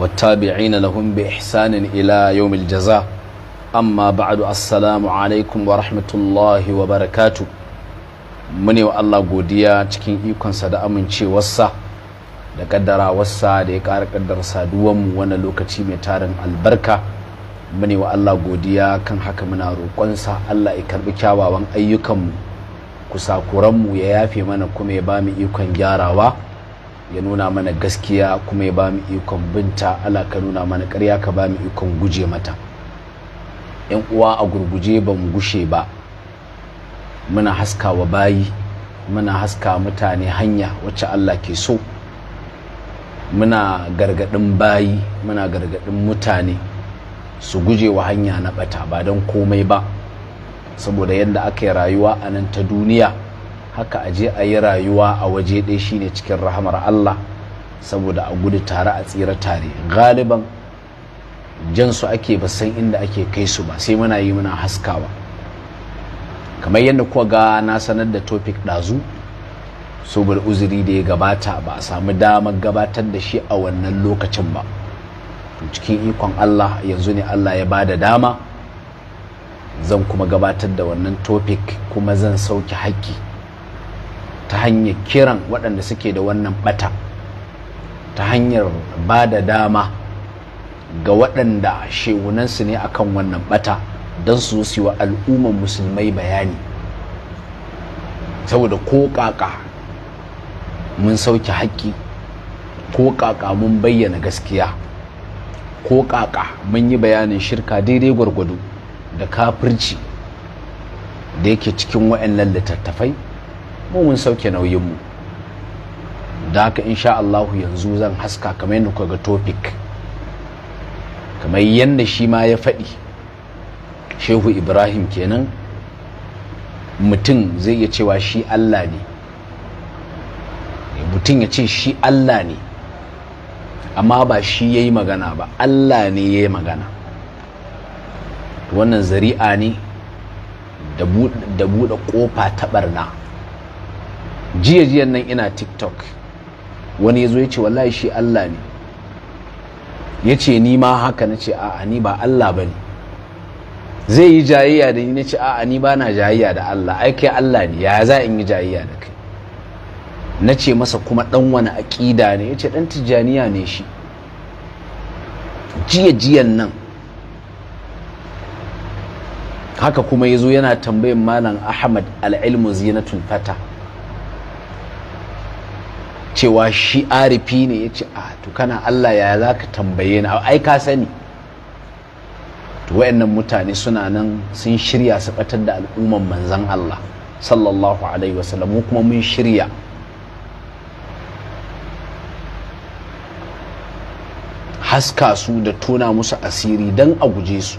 والتابعين لهم بإحسان إلى يوم الجزاء أما بعد السلام عليكم ورحمة الله wa mune wa Allah godiya cikin ikonsa da amincewarsa da kaddara wasa da ya ƙara kaddar saduwanmu wani lokaci mai tarin albarka mune wa Allah godiya kan haka muna roƙonsa Allah ya karɓi kyawawan ayyukanmu kusakuranmu ya yafe mana kuma ya ba mu ikon gyarawa ya nuna mana gaskiya kuma ya ba mu ikon binta Allah ka nuna mana ƙarya ka ba mu ikon guje mata yan uwa a gurguje ba mu gushe ba muna haska wa bayi muna haska mutane hanya wacce Allah ke so muna gargaɗin bayi muna gargaɗin mutane su guje wa hanya na ɓata ba don komai ba saboda yadda aka yi rayuwa a nan ta duniya haka a je a yi rayuwa a waje ɗaya shine cikin rahamar Allah saboda a gudu tare a tsira tare galiban jan su ake basan inda ake kai su ba sai muna yi muna haskawa kamar yadda kuwa ga na sanar da topic ɗazu saboda uzuri da ya gabata ba a samu damar gabatar da shi a wannan lokacin ba to cikin ikon Allah yanzu ne Allah ya bada dama zan kuma gabatar da wannan topic kuma zan sauke haƙƙi ta hanyar kiran waɗanda suke da wannan ɓata ta hanyar ba da dama ga waɗanda shewunansu ne akan wannan ɓata don su wasu wa al'umman musulmai bayani saboda ko ƙaƙa mun sauke haƙƙi ko ƙaƙa mun bayyana gaskiya ko ƙaƙa mun yi bayanin shirka daidai gwargwado da kafirci da yake cikin waɗannan littattafai mu mun sauke nauyinmu da haka insha Allahu yanzu zan haska kamar yadda kuka ga topic kamar yadda shi ma ya faɗi shehu ibrahim kenan mutum zai iya cewa shi Allah ne mutum ya ce shi Allah ne amma ba shi ya yi magana ba Allah ne ya yi magana wannan zari'a ne da buɗe ƙofa ta ɓarna jiya jiyan nan ina tiktok wani ya zo ya ce wallahi shi allah ne ya ce ni ma haka na ce a'a ni ba allah ba ne zai yi jayayya da ni na ce a'a ni ba na jayayya da allah ai allah ne ya za in yi jayayya da kai na ce masa kuma dan wani aƙida ne ya ce dan tijjaniya ne shi jiya jiyan nan haka kuma ya zo yana tambayin malam ahmad al'ilmu zinatun fata cewa shi arifi ne ya ce a to Allah ya za ka tambaye ni ai ka sani to wayannan mutane suna nan sun shirya su batar da al'umman manzan Allah sallallahu alaihi wasallam mu kuma mun shirya haska su da tona musu asiri dan a guje su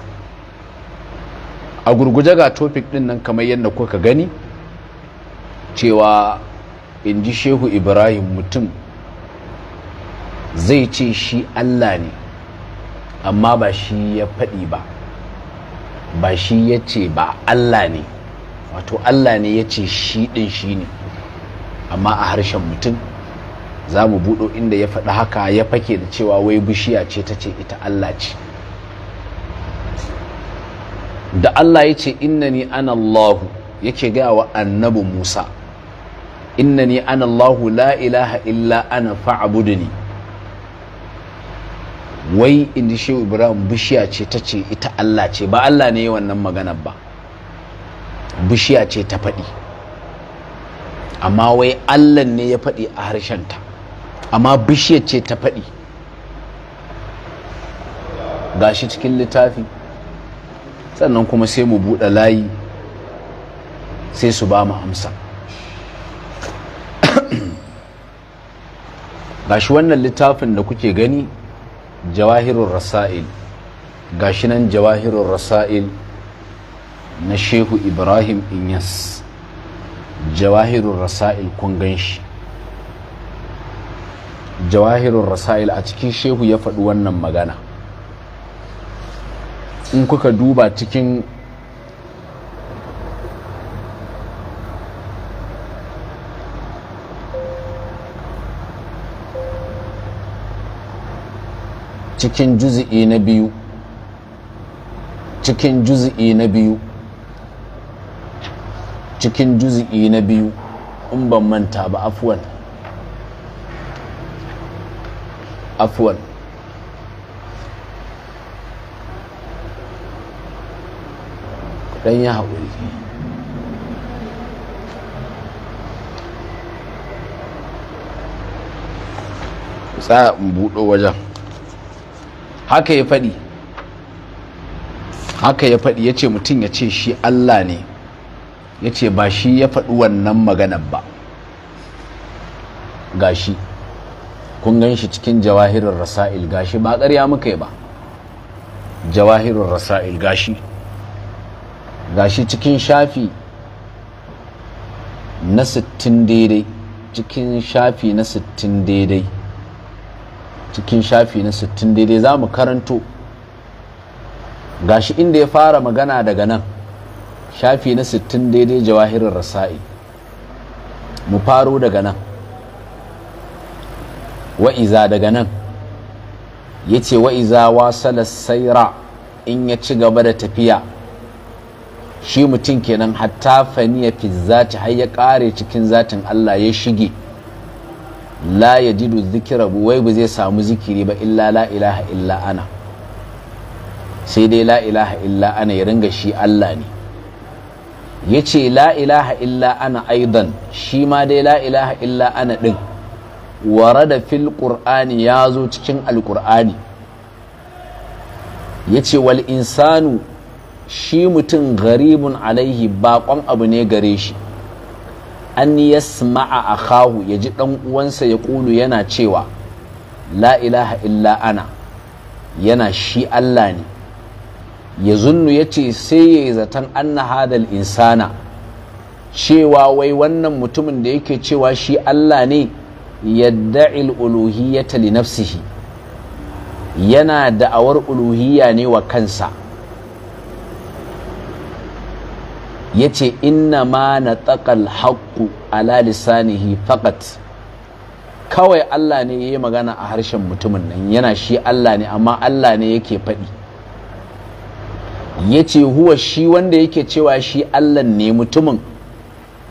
a gurguje ga topic din nan kamar yadda kuka gani cewa in ji shehu ibrahim mutum zai ce shi allah ne amma ba shi ya faɗi ba ba shi ya ce ba allah ne wato allah ne ya ce shi ɗin shi ne amma a harshen mutum za mu buɗo inda ya faɗi haka ya fake da cewa wai bishiya ce ta ce ita allah ce da allah ya ce ni ana allahu yake gaya wa annabi musa ni ana Allahu la ilaha illa ana ni. wai inji shehu ibrahim bishiya ce ta ce ita Allah ce ba Allah ne wannan maganar ba bishiya ce ta faɗi amma wai Allah ne ya faɗi a harshenta amma bishiya ce ta faɗi shi cikin littafi sannan kuma sai mu buɗe layi sai su ba mu amsa gashi wannan littafin da kuke gani jawahirun rasa'il gashi nan jawahirun rasa'il na shehu ibrahim inyas jawahirun rasa'il kun gan shi jawahirun rasa'il a cikin shehu ya faɗi wannan magana in kuka duba cikin cikin juzi'i na biyu cikin juzi'i na biyu cikin juzi'i na biyu in ban manta ba afuwan afuwan dan ya haƙuri sa in buɗo wajen haka ya faɗi haka ya faɗi ya ce mutum ya ce shi Allah ne ya ce ba shi ya faɗi wannan maganar ba gashi kun gan shi cikin jawahirin rasa'il gashi ba ƙarya muka yi ba jawahirin rasa'il gashi gashi cikin shafi na sittin daidai cikin shafi na sittin daidai cikin shafi na 60 daidai za mu karanto gashi inda ya fara magana daga nan shafi na 60 daidai jawahirin rasa'i mu faro daga nan wa'iza daga nan ya ce wa'iza wasala saira in ya ci gaba da tafiya shi mutum kenan hatta faniya fi zati har ya ƙare cikin zatin Allah ya shige la ya jidu zikira wai ba zai samu zikiri ba illa la ilaha illa ana sai dai la ilaha illa ana ya ringa shi Allah ne ya ce la ilaha illa ana aidan shi ma dai la ilaha illa ana ɗin ware da fil ƙur'ani ya zo cikin alƙur'ani ya ce wal insanu shi mutum garibun alaihi baƙon abu ne gare shi an yasma'a akahu ya ji dan uwansa ya kulu yana cewa la ilaha illa ana yana shi Allah ne ya zunnu ya ce sai ya yi zaton anna hadal insana cewa wai wannan mutumin da yake cewa shi Allah ne yadda'il uluhiyyata li nafsihi yana da'awar uluhiyya ne wa kansa ya ce inna ma na tsakal haƙƙu ala lisanihi fakat kawai Allah ne ya yi magana a harshen mutumin nan yana shi Allah ne amma Allah ne yake faɗi ya ce huwa shi wanda yake cewa shi Allah ne mutumin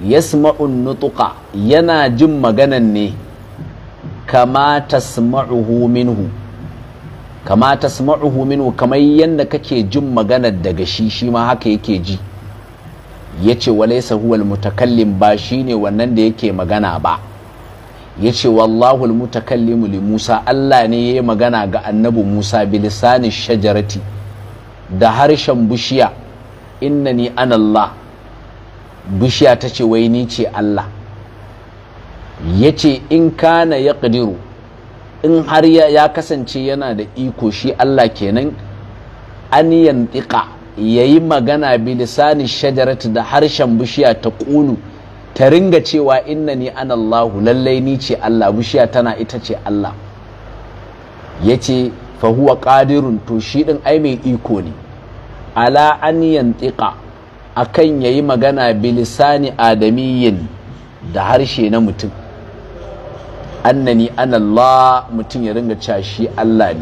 yasma'un nutuka yana jin maganan ne kama tasma'uhu minhu kama tasma'uhu minhu kamar yadda kake jin maganar daga shi shi ma haka yake ji Ya yace walaysa huwal mutakallim ba shi ne wannan da yake magana ba Ya ce wallahu mutakallimu li Musa Allah ne ya yi magana ga annabi Musa bilisani shajarati da harshen bishiya ni an Allah bishiya ce wai ni ce Allah Ya ce in kana ya ƙadiru? in har ya kasance yana da iko shi Allah kenan an yantiqa ya yi magana bilisani shajarati da harshen bishiya ta ƙunu ta ringa cewa inna ni an Allahu lallai ni ce Allah bishiya tana ita ce Allah ya ce fahuwa ƙadirun to shi ɗin ai mai iko ne ala an yantiƙa a kan ya yi magana bilisani adamiyyin da harshe na mutum annani an Allah mutum ya Allah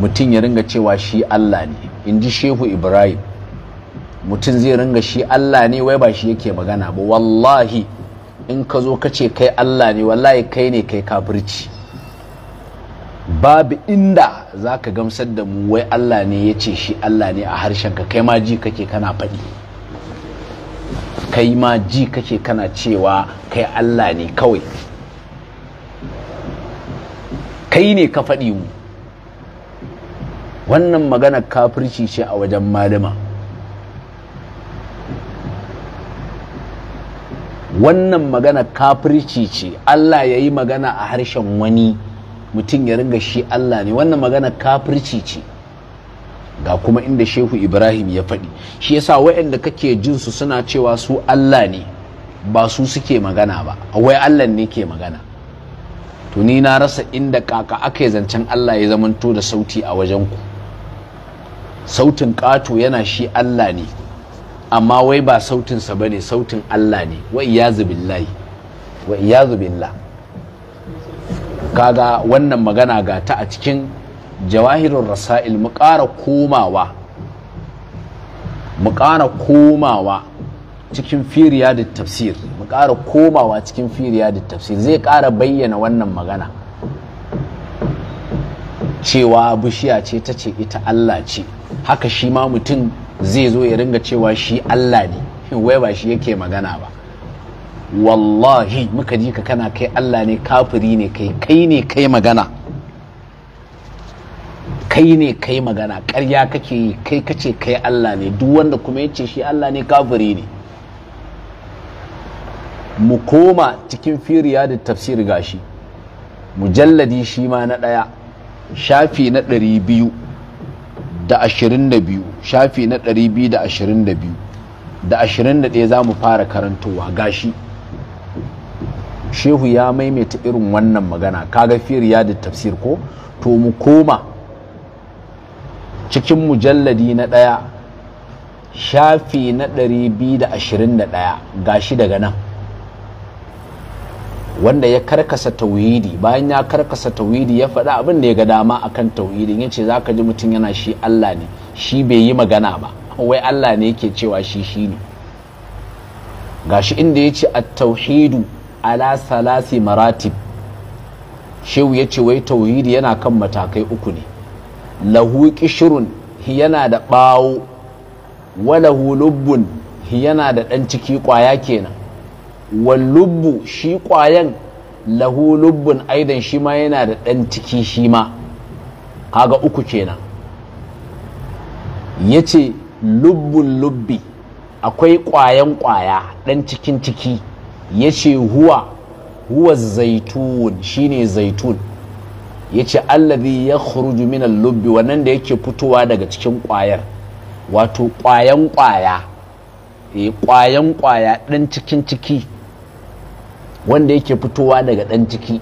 mutum ya ringa cewa shi Allah ne in ji shehu ibrahim mutum zai ringa shi allah ne wai ba shi yake magana ba wallahi in ka zo ka ce kai allah ne wallahi kai ne kai kafirci babu inda za ka gamsar da mu wai allah ne ya ce shi allah ne a harshen ka. kai ma ji kake kana faɗi kai ma ji kake kana cewa kai allah ne kawai kai ne ka faɗi mu wannan magana kafirci ce a wajen malama wannan magana kafirci ce Allah ya yi magana a harshen wani mutum ya ringa shi Allah ne wannan magana kafirci ce ga kuma inda shehu ibrahim ya faɗi shi yasa waɗanda kake jinsu suna cewa su Allah ne ba su suke magana ba wai Allah ne ke magana to ni na rasa inda kaka aka yi zancen Allah ya zamanto da sauti a wajen ku sautin ƙato yana shi Allah ne amma wai ba sautinsa ba ne sautin Allah ne wa iyazu billahi wa iyazu billah kaga wannan magana ga ta a cikin jawahirun rasa'il mu ƙara komawa mu komawa cikin firiya da tafsir mu ƙara komawa cikin firiya da tafsir zai ƙara bayyana wannan magana cewa bishiya ce ta ce ita Allah ce haka shi ma mutum zai zo ya ringa cewa shi Allah ne wai ba shi yake magana ba wallahi muka ji ka kana kai Allah ne kafiri ne kai kai ne kai magana kai ne kai magana ƙarya kake yi kai kace kai Allah ne duk wanda kuma ya ce shi Allah ne kafiri ne mu koma cikin firiya da tafsir gashi mujalladi shi ma na ɗaya shafi na 222 shafi na 222 da 21 za mu fara karantowa gashi shehu ya maimaita irin wannan magana kaga firiya da tafsir ko to mu koma cikin mujalladi na ɗaya shafi na 221 gashi daga nan wanda ya karkasa tauhidi bayan ya karkasa tauhidi ya faɗa abin da ya ga dama akan tauhidin ya ce za ka ji mutum yana shi Allah ne shi bai yi magana ba wai Allah ne yake cewa shi shi ne gashi inda ya ce a tauhidu ala salasi maratib shehu ya ce wai tauhidi yana kan matakai uku ne lahu kishirun yana da ɓawo wala hulubbun yana da ɗan ciki ƙwaya kenan wallubbu shi ƙwayan lahu lubbun aidan shi ma yana da ɗan ciki shi ma kaga uku kenan ya ce lubbun lubbi akwai ƙwayan ƙwaya ɗan cikin ciki ya ce huwa huwa zaitun ne zaitun ya ce allazi ya khuruju min lubbi wannan da yake fitowa daga cikin ƙwayar wato ƙwayan ƙwaya ƙwayan eh, ƙwaya ɗan cikin ciki wanda yake fitowa daga ɗan ciki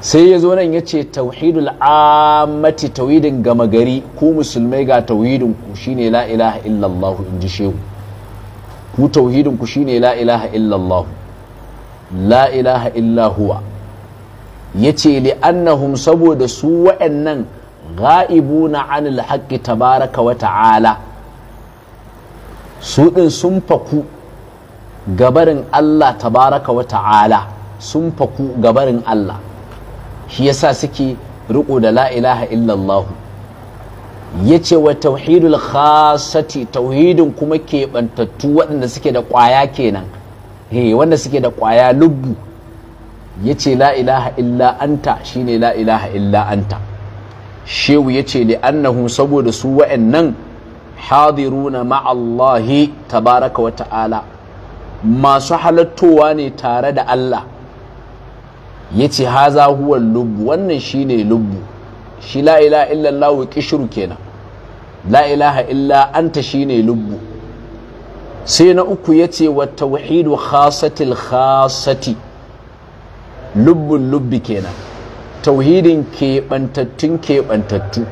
sai ya zo nan ya ce tauhidul amati tauhidin gama gari ku musulmai ga tauhidin ku shine la ilaha illallah in ji shehu ku tauhidin ku shine la ilaha illallah la ilaha illahuwa ya ce li'annahum saboda su wa'annan ga'ibuna anil haqqi tabaraka wa ta'ala su ɗin sun faku gabarin Allah tabaraka wa ta'ala sun faku gabarin Allah shi yasa suke riko da la ilaha illallahu ya ce wa tauhidul khasati tauhidin kuma keɓantattu waɗanda suke da ƙwaya kenan he eh, wanda suke da ƙwaya lubbu ya ce la ilaha illa anta shine la ilaha illa anta shehu ya ce li'annahum saboda su wa'annan hadiruna ma'allahi tabaraka wa ta'ala masu halattowa ne tare da Allah ya ce haza huwan lubbu wannan shi ne lubbu shi la illallah kishiru kenan La'ilaha ilaha illa anta shi ne lubbu sai na uku ya ce wa wahidu khasatil khasati lubbun lubbi kenan tauhidin keɓantattun keɓantattu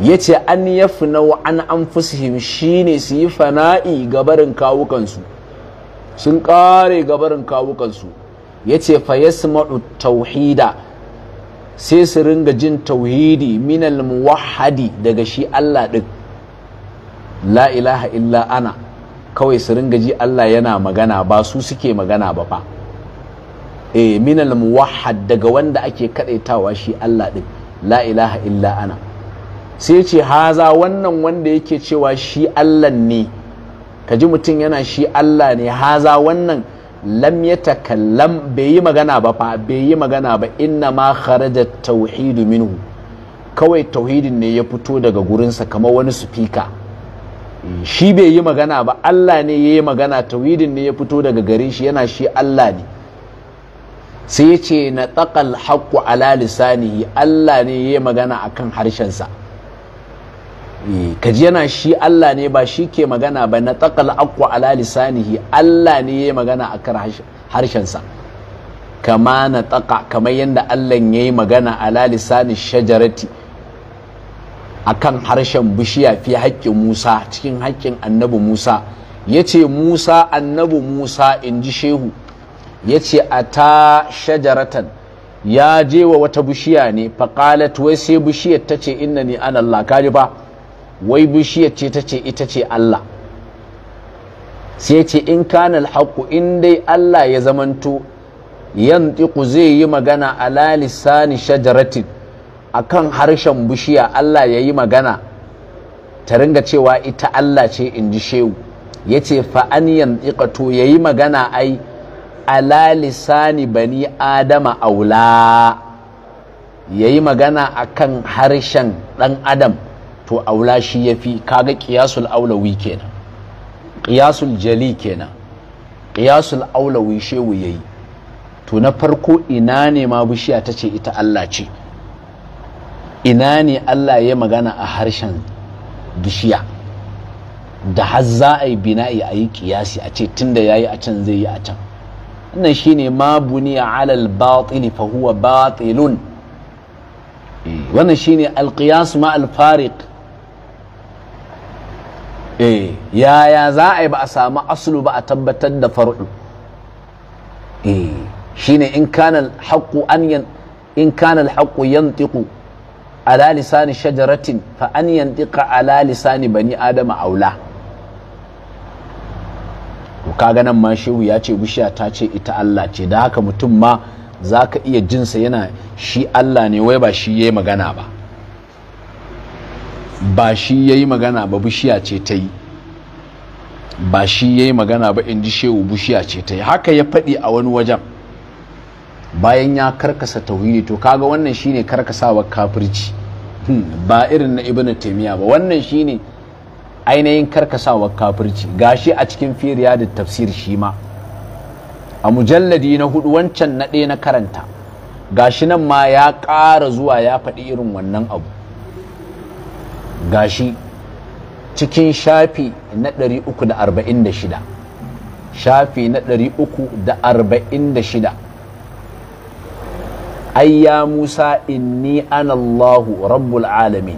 ya ce an yafi nau an an fusihim shi ne su yi fana'i gabarin kawukansu sun ƙare gabarin kawukansu ya ce fa maɗu tauhida sai su ringa jin tauhidi minal muwahadi daga shi Allah ɗin la ilaha illa ana kawai su ringa ji Allah yana magana ba su suke magana ba fa e minal muwahad daga wanda ake kadaitawa shi Allah din la ilaha illa ana sai ce haza wannan wanda yake cewa shi Allah ne ka ji mutum yana shi Allah ne haza wannan lam ya takallam bai yi magana ba fa bai yi magana ba inna ma kharaja tauhidu minhu kawai tauhidin ne ya fito daga gurinsa kamar wani sufika shi bai yi magana ba Allah ne ya yi magana tauhidin ne ya fito daga garin shi yana shi Allah ne sai ya ce na tsakal haƙƙo ala lisanihi Allah ne ya yi magana akan harshensa kaji yana shi Allah ne ba shi ke magana ba na taqal akwa ala lisanihi Allah ne ya magana a akan harshensa kama na taƙa kamar yadda Allah ya yi magana ala lisanin shajarati kan harshen bishiya fi haƙƙin Musa cikin haƙƙin annabi Musa yace Musa annabi Musa in ji shehu yace ata shajaratan ya je wa wata bishiya ne faƙalat wai sai bishiyar tace innani an Allah kaji ba wai bishiyar ce ta ce ita ce Allah sai ce in kana alhaqu in dai Allah ya zamanto yantiqu zai yi magana ala lisani shajaratin akan harshen bishiya Allah ya yi magana ta ringa cewa ita Allah ce in ji shehu ya ce fa'an yantiqa to ya yi magana ai ala lisani bani adama aula ya yi magana akan harshen ɗan adam to aula shi ya fi kaga ƙiyasul aulawi kenan ƙiyasul jali kenan ƙiyasul aulawi shewu yayi. to na farko ina ne ma bishiya ta ce ita Allah ce ina ne Allah ya magana a harshen bishiya da har za a yi bina'i a yi ƙiyasi a ce tun da ya yi a can zai yi a can wannan shine ma buniya alal batili fa huwa batilun eh, wannan shine alqiyas ma alfariq Eh, yaya za a yi ba a samu asulu ba a tabbatar da far'u eh shine in kanal haƙƙo an yan in ala lisani shajaratin fa an yantiqa ala lisani bani adama aula ka kaga nan ma shehu ya ce bishiya ta ce ita Allah ce da haka mutum ma za ka iya jinsa yana shi Allah ne wai ba shi yayi magana ba ba shi ya yi magana ba bishiya ce ta yi ba shi ya yi magana ba in ji shehu bishiya ce ta yi haka ya faɗi a wani wajen bayan ya karkasa tauhidi to kaga wannan shine karkasawar kafirci hmm, ba irin na ibnu taymiya ba wannan shine ainihin karkasawar kafirci gashi a cikin firiya da tafsir shi ma a mujalladi na hudu wancan na ɗaya na karanta gashi nan ma ya ƙara zuwa ya faɗi irin wannan abu gashi cikin shafi na 346 shafi na 346 ayya ya musa inni anallahu rabbul alamin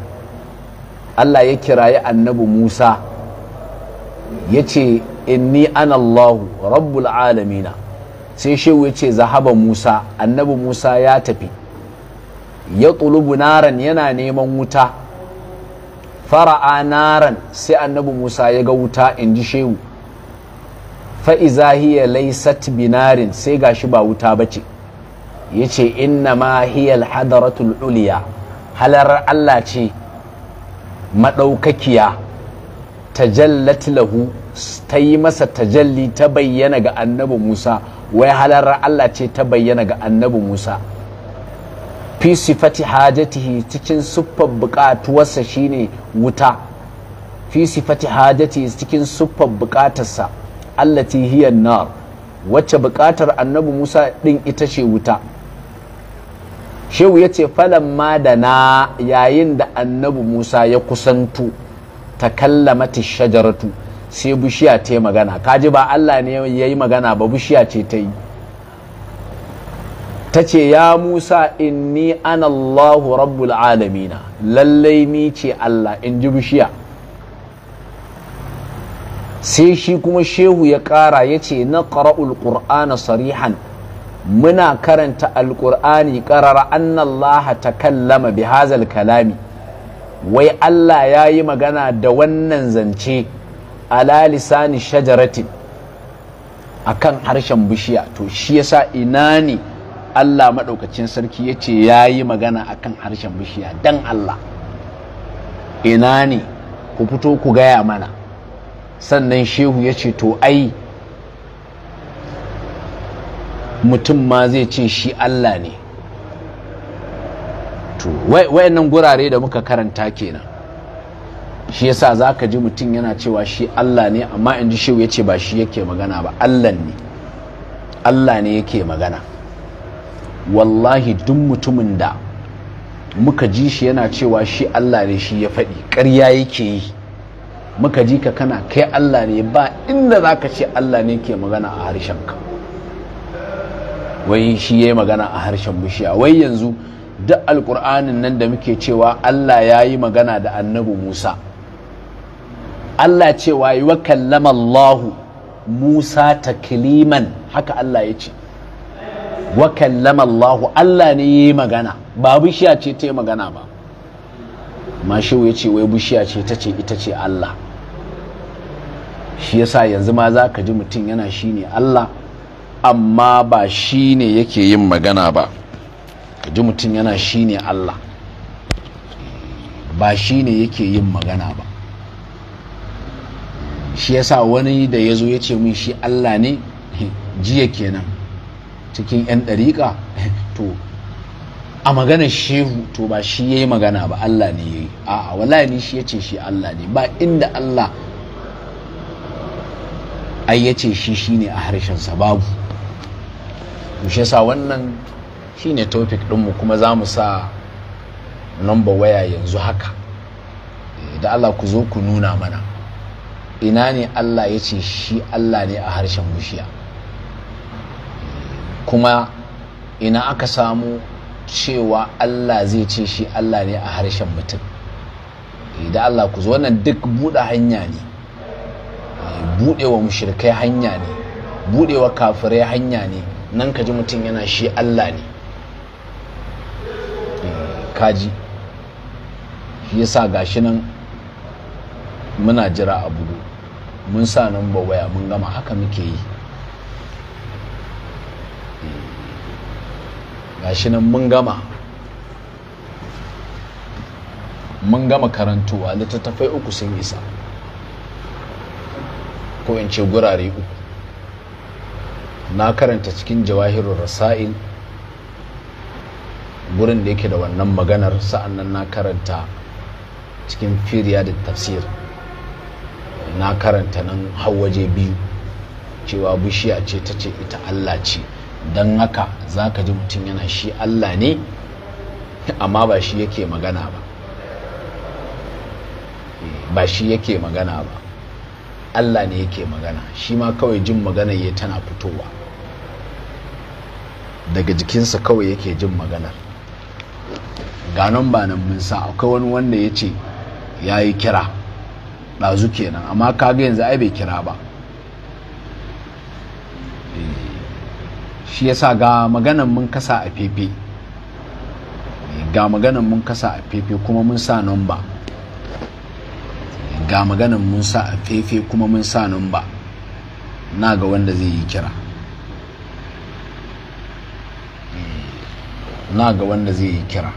Allah ya kiraye annabi musa ya ce inni anallahu rabbul alamina sai shehu ya ce zahaba musa annabi musa ya tafi ya tulubu naran yana neman wuta fara'a naran sai annabi musa ya ga wuta in ji shehu fa'iza hiya laisat binarin sai gashi ba wuta ba ce. Ya ce inna ma hiya hadaratul uliya halar Allah ce maɗaukakiya tajallat lahu ta yi masa tajalli ta bayyana ga annabi Musa wai halar Allah ce ta bayyana ga annabi Musa fi fati hajatihi cikin siffar buƙatuwarsa shine wuta fi sifati hajatihi cikin siffar buƙatarsa allati hiya nar wacce buƙatar annabi Musa ɗin ita ce wuta shehu ya ce ma da na yayin da annabi Musa ya kusantu ta ta shajaratu sai bishiya ta yi magana kaji ba Allah ne ya yi magana ba bishiya ce ta yi ta ce ya musa inni ana allahu rabbul alamina lallai ni ce allah in ji bishiya sai shi kuma shehu ya ƙara ya ce na ƙara'ul ƙur'ana sarihan muna karanta alƙur'ani karar allaha ta kallama bi hazal kalami wai allah ya yi magana da wannan zance ala lisani shajaratin akan harshen bishiya to shi yasa ina ne Allah maɗaukacin sarki ya ce ya yi magana a kan harshen bishiya don Allah ina ne ku fito ku gaya mana sannan shehu ya ce to ai mutum ma zai ce shi Allah ne to wayannan gurare da muka karanta kenan shi yasa za ka ji mutum yana cewa shi Allah ne amma in ji shehu ya ce ba shi yake magana ba Allah ne Allah ne yake magana wallahi duk mutumin da muka ji shi yana cewa shi Allah ne shi ya faɗi ƙarya yake yi muka ji ka kana kai Allah ne ba inda za ka ce Allah ne ke magana a harshenka wai shi ya yi magana a harshen bishiya wai yanzu duk alƙur'anin nan da muke cewa Allah ya yi magana da annabi Musa Allah cewa yi wa kallama Allahu Musa takliman haka Allah ya ce wa kallama Allah Allah ne yi magana ba bishiya ce ta yi magana ba mashiwu ya ce wai bishiya ce ta ce ita ce Allah shi yasa yanzu ma za ka ji mutum yana shi ne Allah amma ba shi ne yake yin magana ba ka ji mutum yana shi ne Allah ba shi ne yake yin magana ba shi yasa wani da ya zo ya ce min shi Allah ne jiya kenan cikin 'yan ɗariƙa to a magana shehu to ba shi ya yi magana ba Allah ne ya yi a'a wallahi ni shi ya ce shi Allah ne ba inda Allah ai ya ce shi shi ne a harshensa babu to yasa wannan shi ne topic ɗinmu kuma za mu sa namba waya yanzu haka eh, da Allah ku zo ku nuna mana ina ne Allah ya ce shi Allah ne a harshen mushiya kuma ina aka samu cewa Allah zai ce shi Allah ne a harshen mutum idan eh, Allah ku zo wannan duk buɗe hanya ne eh, buɗewa mushrikai hanya ne buɗewa kafirai hanya ne nan ka ji mutum yana shi Allah ne eh, kaji yasa gashi nan muna jira a bugu mun sa nan waya mun gama haka muke yi gashi nan mun gama mun gama karantuwa littattafai uku sun isa ko in ce gurare uku na karanta cikin jawahirun rasa'il gurin da yake da wannan maganar sa'annan na karanta cikin firiya da tafsir na karanta nan waje biyu cewa bishiya ce ta ce ita allah ce don haka za ka ji mutum yana shi Allah ne amma ba shi yake magana ba eh, ba shi yake magana ba Allah ne yake magana shi ma kawai jin magana ya tana fitowa daga jikinsa kawai yake jin maganar ganon ba nan mun sa akwai wani wanda ya ce ya yi kira ɗazu kenan amma kaga yanzu ai bai kira ba shi yasa ga maganan mun kasa a fefe ga maganan mun kasa a fefe kuma mun sa nomba ga maganan mun sa a fefe kuma mun sa nomba na ga wanda zai yi kira na ga wanda zai yi kira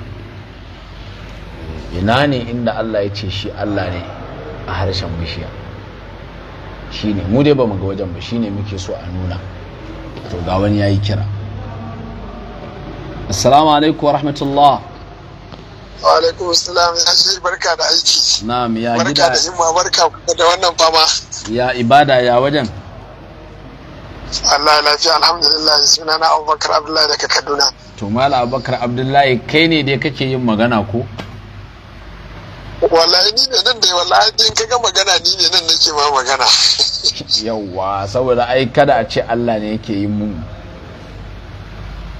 ina ne inda Allah ya ce shi Allah ne a harshen bishiya shi ne mu dai ba mu ga wajen ba shi ne muke so a nuna to ga wani yayi kira assalamu alaikum wa rahmatullah wa alaikum assalam ya shi barka da aiki na'am ya gida barka da himma barka da wannan fama ya ibada ya wajen Allah lafiya alhamdulillah na Abubakar Abdullahi daga Kaduna to mala Abubakar Abdullahi kai ne dai kake yin magana ko wallahi ni ne nan da wallahi in ka ga magana ni ne nan nake ma magana yawwa saboda ai kada a ce Allah ne yake yi mun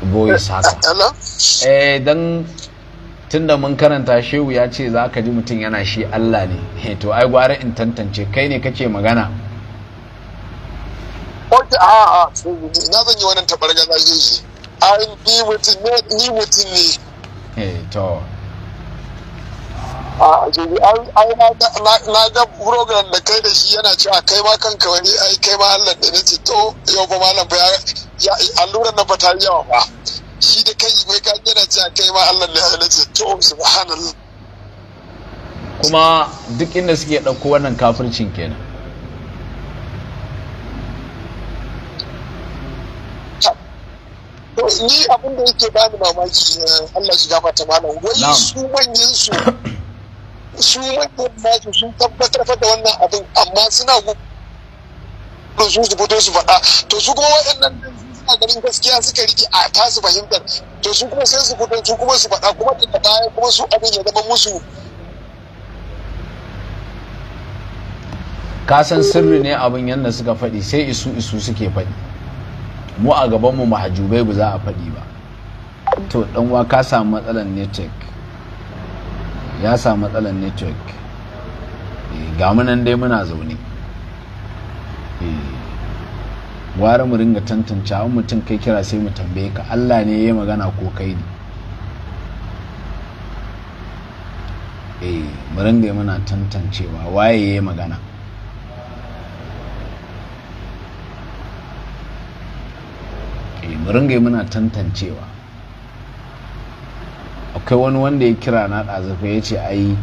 voice saka, eh dan tunda mun karanta shehu ya ce za ka ji mutum yana shi Allah ne eh, to ai gwara in tantance kai ne kake magana ok a a na zan yi wannan tabargaza shi ai ni mutum ne ni mutum ne eh to na ga program da kai da shi yana cewa kai ma kanka wani ai kai ma Allah da nace to yau ba malam ba ya alluran nan ba ta yi yawa ba shi da kai mai ka yana cewa kai ma Allah da nace to subhanallah kuma duk inda suke ɗauko wannan kafircin kenan ni abin da yake bani mamaki eh, Allah shi gafarta malam wai su manyan su su wannan nasu sun tabbatar da wannan abin amma suna gudun su fito su faɗa to su kuma waɗannan suna ganin gaskiya suka rike a tasu fahimtar to su kuma sai su fito su kuma su faɗa kuma daga baya kuma su abin ya zama musu ka san sirri ne abin yadda suka faɗi sai isu isu suke faɗi mu a gabanmu mahajubai ba za a faɗi ba to ɗan ka samu matsalar network ya samu matsalar network eh, ga nan dai muna zaune eh, Gwara mu ringa tantance an mutum kai kira sai mu tambaye ka allah ne ya magana ko kai ne eh mu ringa muna tantancewa waye ya magana eh, mu ringa muna tantancewa akwai wani wanda ya kira na ɗazafa ya ce ai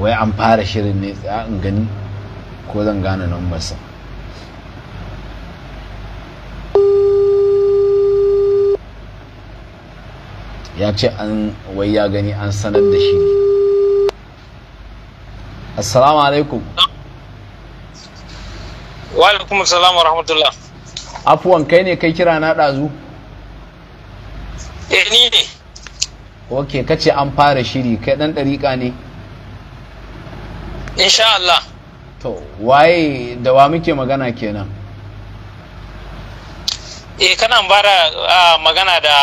wai an fara shirin ne tsaya in gani ko zan gane numbarsa ya ce an wai ya gani an sanar da shi. assalamu alaikum wa alaikum assalamu rahmatullah afuwan kai ne kai kira na ɗazu eh ni ne ok kace an fara shiri kai dan dariƙa ne insha Allah to waye da wa muke magana kenan eh kana bara uh, magana da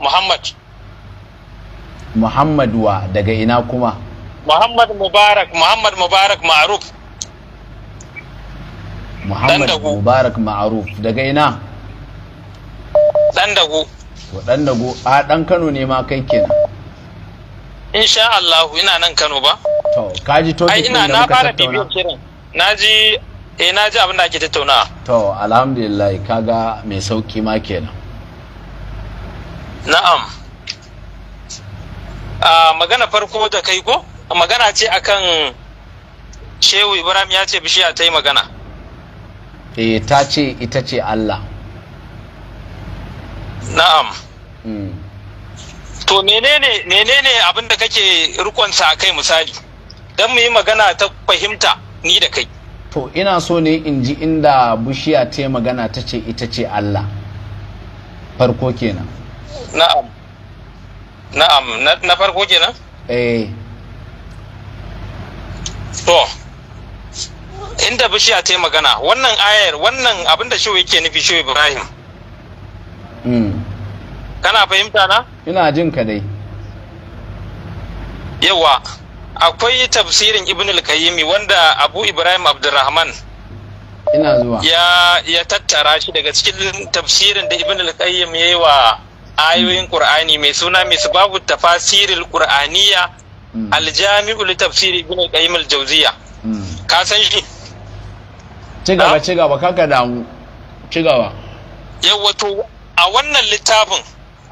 Muhammad Muhammad wa daga ina kuma Muhammad Mubarak Muhammad Mubarak Ma'ruf Muhammad Mubarak Ma'ruf daga ina Dan dago to dan dago a dan Kano ne ma kai kenan insha Allah ina nan Kano ba to kaji to ai ina na fara bibiyar kiran naji eh naji abin da ake tattauna to alhamdulillah kaga mai sauki ma kenan na'am a magana farko da kai ko magana ce akan shehu ibrahim ya ce bishiya ta yi magana eh ta ce ita ce allah na'am to menene menene abin da kake rikonsa a kai misali don mu yi magana ta fahimta ni da kai to ina so ne in ji inda bushiya ta yi magana ta ce ita ce Allah farko kenan na'am na'am na farko kenan eh to inda bishiya ta yi magana wannan ayar wannan abin da shi yake nufi shi Ibrahim mm. kana fahimta na ina jin ka dai yawa akwai tafsirin ibn al-qayyim wanda abu ibrahim abdurrahman ina zuwa ya ya tattara shi daga cikin tafsirin da ibn al-qayyim yayi wa ayoyin qur'ani mai suna mai babu tafasiril qur'aniyya hmm. al-jami'u li tafsir ibn al-qayyim al-jawziyya hmm. ka san shi ci gaba ci gaba kaka damu ci gaba yawa to a wannan littafin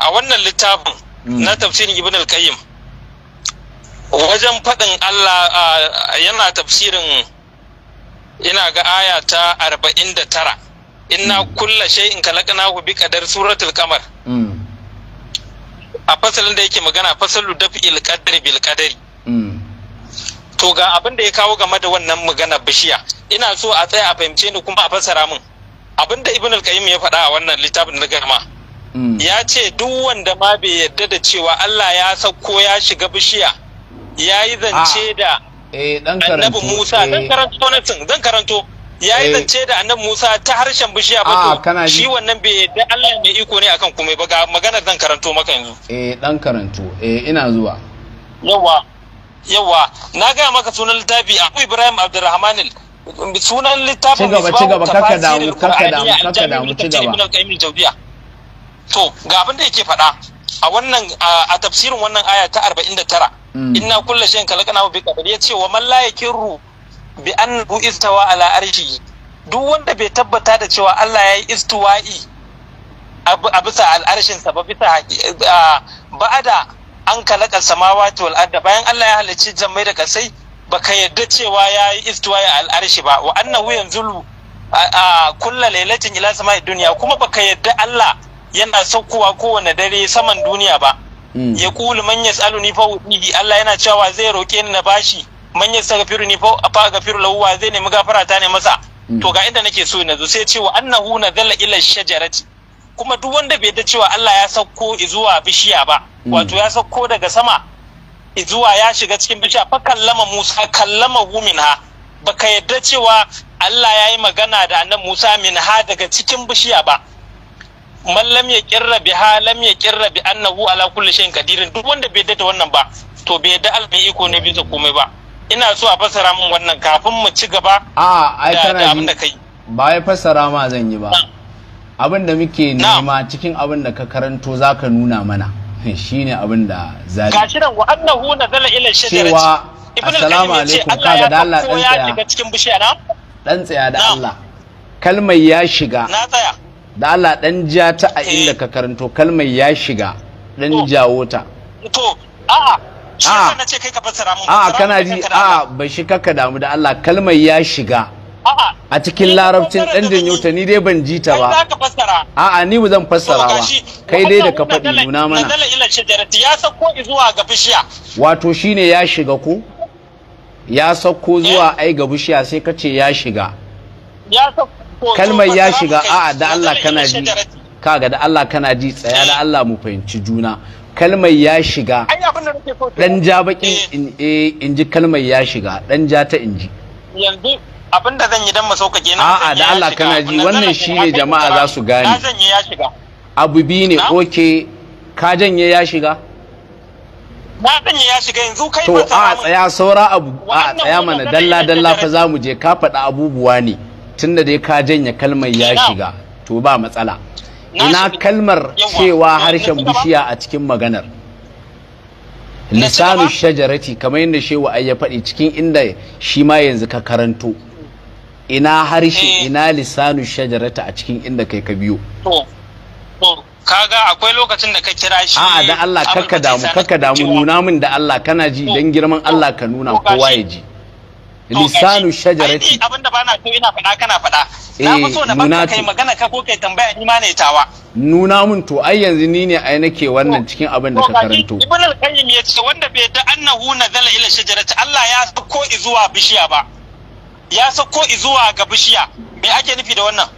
a wannan littafin mm. na tafsirin ibn al-qayyim wajen faɗin Allah yana tafsirin ina ga aya ta 49 inna mm. kulla shay'in khalaqnahu bi qadar suratul qamar mm. a fasalin da yake magana fasalu daf'il qadri bil qadari to ga abin da ya kawo game da wannan magana bishiya ina so a tsaya a fahimce ni kuma a fassara min abin da ibn al-qayyim ya faɗa a wannan littafin na gama Mm. ya ce duk wanda ma bai yadda da cewa Allah ya sauko ya shiga bishiya ya yi ah. zance da eh, annabi Musa zan eh. karanto na tun zan karanto ya yi eh. zance da annabi Musa ta harshen bishiya ba ah, to shi wannan bai yadda Allah mai iko ne akan kuma ba ga maganar zan karanto maka yanzu eh dan karanto eh ina zuwa yawa yawa na ga maka sunan littafi Abu Ibrahim Abdurrahmanil sunan littafin ci gaba ci gaba kaka damu kaka damu kaka damu ci gaba to ga abin da yake faɗa a wannan a tafsirin wannan aya ta 49 mm. inna kullu shay'in khalaqnahu bi ya ce wa man la yakirru bi bu istawa ala arshi duk wanda bai tabbata da cewa Allah ya yi istuwa'i a bisa al'arshin sa ba bisa ba'ada an kalaka samawati wal arda bayan Allah ya halicci jammai da kasai baka yadda cewa ya yi istuwa'i a al'arshi ba wa annahu yanzulu a kulla lailatin ila sama'i duniya kuma baka yadda Allah yana saukowa kowane dare saman duniya ba hmm. ya kuli manya tsalu ni fa Allah yana cewa zai roƙe ni na bashi man yastaghfiru ni fa afa gafiru lahu wa zai nemi gafara ta ne masa hmm. to ga inda nake so na zo sai cewa annahu zalla ila shajarati kuma duk wanda bai da cewa Allah ya sauko zuwa bishiya ba hmm. wato ya sauko daga sama zuwa ya shiga cikin bishiya fa kallama Musa kallama hu baka yadda cewa Allah ya yi magana da annabi Musa min ha daga cikin bishiya ba man lam ya kirra bi ha lam ya kirra bi annahu ala kulli shay'in qadirin duk wanda bai yadda wannan ba to bai yadda Allah iko ne bisa komai ba ina so a fassara min wannan kafin mu ci gaba a ai kana abin da kai ba ya fassara ma zan yi ba abin da muke nema cikin abin da ka karanto zaka nuna mana shine abin da zali gashi nan wa annahu nazala ila shajarati cewa assalamu alaikum kaga da Allah dan tsaya dan tsaya da Allah kalmar ya shiga na tsaya da Allah dan ja ta a eh. inda ka karanto kalmar ya shiga dan jawo ta to a'a a'a na ce kai ka fassara mun a'a kana ji a'a ba shi kaka damu da Allah kalmar ya shiga a cikin larabcin dan janyo ta ni dai ban ji ta ba a'a ni ba zan fassara ba kai dai da ka faɗi nuna mana ya sako zuwa ga bishiya wato shine ya shiga ko ya sako zuwa eh. ai ga bishiya sai ka ce ya shiga ya sako kalmar ya shiga a'a da Allah kana ji kaga da Allah kana ji tsaya da Allah mu fahimci juna kalmar ya shiga dan ja baki eh, in ji kalmar ya shiga dan ja ta in ji yanzu abin da zan yi dan masaukake na a'a da Allah kana ji wannan shine jama'a za su gane abu bi ne oke ka janye ya shiga na janye ya shiga yanzu kai to a tsaya saura abu a tsaya mana dalla dalla fa zamu je ka faɗa abubuwa ne tunda dai ka janye kalmar ya shiga to ba matsala ina kalmar cewa harshen bishiya a cikin maganar lisanu shajarati kamar yadda shewa ai ya faɗi cikin inda shi ma yanzu ka karanto ina harshe eh. ina lisanu shajarata a cikin inda kai ka biyo kaga akwai lokacin da ka kira shi a'a da Allah kakka damu kakka damu nuna min da Allah kana ji dan girman Allah ka nuna kowa ya ji Oh, lisanu shajarati ai eh, abinda bana so ina faɗa kana faɗa na fi so na eh, baka kai magana ka ko kai tambaya ni ma ne tawa nuna mun to ai yanzu ni ne ai nake wannan oh, cikin abin da ka oh, karanto ibn al-qayyim ya ce wanda bai da annahu nazala ila shajarati Allah ya sako izuwa bishiya ba ya sako izuwa ga bishiya me ake nufi da wannan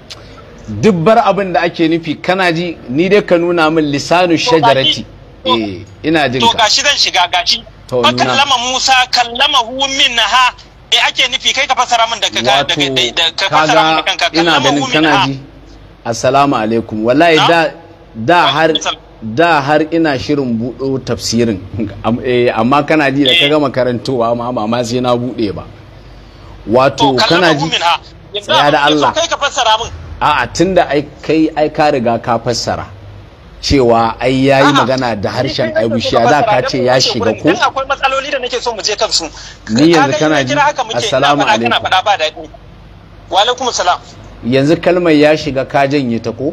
dubbar abin da ake nufi kana ji ni dai ka nuna min lisanu shajarati eh ina jin to gashi zan shiga gashi fa kallama Musa kallama hu minha me ake nufi kai ka fassara min da ka ka fassara min kanka kana ganin kana ji assalamu alaikum wallahi da da har da har ina shirin buɗo tafsirin eh, amma kana ji da ka eh. gama karantowa amma ba ma sai na buɗe ba wato kana ji tsaya da Allah a'a tunda ai kai ai ka riga ka fassara cewa ai yayi magana da harshen aibushiya da ka ce ya shiga ko akwai matsaloli da nake so mu je kansu ni yanzu kana ji assalamu alaikum wa alaikum salam yanzu kalmar ya shiga ka janye ta ko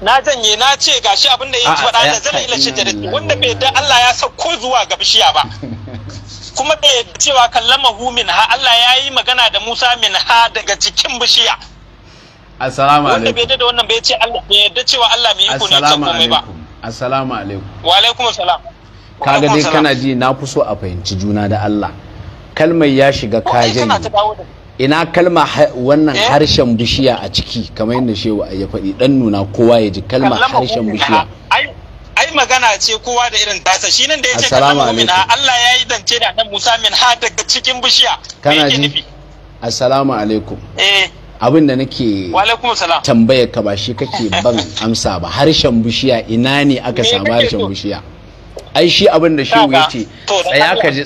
na janye na ce gashi abin da ya faɗa da zai shi da wanda bai da Allah ya sauko zuwa ga bishiya ba kuma bai cewa kallama hu min ha Allah ya yi magana da Musa min ha daga cikin bishiya assalamu alaikum wanda bai da wannan bai ce Allah bai yadda cewa Allah mai iko ne kan komai ba assalamu alaikum wa alaikum assalam kaga dai kana ji na fi so a fahimci juna da Allah kalmar ya shiga kajen ina kalma wannan eh? harshen bishiya a ciki kamar yadda shewa ya faɗi dan nuna kowa ya ji kalma harshen bishiya ai magana ce kowa da irin tasa shi nan da yace kallon mu'mina Allah ya yi dance da nan Musa min ha daga cikin bishiya kana ji assalamu alaikum eh abin da nake tambayar ka ba shi kake ban amsa ba harshen bushiya ina ne aka samu harshen bushiya ai shi abin da shehu ya ce tsaya ka ji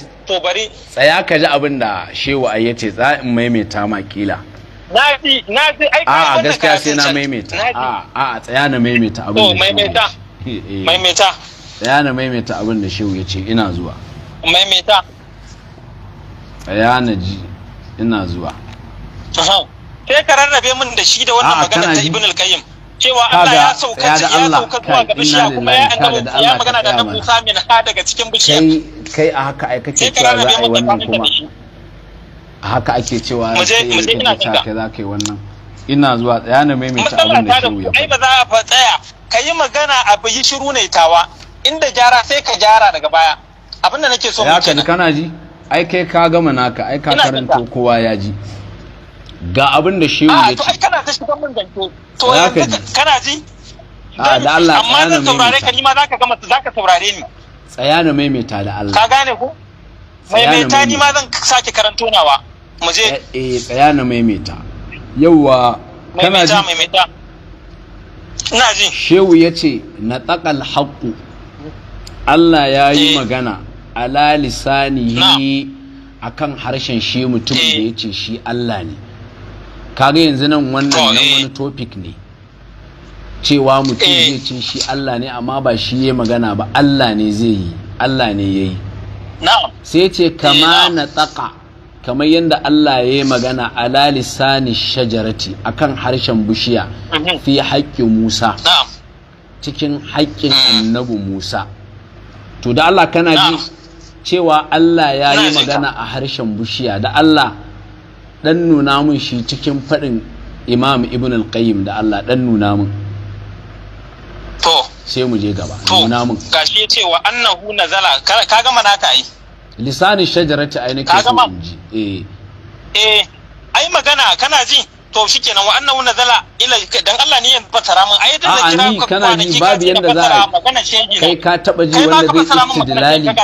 tsaya ka ji abin da shehu ai ya ce za in maimaita ma kila na a gaskiya sai na maimaita a a tsaya na maimaita abin da maimaita tsaya na maimaita abin da shehu ya ce ina zuwa maimaita tsaya na ji ina zuwa sai ka rarrabe min da shi da wannan magana ta ibn al-qayyim cewa Allah ya sauka ya sauka zuwa ga bishiya kuma ya annabi ya magana da annabi Musa min ha daga cikin bishiya kai a haka ai kake cewa za a yi wannan kuma a haka ake cewa sai ka ce za ka yi wannan ina zuwa tsaya na maimaita abin da ke ya ai ba za a tsaya ka yi magana a bi shiru ne tawa inda gyara sai ka gyara daga baya abin da nake so mu kenan kana ji ai kai ka gama naka ai ka karanto kowa ya ji ga abin da shi ah, ya ce kana ta shigan mun zance to yanzu kana ji a ah, da Allah amma zan saurare ka nima zaka gama zaka saurare ni tsaya na maimaita da Allah ka gane ko maimaita ni ma zan sake karanto nawa mu je eh, eh tsaya na maimaita yawa kana ji maimaita ina ji shehu ya ce na taqal haqqu Allah ya yi eh. magana ala lisanihi akan harshen shi mutum da eh. ya ce shi Allah ne kaga yanzu nan wannan oh, nan eh. wani topic ne cewa mutum eh. zai ce shi Allah ne amma ba shi ya magana ba Allah ne zai yi Allah ne ya yi sai ce kama eh, na tsaka kamar yadda Allah ya yi magana ala lisani shajarati akan harshen bishiya mhm. fi haƙƙin Musa cikin haƙƙin mm. annabi Musa to da Allah kana ji cewa Allah ya yi magana a harshen bishiya da Allah dan nuna mun shi cikin faɗin imam ibn al-qayyim da Allah dan nuna mun to sai mu je gaba nuna mun gashi ya ce wa annahu nazala ka gama naka ai lisanin shajarati ainihin ke so in ji eh eh ai magana kana ji to kenan wa annahu nazala ila dan Allah ne ya fassara mun ayyadin da kira ka kana ni babu yanda za a kai ka taba ji wanda zai istidlali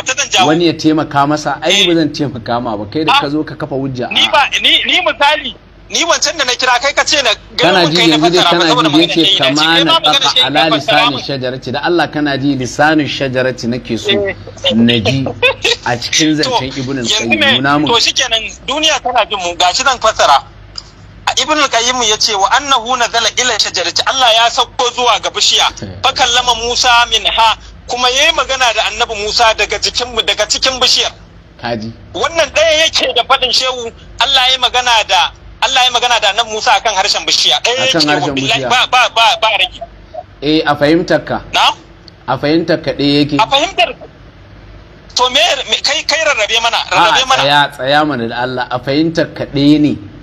wani ya taimaka masa ai ba eh. zan taimaka ma ba kai da ka ah. zo ka kafa hujja ni ba ni ni misali ni wancan da na kira kai ka ce na kana ji yanzu dai kana ji yake kama na tsaka ala lisanin shajarati da Allah kana ji lisanin shajarati nake so eh. na ji a cikin zancen ibnu qayyim nuna mun to shikenan duniya tana jin mu gashi zan fassara ibn al-qayyim yace wa annahu nazala ila shajarati Allah ya sauko zuwa ga bishiya fa kallama Musa minha kuma yayi magana da annabi Musa daga cikin daga cikin bishiyar kaji wannan ɗaya yake da faɗin shehu Allah ya magana da Allah yayi magana da annabi Musa akan harshen bishiya eh akan harshen ba ba ba ba rage eh a fahimtar ka na a fahimtar ka ɗaya yake a fahimtar to me kai kai rarrabe mana rarrabe mana tsaya tsaya mana da Allah a fahimtar ka ɗaya ne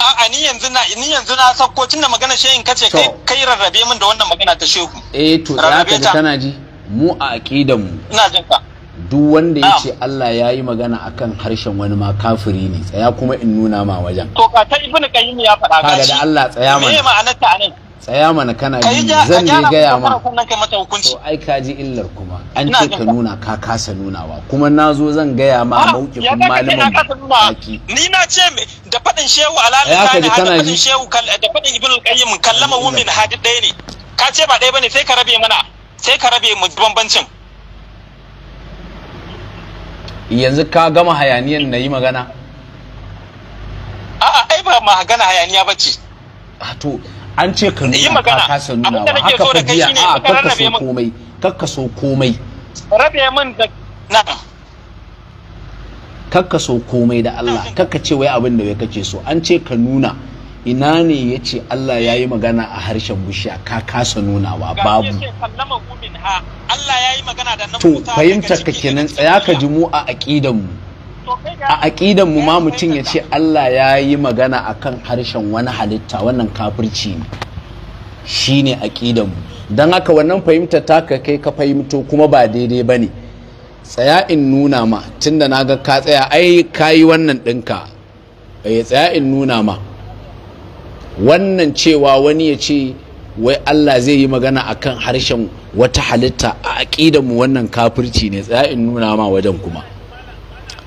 A'a ni yanzu na ni yanzu na sauko tunda magana shehin kace kai kai rarrabe min da wannan magana ta shehu. Eh to da haka ji kana ji mu a aqidan mu. Ina jin ka. Duk wanda ya ce Allah ya yi magana akan harshen wani ma kafiri ne tsaya kuma in nuna ma wajen. To ka ta ibnu qayyim ya faɗa gashi. Kaga da Allah tsaya mana. Me ma'anar ta anan? tsaya mana kana yi zan ne gaya ma to ai ka ji illar kuma an ce ka nuna ka kasa nunawa kuma na zo zan gaya ma a ah, mauƙifin malamin baki ni na ce me da faɗin shehu alalin da faɗin shehu da faɗin ibn al-qayyim kallama wumin hadi ɗaya ne ka ce ba ɗaya bane sai ka rabe mana sai ka rabe mu bambancin yanzu ka gama hayaniyan na yi magana a'a ai ba ma magana hayaniya bace ah, to an ce ka nuna ka kasa nuna ba haka fa jiya a kakka so komai kakka so komai rabe min da na kakka so komai da Allah kakka ce wai abin da wai kace so an ce ka nuna ina ne ya ce Allah ya yi magana a harshen bushiya ka kasa wa? babu to fahimta ka kenan tsaya ka ji mu a aƙidan mu a aƙidan mu ma mutum ya ce Allah ya yi magana akan harshen wani halitta wannan kafirci ne shine aƙidan mu don haka wannan fahimta taka kai ka fahimto kuma ba daidai ba ne tsaya in nuna ma tunda na ga ka tsaya ai ka yi wannan ɗinka ya eh, tsaya in nuna ma wannan cewa wani ya ce wai Allah zai yi magana akan harshen wata halitta a mu wannan kafirci ne tsaya in nuna ma wajen kuma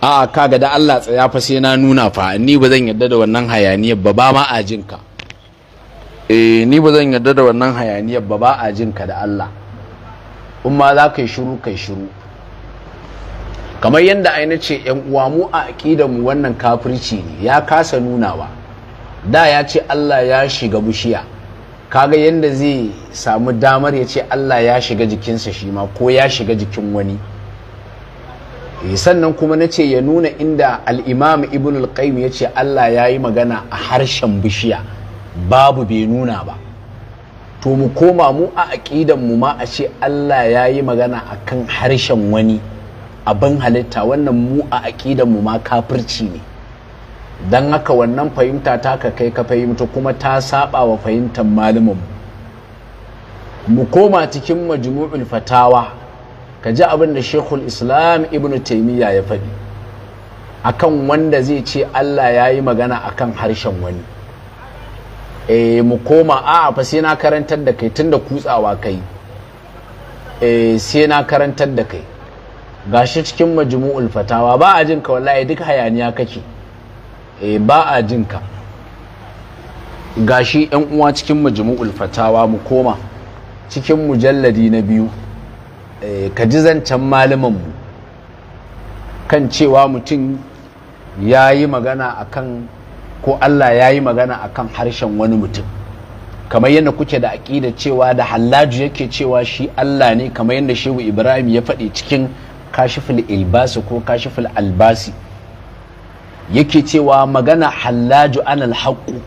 A'a, kaga da Allah tsaya fa sai na nuna fa ni ba zan yadda da wannan hayaniyar ba ba ma a jinka eh ni ba zan yadda da wannan hayaniyar ba ba a jinka da Allah in ma za kai shiru kai shiru kamar yadda aina ce yan uwa mu a aqidar mu wannan kafirci ne ya kasa nunawa da ya ce Allah ya shiga bushiya kaga yadda zai samu damar ya ce Allah ya shiga jikinsa shi ma ko ya shiga jikin wani Eh, sannan kuma na ce ya nuna inda al'imam ibn al ya ce Allah ya yi magana a harshen bishiya babu bai nuna ba to mu koma mu a aƙidan mu ma a ce Allah ya yi magana a kan harshen wani abin halitta wannan mu a aƙidan mu ma kafirci ne don haka wannan fahimta ta ka kai ka fahimta kuma ta saba wa fahimtar malamin mu koma cikin majmu'ul fatawa ka ji abin da shekul islam ibn taimiyya ya faɗi A kan wanda zai ce allah ya yi magana a kan harshen wani e mu koma a fa sai na karantar da kai tun da kutsawa kai e eh, sai na karantar da kai Ga shi cikin majmu'ul fatawa ba a jinka wallahi duk hayaniya kake e ba a jinka shi yan uwa cikin majmu'ul fatawa mu koma cikin mujalladi na biyu Eh, ka ji zancen malamanmu kan cewa mutum ya yi magana a kan, ko Allah ya yi magana a kan harshen wani mutum kamar yadda kuke da aƙida cewa da hallaju yake cewa shi Allah ne kamar yadda shehu ibrahim ya faɗi cikin kashiful ilbasi ko kashiful albasi yake cewa magana hallaju anal haƙƙu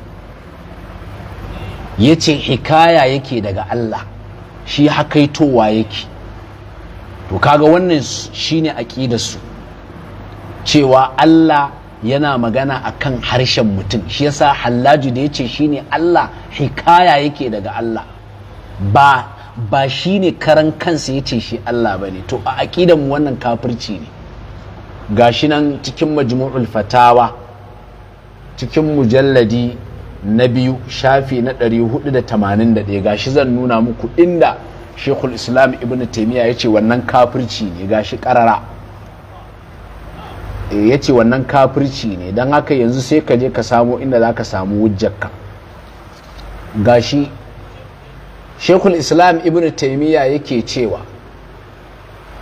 ya ce hikaya yake daga Allah shi hakaitowa yake to kaga wannan shine su, cewa Allah yana magana akan harshen mutum shi yasa hallaju da yace shine Allah hikaya yake daga Allah ba ba shine karan kansa yace shi Allah bane to a aqidar mu wannan kafirci ne gashi nan cikin majmu'ul fatawa cikin mujalladi na biyu shafi na 481 gashi zan nuna muku inda shekul islam ibn taimiyya ya ce wannan kafirci ne ga shi karara eh, ya ce wannan kafirci ne don haka yanzu sai ka je ka samu inda za ka samu wujjakka shi shekul islam ibn taimiyya yake cewa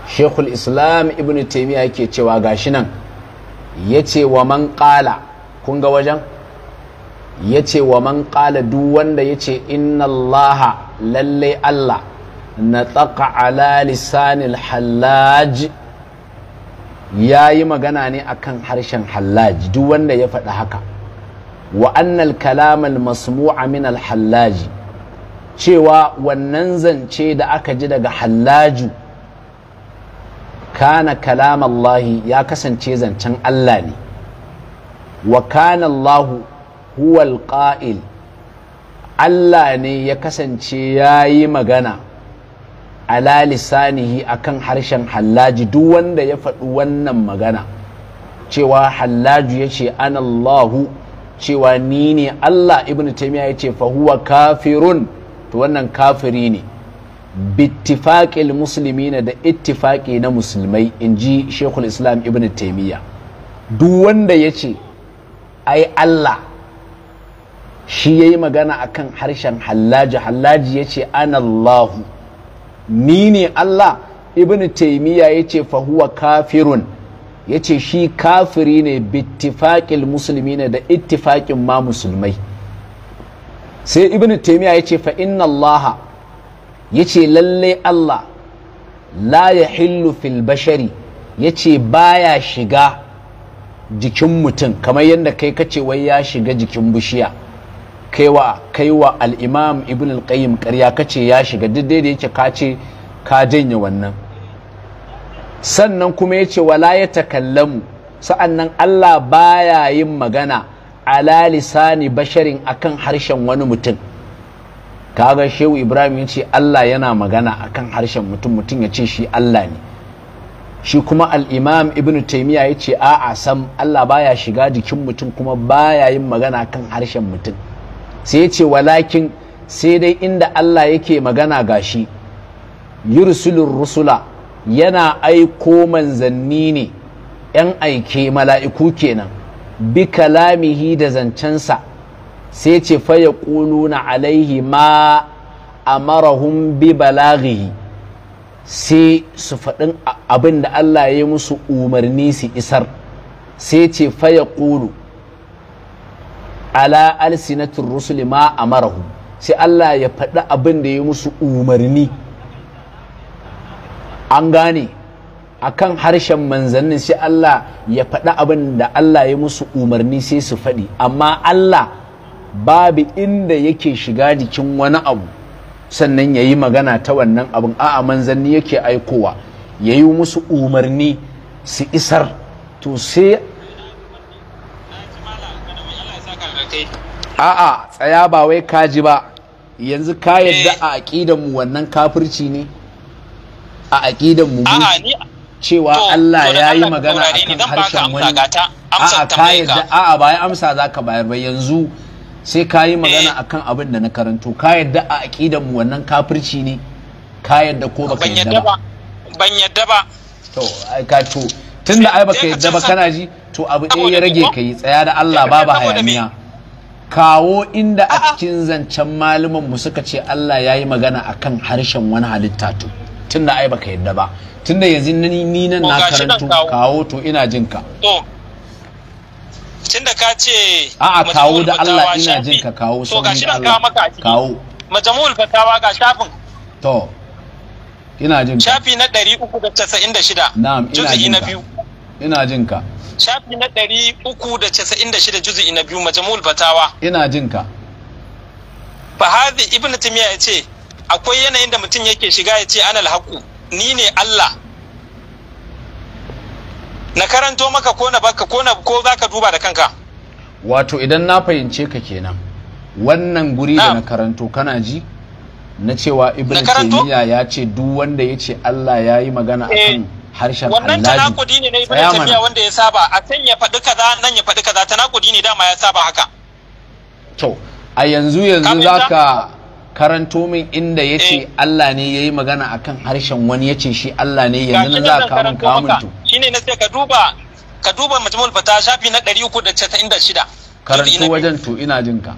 shekul islam ibn taimiyya yake cewa ga shi nan ya ce wa man kala kun ga wajen ya ce wa man kala duk wanda ya ce inna allaha lallai allah nataka ala lisanin hallaj ya yi magana ne akan harshen halaji duk wanda ya faɗi haka wa annal kalamal masmu'a min hallaji cewa wannan zance da aka ji daga halaju? kana kalamallahi ya kasance zancen Allah ne wa kana Allahu huwal qa'il Allah ne ya kasance ya yi magana ala lisanihi akan harshen hallaji duk wanda ya faɗi wannan magana cewa hallaji ya ce anallahu cewa ni ne Allah ibn taimiyya ya ce fahuwa kafirun to wannan kafiri ne bittifaƙil musulmi na da ittifaƙi na musulmai in ji shekul islam ibn taimiyya duk wanda ya ce ai Allah shi ya yi magana akan harshen hallaji hallaji ya ce anallahu ni ne Allah ibn taimiyya ya ce fahuwa kafirun ya ce shi kafiri ne bittifaƙil musulmi ne da ittifaƙin ma musulmai sai ibn taimiyya ya ce inna allaha ya ce lalle Allah la ya hillu fil bashari ya ce ba ya shiga jikin mutum kamar yadda kai kace wai ya shiga jikin bishiya kaiwa kaiwa al-imam ibn al-qayyim ƙarya kace ya shiga duk da yake ka ce ka janye wannan sannan kuma yace wala ya takallamu sa'annan Allah baya yin magana ala lisani basharin akan harshen wani mutum kaga shehu ibrahim ya ce Allah yana magana akan harshen mutum mutum ya ce shi Allah ne shi kuma al'imam ibn taimiyya ya ce a'a sam Allah baya shiga jikin mutum kuma baya yin magana kan harshen mutum sai ya ce walakin sai dai inda Allah yake magana gashi yursulur rusula yana aiko manzanni ne ‘yan aike mala'iku kenan bi kalamihi da zancensa sai ce faya na alaihi ma a marahun bi balaghihi sai su faɗin abin da Allah ya yi musu umarni su isar sai ce faya ƙulu ala alsinatir rusuli ma amarahu sai Allah ya faɗi abin da ya musu umarni an gane akan harshen manzannin sai Allah ya faɗi abin da Allah ya musu umarni sai su faɗi amma Allah babu inda yake shiga jikin wani abu sannan ya yi magana ta wannan abin a'a manzanni yake aikowa ya yi musu umarni su isar to sai a'a tsaya ba wai kaji ba yanzu ka eh. yadda a aqidan mu wannan kafirci ne a aqidan mu cewa Allah ya yi magana akan harshen wani a'a ka yadda a'a ba ya amsa zaka bayar ba yanzu sai ka yi magana eh. akan abin da na karanto ka yadda a aqidan mu wannan kafirci ne ka yadda ko baka yadda ba ban yadda ba to ai ka to tunda ai baka yadda ba kana ji to abu ɗaya ya rage ka yi tsaya da Allah babu hayaniya kawo inda a cikin zancen malaman mu suka ce Allah ya yi magana a kan harshen wani halitta to tunda ai baka yadda ba tunda yanzu ni nan na karantu kawo to ina jin ka da ka ce a'a kawo da Allah ina jin ka kawo to gashi nan kawo maka kawo majamul fatawa ga shafin to ina jin shafi na 396 na'am ina jin ka ina jin ka shafi na ɗari uku da casa'in da shida juzu'i na biyu majamul fatawa ina jin ka fahazi ibn timiya ya ce akwai yanayin da mutum yake shiga ya ce anal alhaku, ni ne allah na karanto maka ko na baka ko na ko zaka duba da kanka wato idan na fahimce ka kenan wannan guri da na karanto kana ji na cewa ibn timiya ya ce duk wanda ya ce allah ya yi magana akan eh. harshen wannan tanakudi ne na ibn tafiya wanda ya saba a can ya faɗi kaza nan ya faɗi kaza tanakudi ne dama ya saba haka to a yanzu yanzu zaka karanto min inda ya ce eh. Allah ne ya yi magana a kan harshen wani ya ce shi Allah ne yanzu na za ka kamun kamun to shi ne na ce ka duba ka duba majmul fata shafi na 396 karanto wajen to ina jin ka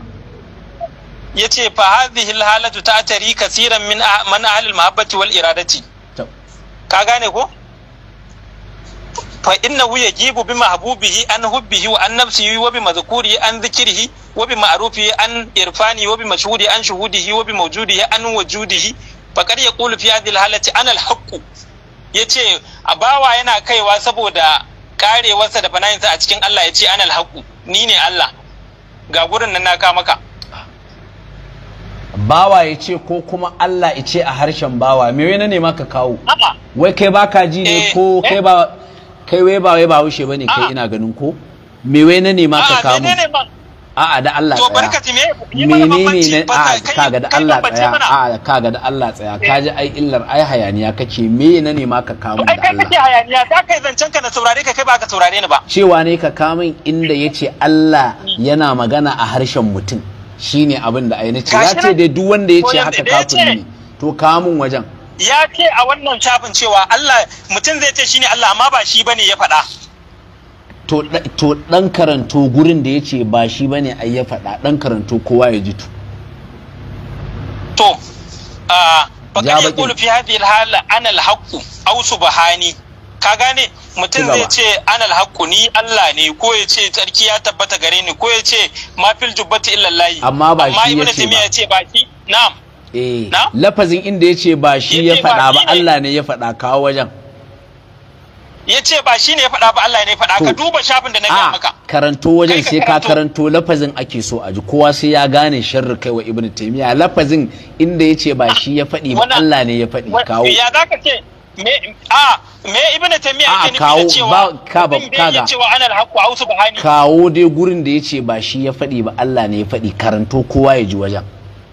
ya ce fa hadhihi alhalatu ta'tari kaseeran min man ahli almahabbati wal iradati ka gane ko fa innahu yajibu bi mahbubihi an hubbihi wa an nafsihi wa bi mazkurihi an dhikrihi wa bi ma'rufihi an irfani wa bi mashhudi an shuhudihi wa bi mawjudihi an wujudihi faqad yaqulu fi lahalaci, halati ana ya ce. yace abawa yana kaiwa saboda karewarsa da fanayinsa a cikin Allah ya ce, al-haqq ni ne Allah ga gurin nan na kama ka bawa ya ce ko kuma Allah ya ce a harshen bawa me wai na ne maka kawo wai kai baka ji ne eh, ko eh. kai ba kai wai ba wai ba haushe bane kai ina ganin ko me wai na nema ka kamu a'a da Allah tsaya menene na a ga da Allah tsaya a ga da Allah tsaya ka ji ai illar ai hayaniya kake me na nema ka kamu da Allah ai kake hayaniya za kai zancen ka na saurare ka kai ba ka saurare ni ba cewa ne ka kamun inda yace Allah yana magana a harshen mutum shine abin da ai nace ya ce dai duk wanda yace haka kafin ne to kamun wajen ya ce a wannan shafin cewa Allah mutum zai ce shi ne Allah amma ba shi bane ya faɗa to ɗan dan karanto gurin da ya ce ba shi bane ai ya faɗa dan karanto kowa ya ji to to a baka ya kulu fi hadhihi al ana al-haqqu aw subhani ka gane mutum zai ce anal haƙƙu ni Allah ne ko ya ce tsarki ya tabbata gare ni ko ya ce ma fil jubbati illallahi amma ba shi ya ce ba na'am Eh, lafazin inda yace ba shi ya faɗa ba Allah ne ya faɗa kawo wajen yace ba shi ne ya faɗa ba Allah ne ya faɗa ka duba shafin da na ga maka karanto wajen sai ka karanto lafazin ake so a ji kowa sai ya gane sharri kai wa ibnu taymiya lafazin inda yace ba shi ya faɗi ba Allah ne ya faɗi kawo ya zaka ce me a me ibnu taymiya yake nufi cewa ka ba cewa anal haqu au subhani kawo dai gurin da yace ba shi ya faɗi ba Allah ne ya faɗi karanto kowa ya ji wajen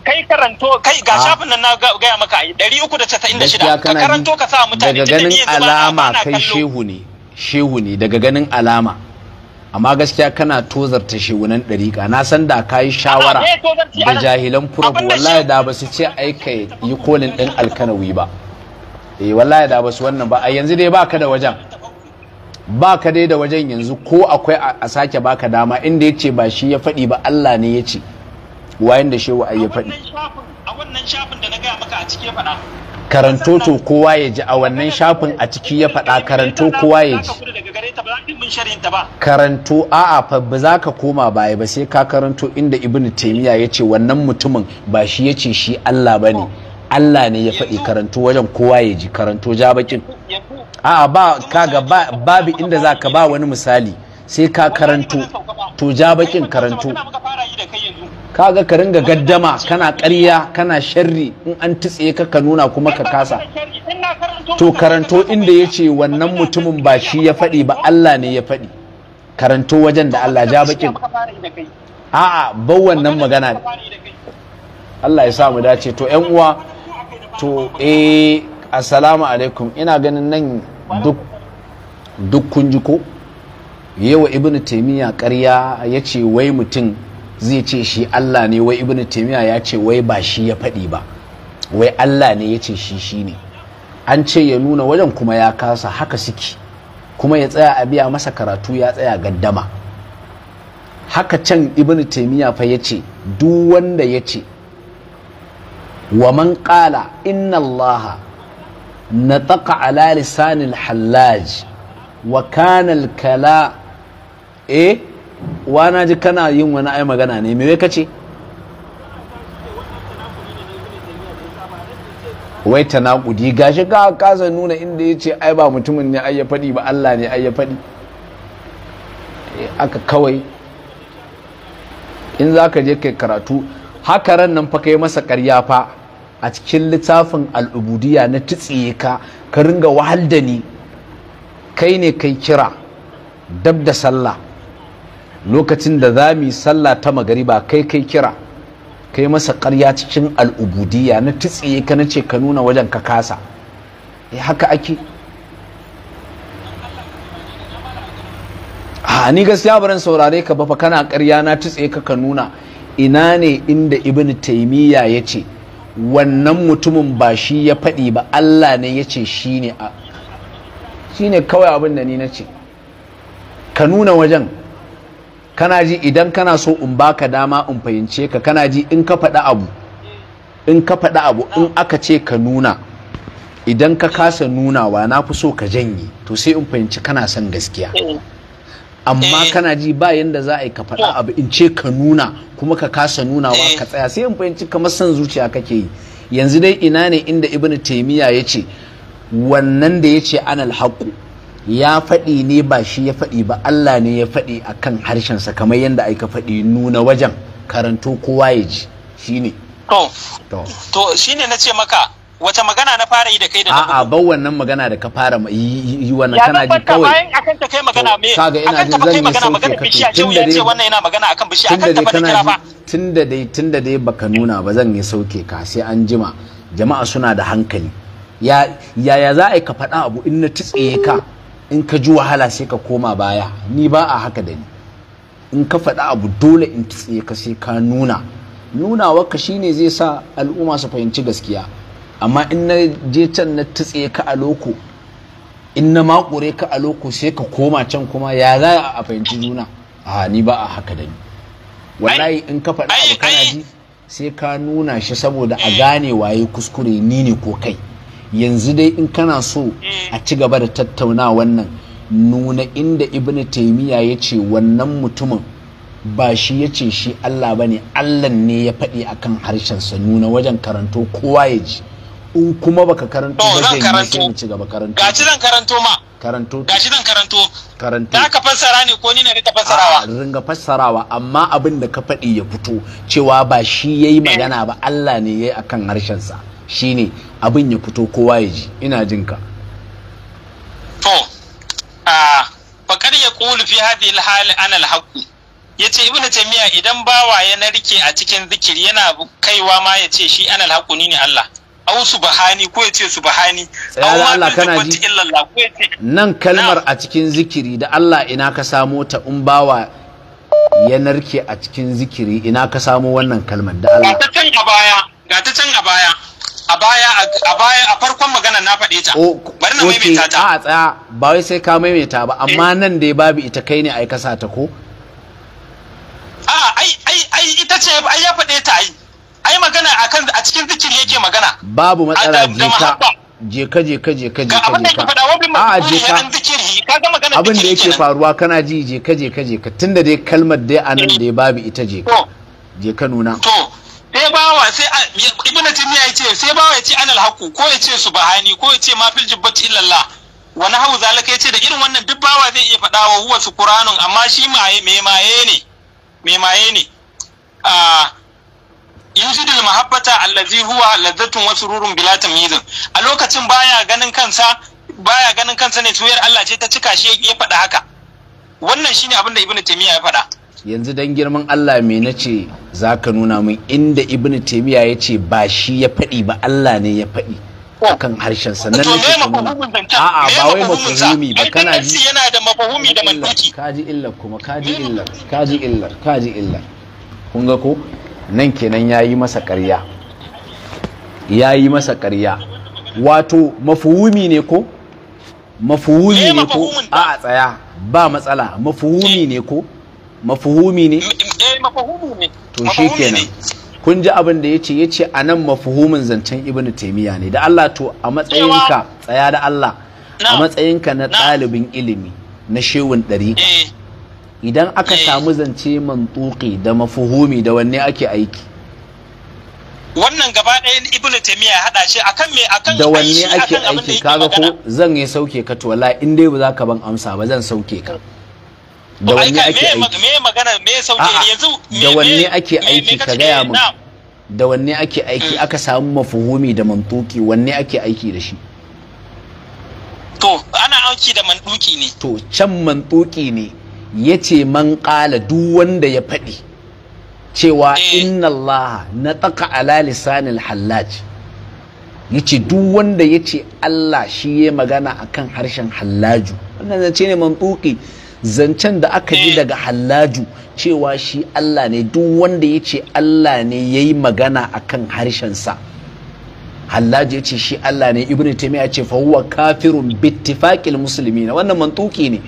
kai karanto kai ga ah. shafin nan na gaya maka da shida ka karanto ka sa mutane daga ganin alama kai shehu ne shehu ne daga ganin alama amma gaskiya kana tozarta shehunan ka na san da ka yi shawara ah, da jahilan furabu wallahi da ba su ce ai ka yi kolin ɗin alkanawi ba eh wallahi da ba su wannan ba a yanzu dai baka da wajen baka dai da wajen yanzu ko akwai a sake baka dama inda ya ce ba shi ya faɗi ba Allah ne ya ce wayan da shehu ai ya faɗi a wannan shafin da na gaya maka a ciki ya faɗa karanto to kowa ya ji a wannan shafin a ciki ya faɗa karanto kowa ya ji karanto a'a fa ba za ka koma baya ba sai ka karanto inda Ibn taymiya ya ce wannan mutumin ba shi ya ce shi Allah ba ne oh. Allah ne ya faɗi karanto wajen kowa ya ji karanto ja bakin a'a ba kaga babu inda za ka ba wani misali sai ka karanto to ja bakin karanto kaga ka ringa gaddama kana ƙarya kana sharri in an tsaye ka ka nuna kuma ka kasa to karanto inda ya wannan mutumin ba shi ya faɗi ba Allah ne ya faɗi karanto wajen da Allah ja baƙin. a'a bau wannan magana Allah ya sa mu dace to ƴan uwa to eh assalamu alaikum ina ganin nan duk duk kun ji ko yawa ibnu taymiya ƙarya yace wai mutum zai ce shi Allah ne wai Ibn taymiya ya ce wai ba shi ya faɗi ba wai Allah ne ya ce shi shi ne an ce ya nuna wajen kuma ya kasa haka suke kuma ya tsaya a biya masa karatu ya tsaya gaddama haka can Ibn taimiya fa ya ce duk wanda ya ce wa man qala inna allaha nataqa ala lisanil hallaj wa kana kala eh wa na ji kana yin wani ai magana ne me ka ce wai ta naƙudi gashi ga kasa nuna inda ya ce ai ba mutumin ne ai ya faɗi ba Allah ne ai ya faɗi eh, aka kawai in za ka je kai karatu haka ran nan fa kai masa ƙarya fa a cikin littafin al'ubudiya na titsiye ka ka ringa wahal da ni kai ne kai kira dab da sallah lokacin da za mu yi sallah ta magariba kai kai kira kai masa ƙarya cikin al'ubudiya. na titsiye ka na ce ka nuna wajen ka kasa E, haka ake a ni gaskiya barin saurare ka ba fa kana ƙarya na titsiye ka ka nuna ina ne inda ibn taimiyya ya ce wannan mutumin ba shi ya faɗi ba Allah ne ya ce shi ne kawai abin da ni na ce ka nuna wajen kana ji idan kana so in baka dama in fahimce ka kana ji in ka faɗi abu in ka faɗi abu in aka ce ka nuna idan ka kasa nunawa na fi so ka janye to sai in fahimci kana son gaskiya amma eh. kana ji ba yanda za a yi ka faɗa abu in ce ka nuna kuma ka kasa nunawa ka eh. tsaya sai in fahimci kamar son zuciya kake yi yanzu dai ina ne inda Ibn taimiyya ya ce wannan da ya ce anal alhaku. ya faɗi ne ba shi ya faɗi ba Allah ne ya faɗi a kan harshensa kamar yadda aika faɗi nuna wajen karanto kowa ya ji shi ne. To, shi ne na ce maka wata magana na fara yi da kai da A'a ba wannan magana da ka fara yi wannan kana ji kawai. Bayan akan ta kai magana me kaga ina jin magana magana sauke ka tun wannan yana magana akan bishi akan ta kira fa. Tun da dai tun da dai baka nuna ba zan yi sauke ka sai an jima jama'a suna da hankali. Yaya za a yi ka faɗa abu in na titsiye ka in ka ji wahala sai ka koma baya ni ba a haka da ni in ka faɗi abu dole in kitse ka sai ka nuna nunawa ka shine zai sa al'umma su fahimci gaskiya amma in na je can na tutse ka a loko in na makure ka a loko sai ka koma can kuma ya za a fahimci juna a ni ba a haka da ni wallahi in ka faɗi abu kana ji sai ka nuna shi saboda a gane waye kuskure ni ne ko kai yanzu dai in kana so a ci gaba da tattauna wannan nuna inda ibn taimiyya ya ce wannan mutumin ba shi ya ce shi Allah ba ne Allah ne ya faɗi a kan harshensa nuna wajen karanto kowa ya ji in kuma baka karanto ba zai yi sai mu ci gaba karanto gashi zan karanto ma karanto gashi zan karanto karanto da ka fassara ne ko ni ne rika fassarawa ringa fassarawa amma abin da ka faɗi ya fito cewa ba shi yayi eh. magana ba Allah ne yayi akan harshensa shine abin ya fito kowa ya ji ina jin ka to a fakar ya kulu fi hadi al-hal ana al yace ibnu taymiya idan bawa ya narke a cikin zikiri yana kaiwa ma yace shi ana alhaqu ni ne Allah au subhani ko yace subhani au ma Allah kana ji nan kalmar a cikin zikiri da Allah ina ka samo ta in bawa ya narke a cikin zikiri ina ka samo wannan kalmar da Allah ga ta can a baya ga ta can a baya a baya a baya a farkon magana na faɗe ta bari na maimaita ta a tsaya ba wai sai ka maimaita ba amma eh. nan dai babu ita kai ne ai kasa ta ko a ai ai ai ita ce ai ya faɗe ta ai ai magana akan a cikin zikiri yake magana babu matsala je ka je ka je ka je ka je ka je ka a je ka abin da yake faruwa kana ji je ka je ka je ka tunda dai kalmar dai anan eh. dai babu ita je ka nuna to sai bawa sai ibn taymiya yace sai bawa yace alal haqu ko yace subhani ko yace ma fil jibbati illallah wani hau zalika yace da irin wannan duk bawa zai iya faɗa wa huwa qur'anun amma shi maye me maye ne me maye ne a yujidul mahabbata allazi huwa wasururun bila tamyizin a lokacin baya ganin kansa baya ganin kansa ne soyayyar Allah ce ta cika shi ya faɗa haka wannan shine abin da ibnu taymiya ya faɗa yanzu dan girman Allah me nace ka nuna min inda ibnu taymiya ce ba shi ya faɗi ba Allah ne ya faɗi akan harshen sa nan nake nuna a'a ba wai mafhumi ba kana ji yana da mafhumi da mantiki kaji illar kuma kaji illar kaji illar kaji illar. kun ga ko nan kenan yayi masa ƙarya yayi masa ƙarya wato mafhumi ne ko mafuhumi ne ko a a tsaya ba matsala mafuhumi ne ko mafuhumi ne eh mafuhumi ne to shikenan kun ji abin da ya ce yace a nan mafuhumin zancen Ibn taymiya ne da Allah to a matsayinka tsaya da Allah a matsayinka na ɗalibin ilimi na shewun ɗari. Eh. idan aka eh. samu zance mantuƙi da mafuhumi da wanne ake aiki wannan gaba ɗaya Ibn taymiya haɗa shi kan mai akan da wanne ake aiki kaga ko zan yi sauke ka to wallahi in dai ba za ka ban amsa ba zan sauke ka da wanne ake aiki me mm. magana me sauke yanzu da wanne ake aiki ka gaya mu da wanne ake aiki aka samu mafuhumi da mantuki wanne ake aiki da shi to ana aiki da mantuki ne to can mantuki ne yace man kala duk wanda ya faɗi cewa eh. inna Allah na taka ala lisanil hallaj yace duk wanda yace Allah shi ya magana akan harshen hallaju wannan zance ne mantuki zancen da aka ji eh. daga hallaju cewa shi Allah ne duk wanda ya ce Allah ne ya yi magana a kan harshensa hallaju ya ce shi Allah ne ibn taimiyya ce fahuwa kafirun bittifakil musulmi na wannan mantuki ne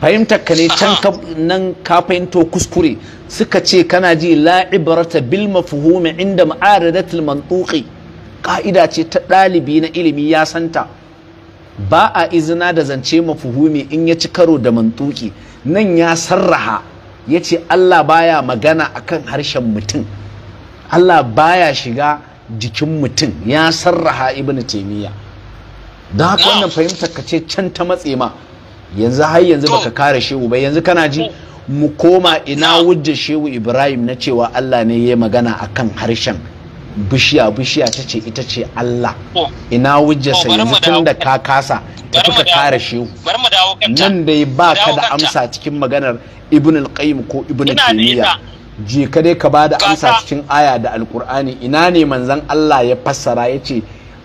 fahimtar ka ne can nan ka fahimto kuskure suka ce kana ji la ibrata bil mafhumi inda ma'aradatil mantuki ka'ida ce ta ɗalibi na ilimi ya santa ba a izina da zance mafuhumi in ya ci karo da mantuki nan ya sarraha ya ce Allah baya magana a kan harshen mutum Allah baya shiga jikin mutum ya sarraha ibn taimiyya don haka wannan fahimtar ka ce can ta matse ma yanzu har yanzu baka kare shehu ba yanzu kana ji mu koma ina wujje shehu ibrahim na cewa Allah ne ya magana a kan harshen bishiya bishiya ta ce ita ce Allah ina wujjarsa yanzu tun da ka kasa tafi ka kare shehu nan dai ba ka da amsa cikin maganar ibn al-qayyim ko ibn taymiya je ka dai ka bada amsa cikin aya da alkur'ani ina ne manzon Allah ya fassara ya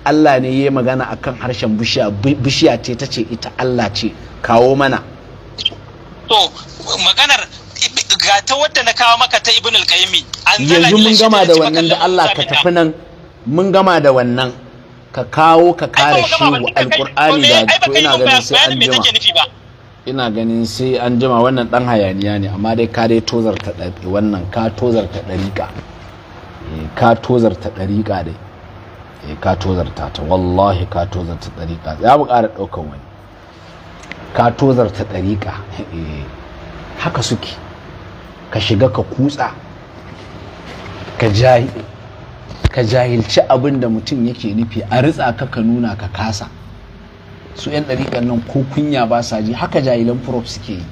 Allah ne ya magana akan harshen bishiya bishiya ce ta ce ita Allah ce kawo mana to maganar ga ta wadda na kawo maka ta ibn al-qayyim yanzu mun gama da wannan da Allah ka tafi nan mun gama da wannan ka kawo ka kare shi alqur'ani da to ina ganin sai an jima ina ganin sai an jima wannan dan hayaniya ne amma dai ka dai tozar ta dabi wannan ka tozar ta dariqa eh, ka tozar ta dariqa dai eh, ka tozar ta ta wallahi ka tozar ta dariqa ya bu ƙara ɗaukan wani ka tozar ta dariƙa eh, haka suke ka shiga ka kutsa ka jahilci abin da mutum yake nufi a ritsa ka ka nuna ka kasa su 'yan ɗariƙan nan ko kunya ba sa ji haka jahilan prof suke yi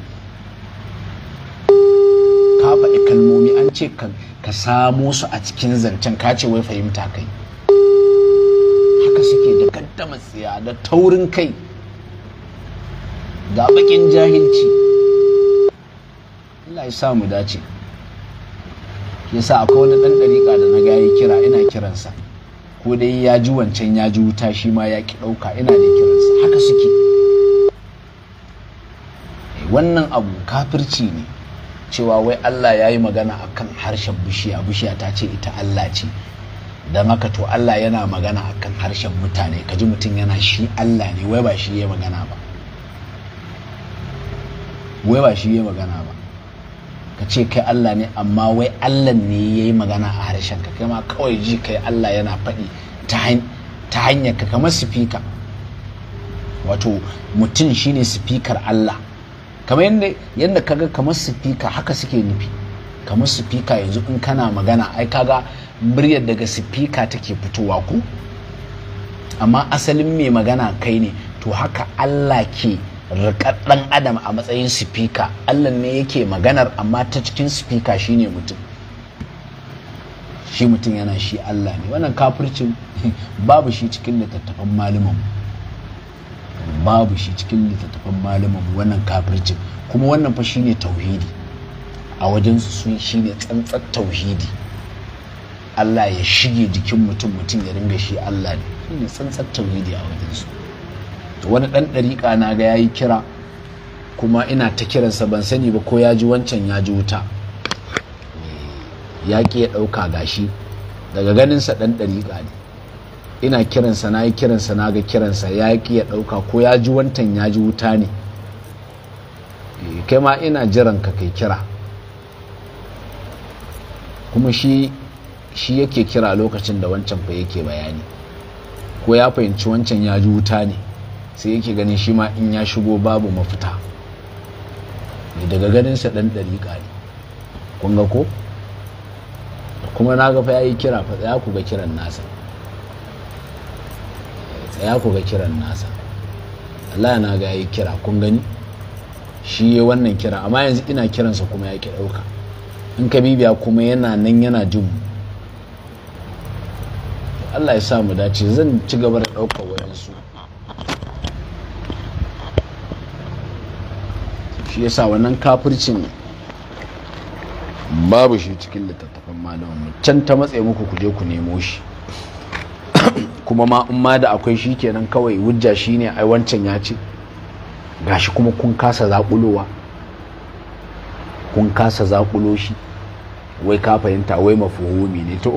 ka faɗi kalmomi an ce ka samo su a cikin zancen kace wai fahimta kai haka suke da kaddama tsiya da taurin kai Da baƙin jahilci Allah ya sa mu dace yasa akwai wani ɗan ɗariƙa da na gaya kira ina kiransa ko dai ya ji wancan ya ji wuta shi ma ya ki ɗauka ina da kiransa haka suke eh, wannan abu kafirci ne cewa wai Allah ya yi magana akan harshen bishiya bishiya ta ce ita Allah ce don haka to Allah yana magana akan harshen mutane kaji mutum yana shi Allah ne wai ba shi ya magana ba wai ba shi ya magana ba ka ce kai Allah ne amma wai Allah ne ya yi magana a harshen ka kai ma kawai ji kai Allah yana faɗi ta hanyar ka kamar sifika wato mutum shine sifikar Allah kamar yadda yadda kaga kamar sifika haka suke nufi kamar sifika yanzu in kana magana ai kaga muryar daga sifika take fitowa ku? amma asalin mai magana kai ne to haka Allah ke rikaddan adam a matsayin sifika allah ne yake maganar amma ta cikin sifika ne mutum shi mutum yana shi allah ne wannan kafircin babu shi cikin littattafan malumin babu shi cikin littattafan malumin wannan kafircin kuma wannan fa shi ne tauhidi a wajensu sun ne tsantsar tauhidi allah ya shige jikin mutum mutum ya ringa shi allah ne shi ne tsantsar tauhidi a wajensu wani ɗan ɗariƙa na ga yayi yi kira kuma ina ta kiransa ban sani ba ko ya ji wancan ya ji wuta ya ƙi ya ɗauka gashi daga ganinsa ɗan ɗariƙa ne ina kiransa na yi kiransa na ga kiransa ya ƙi ya ɗauka ko ya ji wancan ya ji wuta ne eh, kai ma ina jiran ka kai kira kuma shi shi yake kira lokacin da wancan fa yake bayani ko ya fahimci wancan ya ji wuta ne sai yake ganin shi ma in ya shigo babu mafita mai daga ganinsa ɗan ɗariƙa ne kun ga ko kuma na ga fa ya yi kira fa tsaya ku ga kiran nasa tsaya ku ga kiran nasa Allah na ga ya yi kira kun gani shi ya wannan kira amma yanzu ina kiransa kuma ya ki ɗauka in ka bibiya kuma yana nan yana jin mu Allah ya sa mu dace zan ci gaba da ɗaukar wayansu shi yasa wannan kafircin babu shi cikin littattafan malamin can ta matse muku ku je ku nemo shi kuma ma in ma da akwai shi kenan kawai wujja shi ne ai wancan ya ce gashi kuma kun kasa zakulowa kun kasa zakulo shi wai ka fahimta wai mafuhumi ne to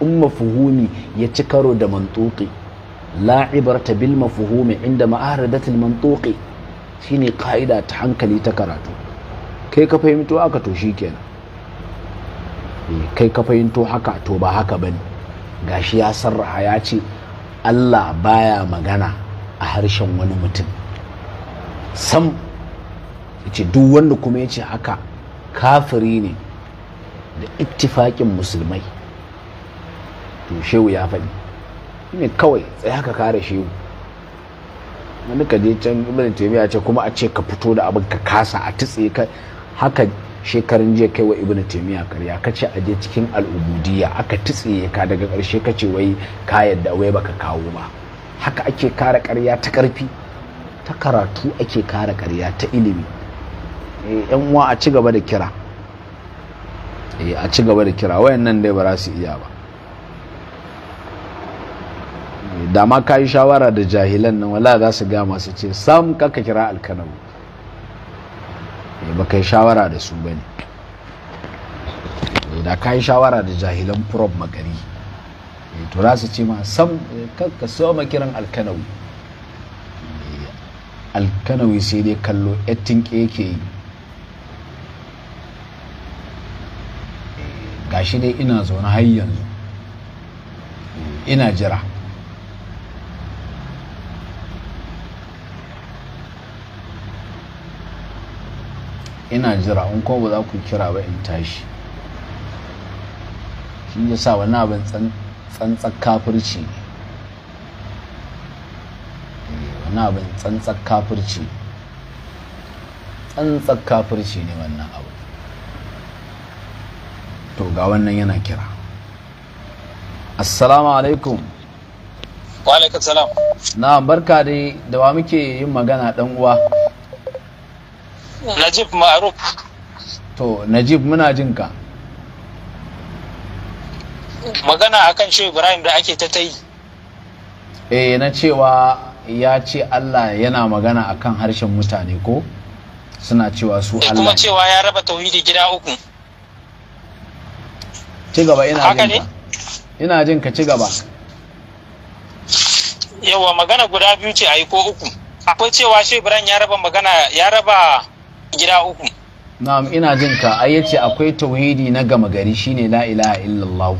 in mafuhumi ya ci karo da mantuƙi la bil mafuhumi inda ma'aradatul mantuƙi shine ka'ida ta hankali ta karatu kai ka fahimto haka to kenan eh, kai ka fahimto haka to ba haka bane gashi ya sarraha ya ce Allah baya magana a harshen wani mutum sam ce duk wanda kuma ya haka kafiri ne da ittifaƙin musulmai to shehu ya faɗi ne kawai tsaya haka kare shehu wani ka je can ibn taymiya ce kuma a ce ka fito da abin ka kasa a tutse ka haka shekarun jiya kai wa ibn taymiya karya ka ce a je cikin al'ubudiyya aka tutse ka daga karshe ka ce wai ka yadda wai baka kawo ba haka ake kare karya ta ƙarfi ta karatu ake kare karya ta ilimi eh, yan uwa a ci gaba da kira eh, a ci gaba da kira wayannan dai ba za su iya ba da ma ka yi shawara da jahilan nan wala za su ga masu ce sam kaka kira alkanawu eh, ba ka yi shawara da su ba ne eh, da ka yi shawara da jahilan prob magari eh, to za su ce ma sam kaka soma kiran alkanawu alkanawi sai dai kallo ettin yake yi gashi dai ina zaune har yanzu ina jira ina jira in kuma ba za ku kira ba in tashi shi ya sa wani abin tsantsar kafirci ne eh, wani abin tsantsar kafirci tsantsar kafirci ne wannan abu to ga wannan yana kira assalamu alaikum wa alaikum salam na barka dai da wa muke yin magana dan uwa najib ma'aruf to najib muna jin ka magana akan shi ibrahim da ake ta yi eh na cewa ya ce allah yana magana akan harshen mutane ko suna cewa su eh, allah kuma cewa ya raba tauhidi gida uku ci gaba ina jin ka ina jin ka ci gaba yawa magana guda biyu ce a yi ko uku akwai cewa shi ibrahim ya raba magana ya raba gida uku na'am ina jin ka ai yace akwai tauhidi na gama gari shine la ilaha illallah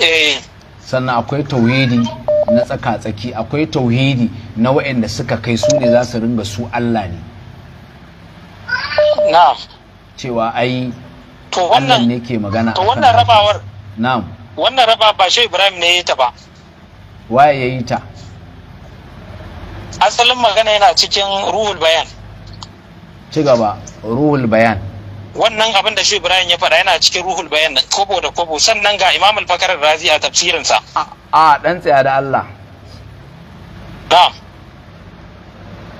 eh sannan akwai tauhidi na tsaka-tsaki akwai tauhidi na waɗanda suka kai su ne za su ringa su Allah ne na'am cewa ai to wannan ne ke magana to wannan rabawar na'am wannan raba ba shi Ibrahim ne ya ta ba waye ya yi ta asalin magana yana cikin ruhul bayan ci gaba ruhul bayan wannan abin da shi ibrahim ya faɗa yana cikin ruhul bayan kobo da kobo sannan ga imam al-fakar razi a tafsirinsa a dan tsaya da allah da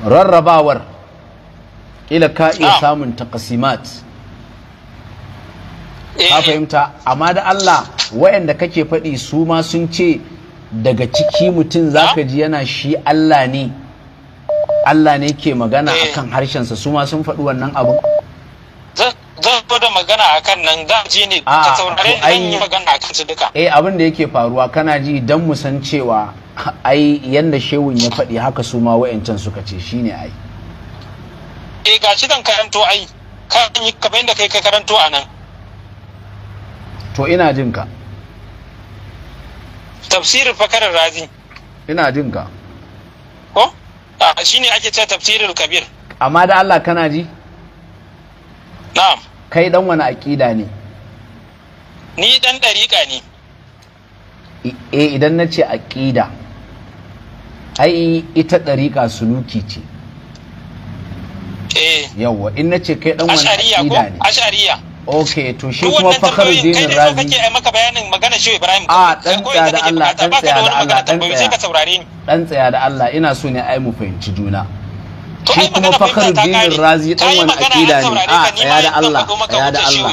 rarrabawar kila ka iya samun takasimat ka eh. fahimta amma da allah waɗanda kake faɗi su ma sun ce daga ciki mutum zaka ji yana shi allah ne Allah ne ke magana eh. a kan harshensa su ma sun faɗi wannan abu zan zo da magana kan nan da ji ne ka saurare ni yi magana kan su duka eh abin da yake faruwa kana ji don mu san cewa ai yanda shewun ya faɗi haka su ma wayancan suka ce shine ai eh shi dan karanto ai kan yi kamar yadda kai ka karanto a nan to ina jin ka tafsirin fakarar razi ina jin ka ko a shine ake cewa tafsirin kabir amma da Allah kana ji na'am kai dan wani aƙida ne ni dan ɗariƙa ne eh idan na ce aƙida ai ita ɗariƙa suluki ce eh yawwa in na ce kai dan wani aƙida ne ashariya ok to shi kuma fakhruddin razi kai kake maka bayanin magana shi ibrahim a ah, dan tsaya da Allah dan tsaya da Allah dan tsaya ka saurare dan tsaya da Allah ina so ne ai mu fahimci juna shi kuma fakhruddin razi dan wani akida ne ah, a tsaya da Allah tsaya da Allah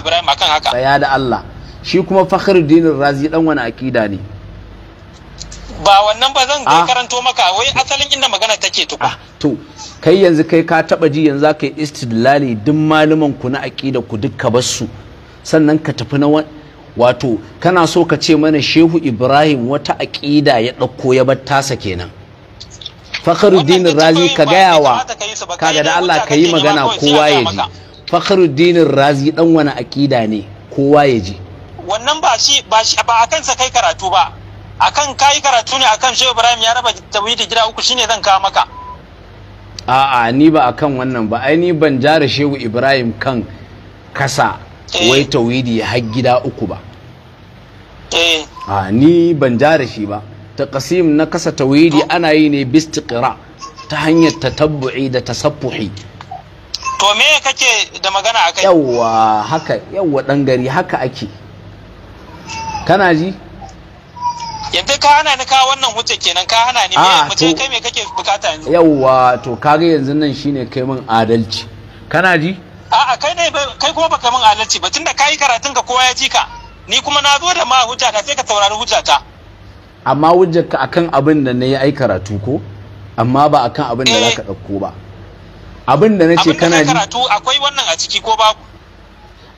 tsaya da Allah shi kuma fakhruddin razi dan wani akida ne ba wannan ba zan ah. karanto maka wai asalin inda magana take tukun to kai yanzu kai ka taba ji yanzu ka yi istidlali duk malaman ku na aqida ku bar su, sannan ka tafi na wato kana so ka ce mana shehu ibrahim wata aqida ya ɗauko ya bar tasa kenan fakhruddin razi ka gaya wa kaga da Allah ka yi magana kowa ya ji fakhruddin razi dan wani aqida ne kowa ya ji wannan ba shi ba shi ba akan sa kai karatu ba akan kai karatu ne akan shehu ibrahim ya raba tawhidi gida uku shine zan kawo maka a'a ni ba akan wannan ba ai ni ban jara shehu ibrahim kan kasa eh. wai ya har gida uku ba eh. a ni ban jara shi ba Ta kasim na kasa tawidi ana yi ne bistiqra ta hanyar tatabbu'i da tasaffuhi to me kake da magana kai yawa haka gari haka ake kana ji yanzu ka hana ni ka wannan hujja kenan ka hana ni me ah, mutum kai me kake bukata yanzu yawwa to kaga yanzu nan shine kai min adalci kana ji a'a kai ne kai kuma baka min adalci ba tunda kai karatun ka kowa ya ji ka ni kuma na zo da ma hujja ta sai ka saurari hujja ta amma hujjar ka akan abin da nayi ai karatu ko amma ba akan abin da eh. zaka dauko ba abin da nace kana ji karatu akwai wannan a ciki ko ba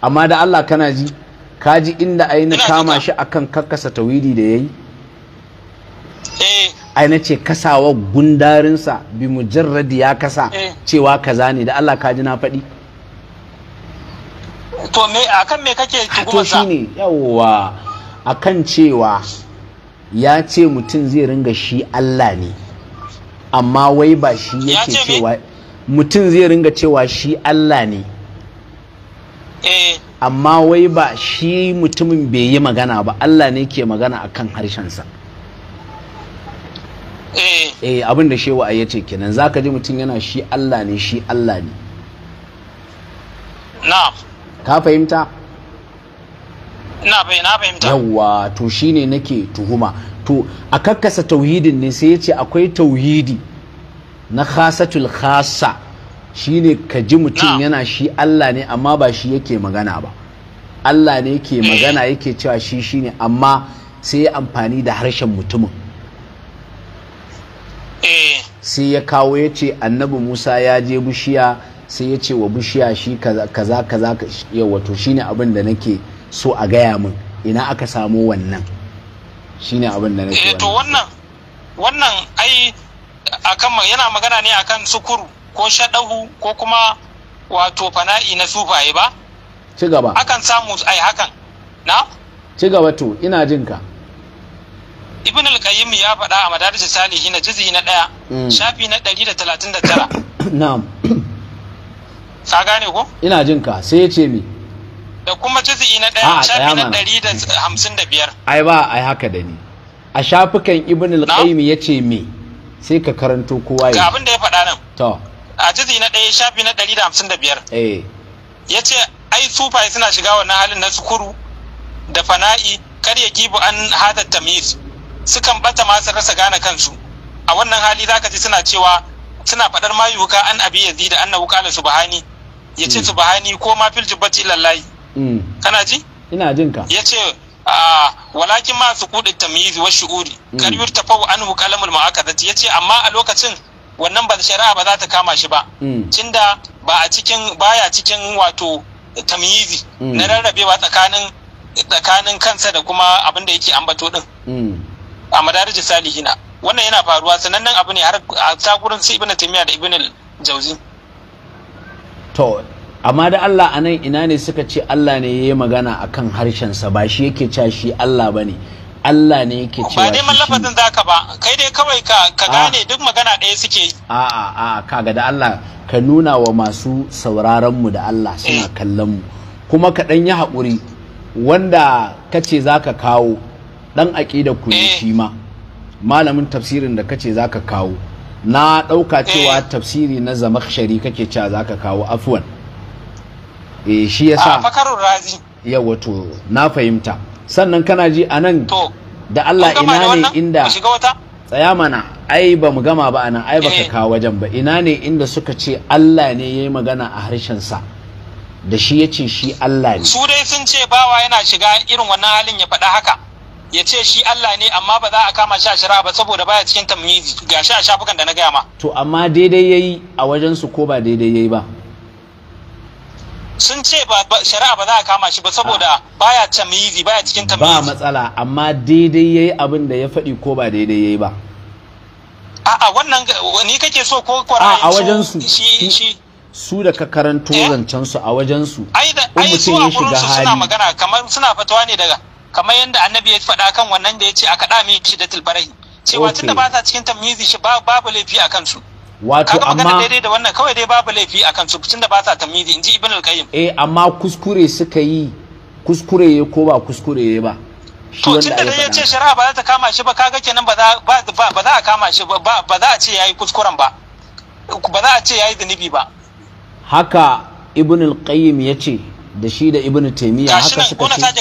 amma da Allah kana ji ka ji inda aini kama shi akan kakkasa tawidi da yayi Eh. ai na ce kasawa gundarinsa bi mujarradi ya kasa eh. cewa kaza ne da Allah ka ji na faɗi to me akan me kake to shine yawwa akan cewa ya ce mutum zai ringa shi Allah ne amma wai ba shi yake cewa mutum zai ringa cewa shi Allah ne eh. amma wai ba shi mutumin bai yi magana ba Allah ne ke magana akan harshensa Eh. eh abin da shewa ya ce kenan zaka ji mutum yana shi Allah ne shi Allah ne na ka fahimta na fahimta yawa to shine nake tuhuma to a kakkasa tauhidin ne sai yace akwai tauhidi na khasatul khasa shine ka ji mutum yana shi Allah ne amma ba shi yake magana ba Allah ne yake eh. magana yake cewa shi shine amma sai ya amfani da harshen mutumin Eh. sai ya kawo ya ce annabi musa ya je bishiya sai ya ce wa bishiya shi kaza kaza yau wato shine abin da nake so a gaya min ina aka samo wannan ne abin da nake eh, to wannan wannan ai akan yana magana ne akan sukuru ko shadahu ko kuma wato fana'i na sufaye ba ci gaba akan samu ai hakan na ci gaba to ina jin ka ibn al-qayyim ya faɗa a madarij Salihi na juz'i na ɗaya mm. shafi na ɗari da talatin tara na'am ka gane ko ina jin ka sai ya ce mi da kuma juz'i na ɗaya ah, shafi na ɗari da da hamsin biyar. ai ba ai haka da ni a shafukan ibn al-qayyim ya ce me sai ka karanto kowa ya ga abin da ya faɗa nan to a juz'i na ɗaya shafi na ɗari da hamsin biyar eh ya ce ai sufai suna shiga wannan halin na sukuru da fana'i kar ya kibu an hada tamiz sukan bata ma su rasa gane kansu a wannan hali zaka ji suna cewa suna faɗar ma yuka an abi yazid annahu qala subhani yace hmm. subhani ko ma fil jubbati lillahi hmm. kana ji ina jin ka yace walakin ma su kudi tamyiz wa shu'uri hmm. kar yurtafau hu kalamul mu'akadati yace amma a lokacin wannan ba shari'a ba za ta kama shi ba tunda ba a cikin baya cikin wato tamyizi na rarrabewa tsakanin tsakanin kansa da kuma abin da yake ambato din a madarij salihina wannan yana faruwa sanannen abu ne har a sakurin su ibn taymiya da ibn jauzi to amma da Allah a nan ina ne suka ce Allah ne ya yi magana a harshen sa ba shi yake cewa shi Allah ne? Allah ne yake cewa ba neman za ka ba kai dai kawai ka ah. gane duk magana ɗaya suke yi a a a kaga da Allah ka nuna wa masu sauraron mu da Allah suna eh. kallon mu kuma ka dan yi haƙuri wanda ka ce za ka kawo dan aqida ku ne eh. shi ma malamin tafsirin da kace zaka kawo na dauka eh. cewa tafsiri na zamakhshari kake cewa zaka kawo afwan eh shi yasa ah, fakarun razi yawa na fahimta sannan kana ji anan da Allah ina ne inda tsaya mana ai ba mu gama ba anan ai baka eh. kawo wajen ba ina ne inda suka ce Allah ne yayi magana a harshen sa da shi yace shi Allah ne su dai sun ce bawa yana shiga irin wannan halin ya faɗa haka ya ce shi Allah ne amma ba za a kama shi a shari'a ba saboda baya cikin tamyizi ga shi a shafukan da na gaya ma to amma daidai ya yi a wajen su ko ba daidai ya yi ba sun ce ba shari'a ba za a kama shi ba saboda ah. baya tamyizi baya cikin tamyizi ba matsala amma daidai ya yi abin da ya faɗi ko ba daidai ya yi ba a'a wannan ni kake so ko kwara ah, a wajen su shi su da ka karanto eh? zancen su a wajen su ai da ai su a wurin su suna magana kamar suna fatawa ne daga kamar yadda annabi ya faɗa kan wannan da ya ce a kaɗa mai shi da tilbarai cewa da ba sa cikin tamizi shi babu laifi a kansu wato amma kaga daidai da wannan kawai dai babu laifi a kansu da ba sa in inji ibn al-qayyim eh amma kuskure suka yi kuskure ya ko ba kuskure ya ba to tun da ya ce shari'a ba za ta kama shi ba kaga kenan ba za ba za a kama shi ba ba za a ce yayi kuskuren ba ba za a ce yayi zunubi ba haka ibn al-qayyim ya ce da shi da ibn taimiyya haka suka ce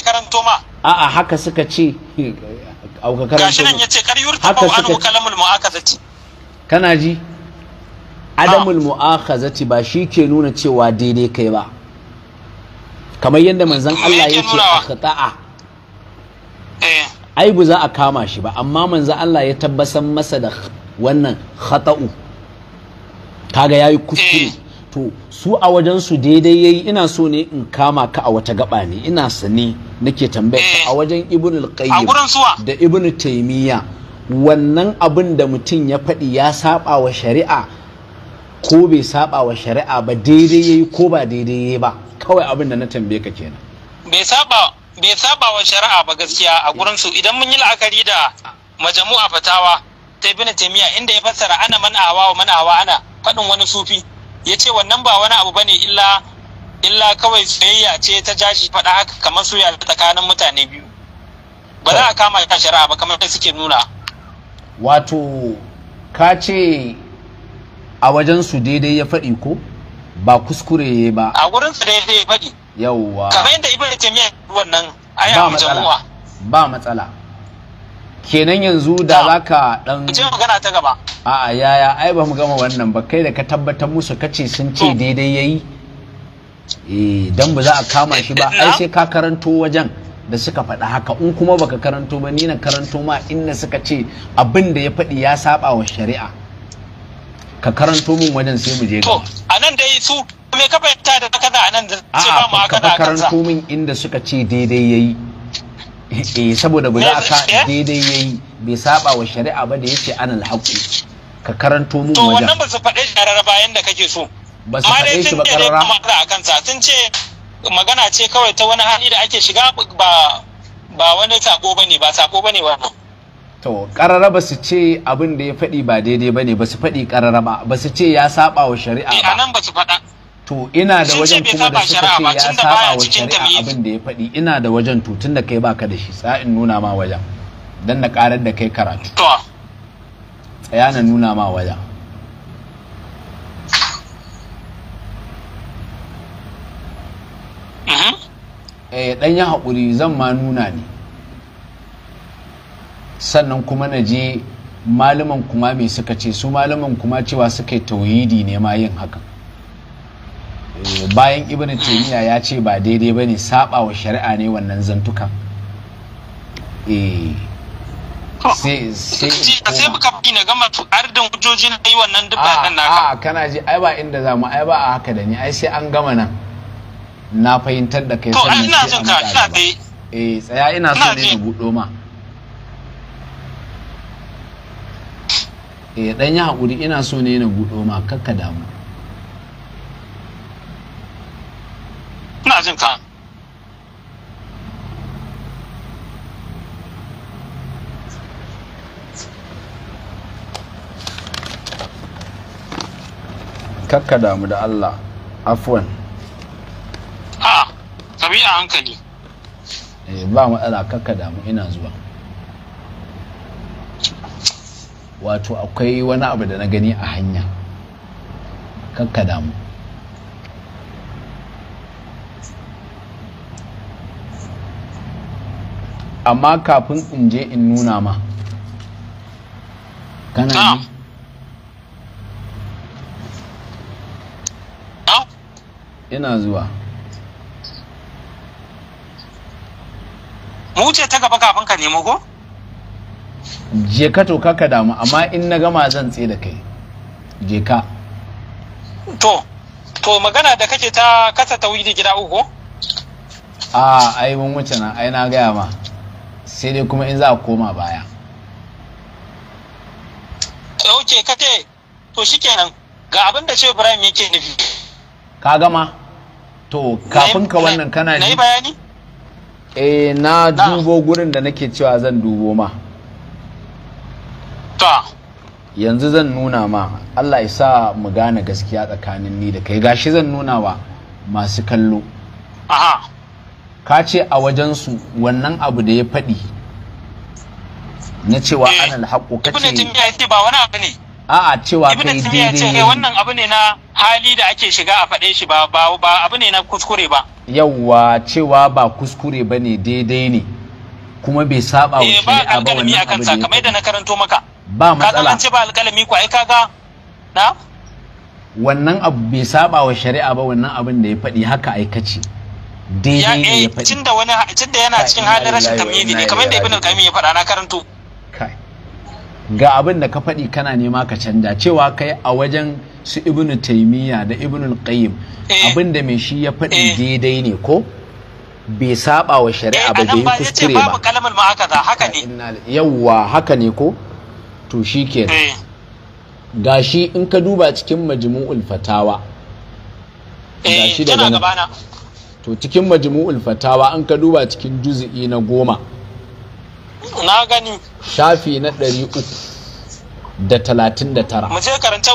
a'a haka suka ce auka karanto haka suka ce kana ji ah. adamul mu'akhazati ba shi ke nuna cewa daidai kai ba kamar yadda manzon Allah yake a khata'a eh. ai bu za a kama shi ba amma manzon Allah ya tabbasan masa da wannan khata'u kaga yayi kuskure eh. to su a wajen su daidai yayi ina so ne in kama ka a wata gaba ne ina sane nake tambaya ka a eh. wajen ibn al-qayyim da ibn taymiya wannan abin da mutum ya faɗi ya saba wa shari'a ko bai saba wa shari'a ba daidai yayi ko ba daidai yayi ba kawai abin da na tambaye ka kenan bai saba bai saba wa shari'a ba gaskiya a gurin su idan mun yi la'akari da majamu'a fatawa ta ibn taymiya inda ya fassara ana man awa wa man awa ana faɗin wani sufi ya ce wannan ba wani abu bane illa illa kawai tsayayya ce ta jashi faɗa haka kamar soyayya tsakanin mutane biyu ba za a kama ta shari'a ba kamar da suke nuna wato ka ce a wajen su daidai ya faɗi ko ba kuskure ba a gurin su daidai ya faɗi yawwa kamar yadda ibn taymiya wannan aya ba matsala ba matsala kenan yanzu da za ka dan ce magana ta gaba a'a yaya ai ba mu gama wannan ba kai da ka tabbatar musu kace sun ce daidai yayi eh dan ba za a kama shi ba ai sai ka karanto wajen da suka faɗi haka in kuma baka karanto ba ni na karanto ma inda suka ce abin da ya faɗi ya saba wa shari'a ka karanto min wajen sai mu je gaba a nan dai su me ka fahimta da kaza a nan da ce ba mu haka da karanto min inda suka ce daidai yayi Eh, eh saboda bai aka daidai yayi bai saba wa shari'a ba da yace anal haqu ka karanto mu wajen to wannan ba su faɗe sharar bayan da kake so ba su faɗe shi ba karara a kansa sun ce magana ce kawai ta wani hali da ake shiga ba ba wani sako bane ba sako bane ba. to karara ba su ce abin da ya faɗi ba daidai bane ba su faɗi karara ba ba su ce ya saba wa shari'a eh, ba a nan ba su faɗa to ina da wajen kuma da suka ce ya saba wa shari'a abin da ya faɗi ina da wajen to da kai baka da shi in nuna ma wajen dan na karar da kai karatu tsaya na nuna ma wajen mhm. eh dan ya haƙuri zan ma nuna ne sannan kuma na je malaman kuma mai suka ce su malaman kuma cewa suka yi tauhidi ne ma yin hakan bayan ibn taymiya ya ce ba daidai ne saba wa shari'a ne wannan zantukan eh. sai sai ba nan naka a kana ai ba inda zamu ai ba a haka da ni ai sai an gama nan na fahimtar da kai sannan to ina jin eh, tsaya eh, ina so ne na budo ma eh dan ya hakuri ina so ne na budo ma kakka damu ina ka damu da Allah afwan a ka bi a hankali eh ba matsala kakka damu ina zuwa wato akwai wani abu da na gani a hanya kakka damu amma kafin in je in nuna ma kana ne ina zuwa mu ce ta gaba kafin ka nemo ko je ka to ka damu amma in na gama zan tse da kai je ka to to magana da kake ta kasa tawidi gida uku a ai mun wuce na, ai na gaya ma sai dai kuma in za a koma baya ok kate to shikenan ga abin da ce Ibrahim yake nufi ka gama to kafin ka wannan kana ji bayani eh na dubo gurin da nake cewa zan dubo ma ta yanzu zan nuna ma Allah ya sa mu gane gaskiya tsakanin ni da kai gashi zan nuna wa masu kallo aha ka ce a wajensu wannan abu da ya faɗi na cewa eh, ana alhaƙo ka ce ibn ya ce ba wani abu ne a'a cewa kai daidai ne eh, wannan abu ne na hali da ake shiga a faɗe shi ba ba abu ne na kuskure ba yawwa cewa ba kuskure ba ne daidai ne kuma bai saba wa eh, shi a ba wannan abu ne kamar yadda na karanto maka ba matsala an ce ba alƙalami ko ai kaga na wannan abu bai saba wa shari'a ba wannan abin da ya faɗi haka aikace daidai ne ya eh, tunda yana cikin halin rashin tamyizi ne kamar da ibn al-qayyim ya faɗa na karanto ga abin da ka faɗi kana nema ka canja cewa kai a wajen su Ibn taimiyya da Ibn al-qayyim eh. abin da mai shi ya faɗi eh. daidai ne ko bai saba wa shari'a ba bai kuskure ba babu kalamul ma'akaza haka ne yawwa haka ne ko to shikenan gashi in ka duba cikin majmu'ul fatawa gashi daga nan to cikin majmu'ul fatawa an ka duba cikin juzi'i na goma na gani shafi na ɗari uku da talatin da tara mace je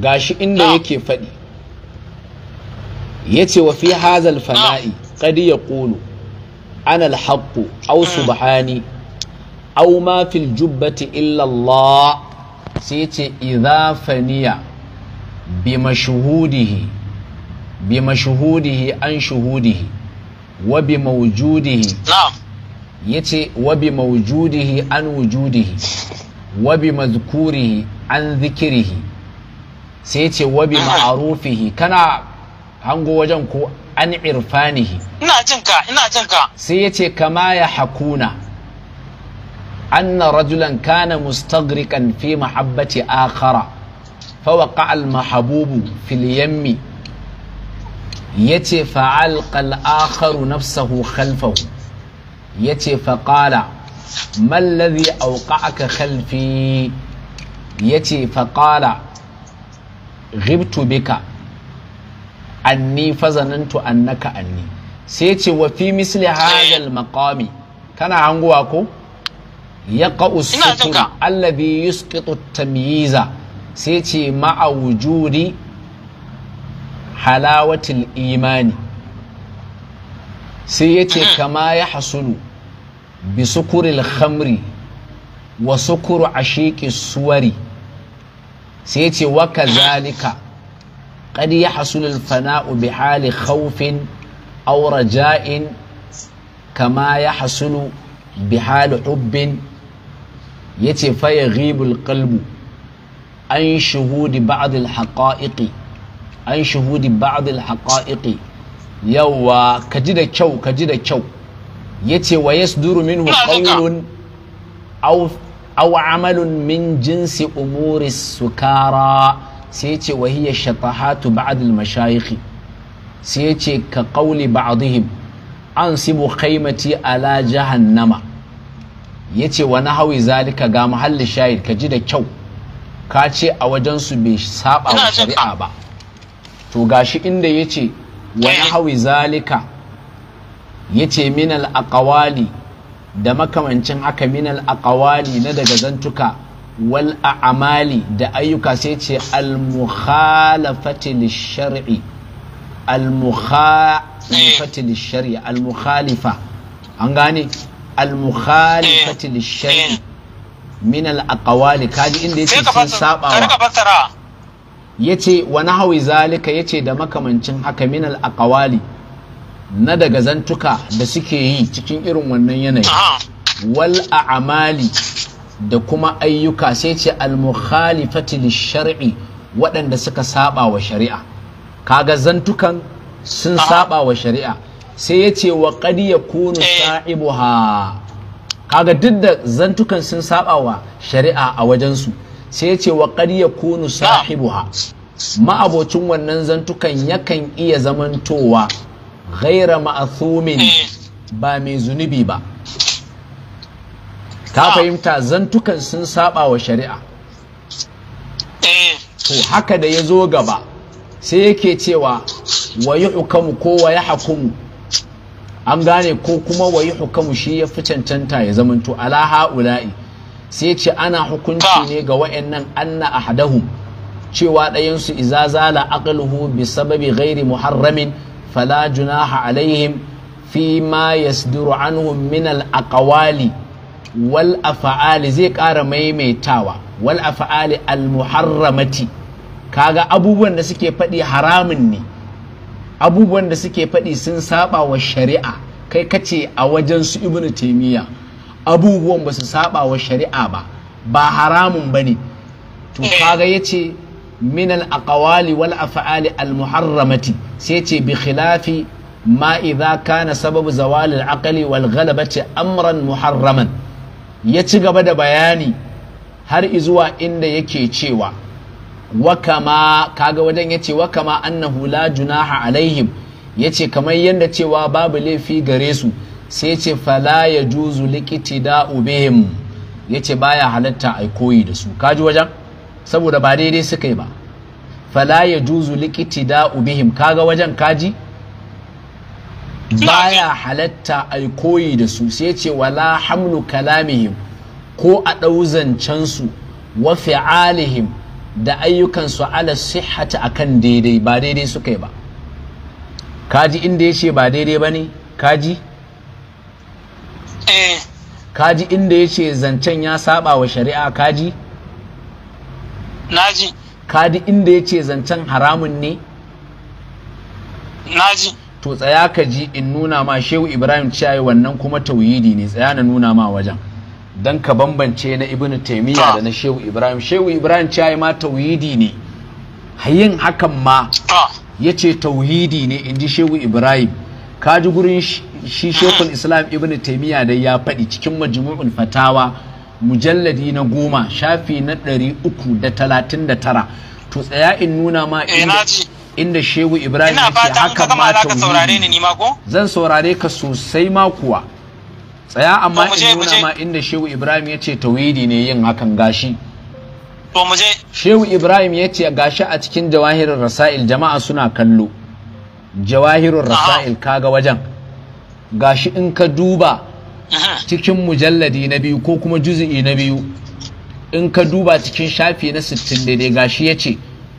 gashi inda yake faɗi ya ce wa fi hazal fana'i ƙadi ya ƙulu ana alhaƙo au mm. subhani au ma fil jubbati illallah sai ce idza faniya bi mashuhudihi bi mashuhudihi an shuhudihi wa bi mawjudihi yace wa bi mawjudihi an wujudihi wa bi mazkurihi an zikirihi sai ce wa bi ma'arufihi kana hango wajen ko an irfanihi ina jin ka ina jin ka sai yace kama ya hakuna أن رجلا كان مستغرقا في محبة آخر فوقع المحبوب في اليم yace fa'al qal akharu nafsahu khalfahu yace fa qala mal auka aka khalfi yace fa qala bika anni fazanantu annaka anni sai yace wa fi misli hadha maƙami kana hanguwa ko يقع allabi الذي tamyiza sai ce مع wujuri. halawatul imani sai ya ce mm-hmm. kama ya hasulu bi sukuril khamri wa sukuru ashiqi suwari sai ya ce wa kazalika kadi ya al-fana'u bi hali khawfin aw raja'in kama yahsulu bi hali hubbin yace faye ribul qalbu an shuhudi ba'd al-haqa'iqi an shuhudi ba'dil haqa'iqi yawa kaji da kyau kaji da kyau yace wa yasduru minhu qawlun aw aw amalun min jinsi umuri sukara sai yace wa hiya shatahatu ba'dil mashayikhi sai yace ka qawli ba'dihim an sibu khaymati ala jahannama yace wa nahawi zalika ga mahallin shahid kaji da kyau ka ce a wajensu bai saba wa shari'a ba to gashi inda ya ce wani hawi zalika ya ce minal akawali da makamancin haka minal akawali na daga zantuka wal a'amali da ayyuka sai ce al-mukhalafati lishari'i al-mukhalafati eh. shari, al-mukhalifa an gane al eh. shari eh. min al kaji inda yake sun sabawa yace wa nahwi zalika ce da makamancin haka min al na daga zantuka da suke yi cikin irin wannan yanayi wal a'mali da kuma ayyuka sai ce al mukhalifati lishar'i waɗanda suka saba wa shari'a kaga zantukan sun saba wa shari'a sai ya ce wa qad yakunu eh. sa'ibuha kaga duk da zantukan sun saba wa shari'a a wajensu sai ya ce wa ƙarya kunu sahibuha ma'abocin wannan zantukan yakan iya zamantowa gaira ma'athumin eh. ba mai zunubi ba ka ah. fahimta zantukan sun saba wa shari'a eh. to haka da ya zo gaba sai yake cewa wa yi hukamu ko wa ya hakumu an gane ko kuma wa yi hukamu shi ya fi cancanta ya zamanto ala ha'ula'i sai ce ana hukunci ne ga wa'annan anna hadahu. cewa ɗayansu iza zala aqluhu bi sababi gairi muharramin fala junaha alaihim fi ma yasduru anhum min al aqwali wal fa'ali zai ƙara maimaitawa wal fa'ali al muharramati kaga abubuwan da suke faɗi haramun ne abubuwan da suke faɗi sun saba wa shari'a kai kace a wajen su ibnu taymiya abubuwan ba su saba wa shari'a ba ba haramun ba ne to eh. kaga ya ce min al wal af'ali al-muharramati sai ce bi khilafi ma idza kana sababu zawalin al-aqli wal ghalabati amran muharraman ya ci gaba da bayani har izuwa inda yake cewa wakama kaga wajen yace wakama annahu la junaha alaihim yace kamar yadda cewa babu laifi gare su sai ce fala ya juzu likiti da ubehim ya ce baya halatta a koyi da su kaji wajen saboda ba daidai suka yi ba fala ya juzu likiti da ubehim kaga wajen kaji baya halatta a koyi da su sai ce wala hamlu kalamihim ko a ɗauzancansu wa fi'alihim da ayyukansu ala sihhata akan daidai ba daidai suka yi ba kaji inda ya ce ba daidai ba ne kaji Eh. kaji inda ya ce zancen ya saba wa shari'a kaji naji kaji inda ya ce zancen haramun ne naji to tsaya ka ji in nuna ma shehu ibrahim ciyayi wannan kuma tauhidi ne tsaya na nuna ma wajen don ka bambance na ibnu taimiyya da na shehu ibrahim shehu ibrahim ciyayi ma tauhidi ne yin hakan ma ya ce tauhidi ne in ji shehu ibrahim kaji gurin shi shekul islam ibn taimiyya da ya faɗi cikin majmu'ul fatawa mujalladi na goma shafi na ɗari uku da talatin da tara to tsaya in nuna ma eh, inda shehu ibrahim ya ce haka ma ta tauhidi zan saurare ka sosai ma kuwa tsaya amma in nuna ma inda shehu ibrahim ya ce tauhidi ne yin hakan gashi shehu ibrahim ya ce gashi a cikin jawahirin rasail jama'a suna kallo jawahirun rasail kaga wajen gashi in ka duba cikin mujalladi na biyu ko kuma juzi'i na biyu in ka duba cikin shafi na 60 daidai gashi ya ce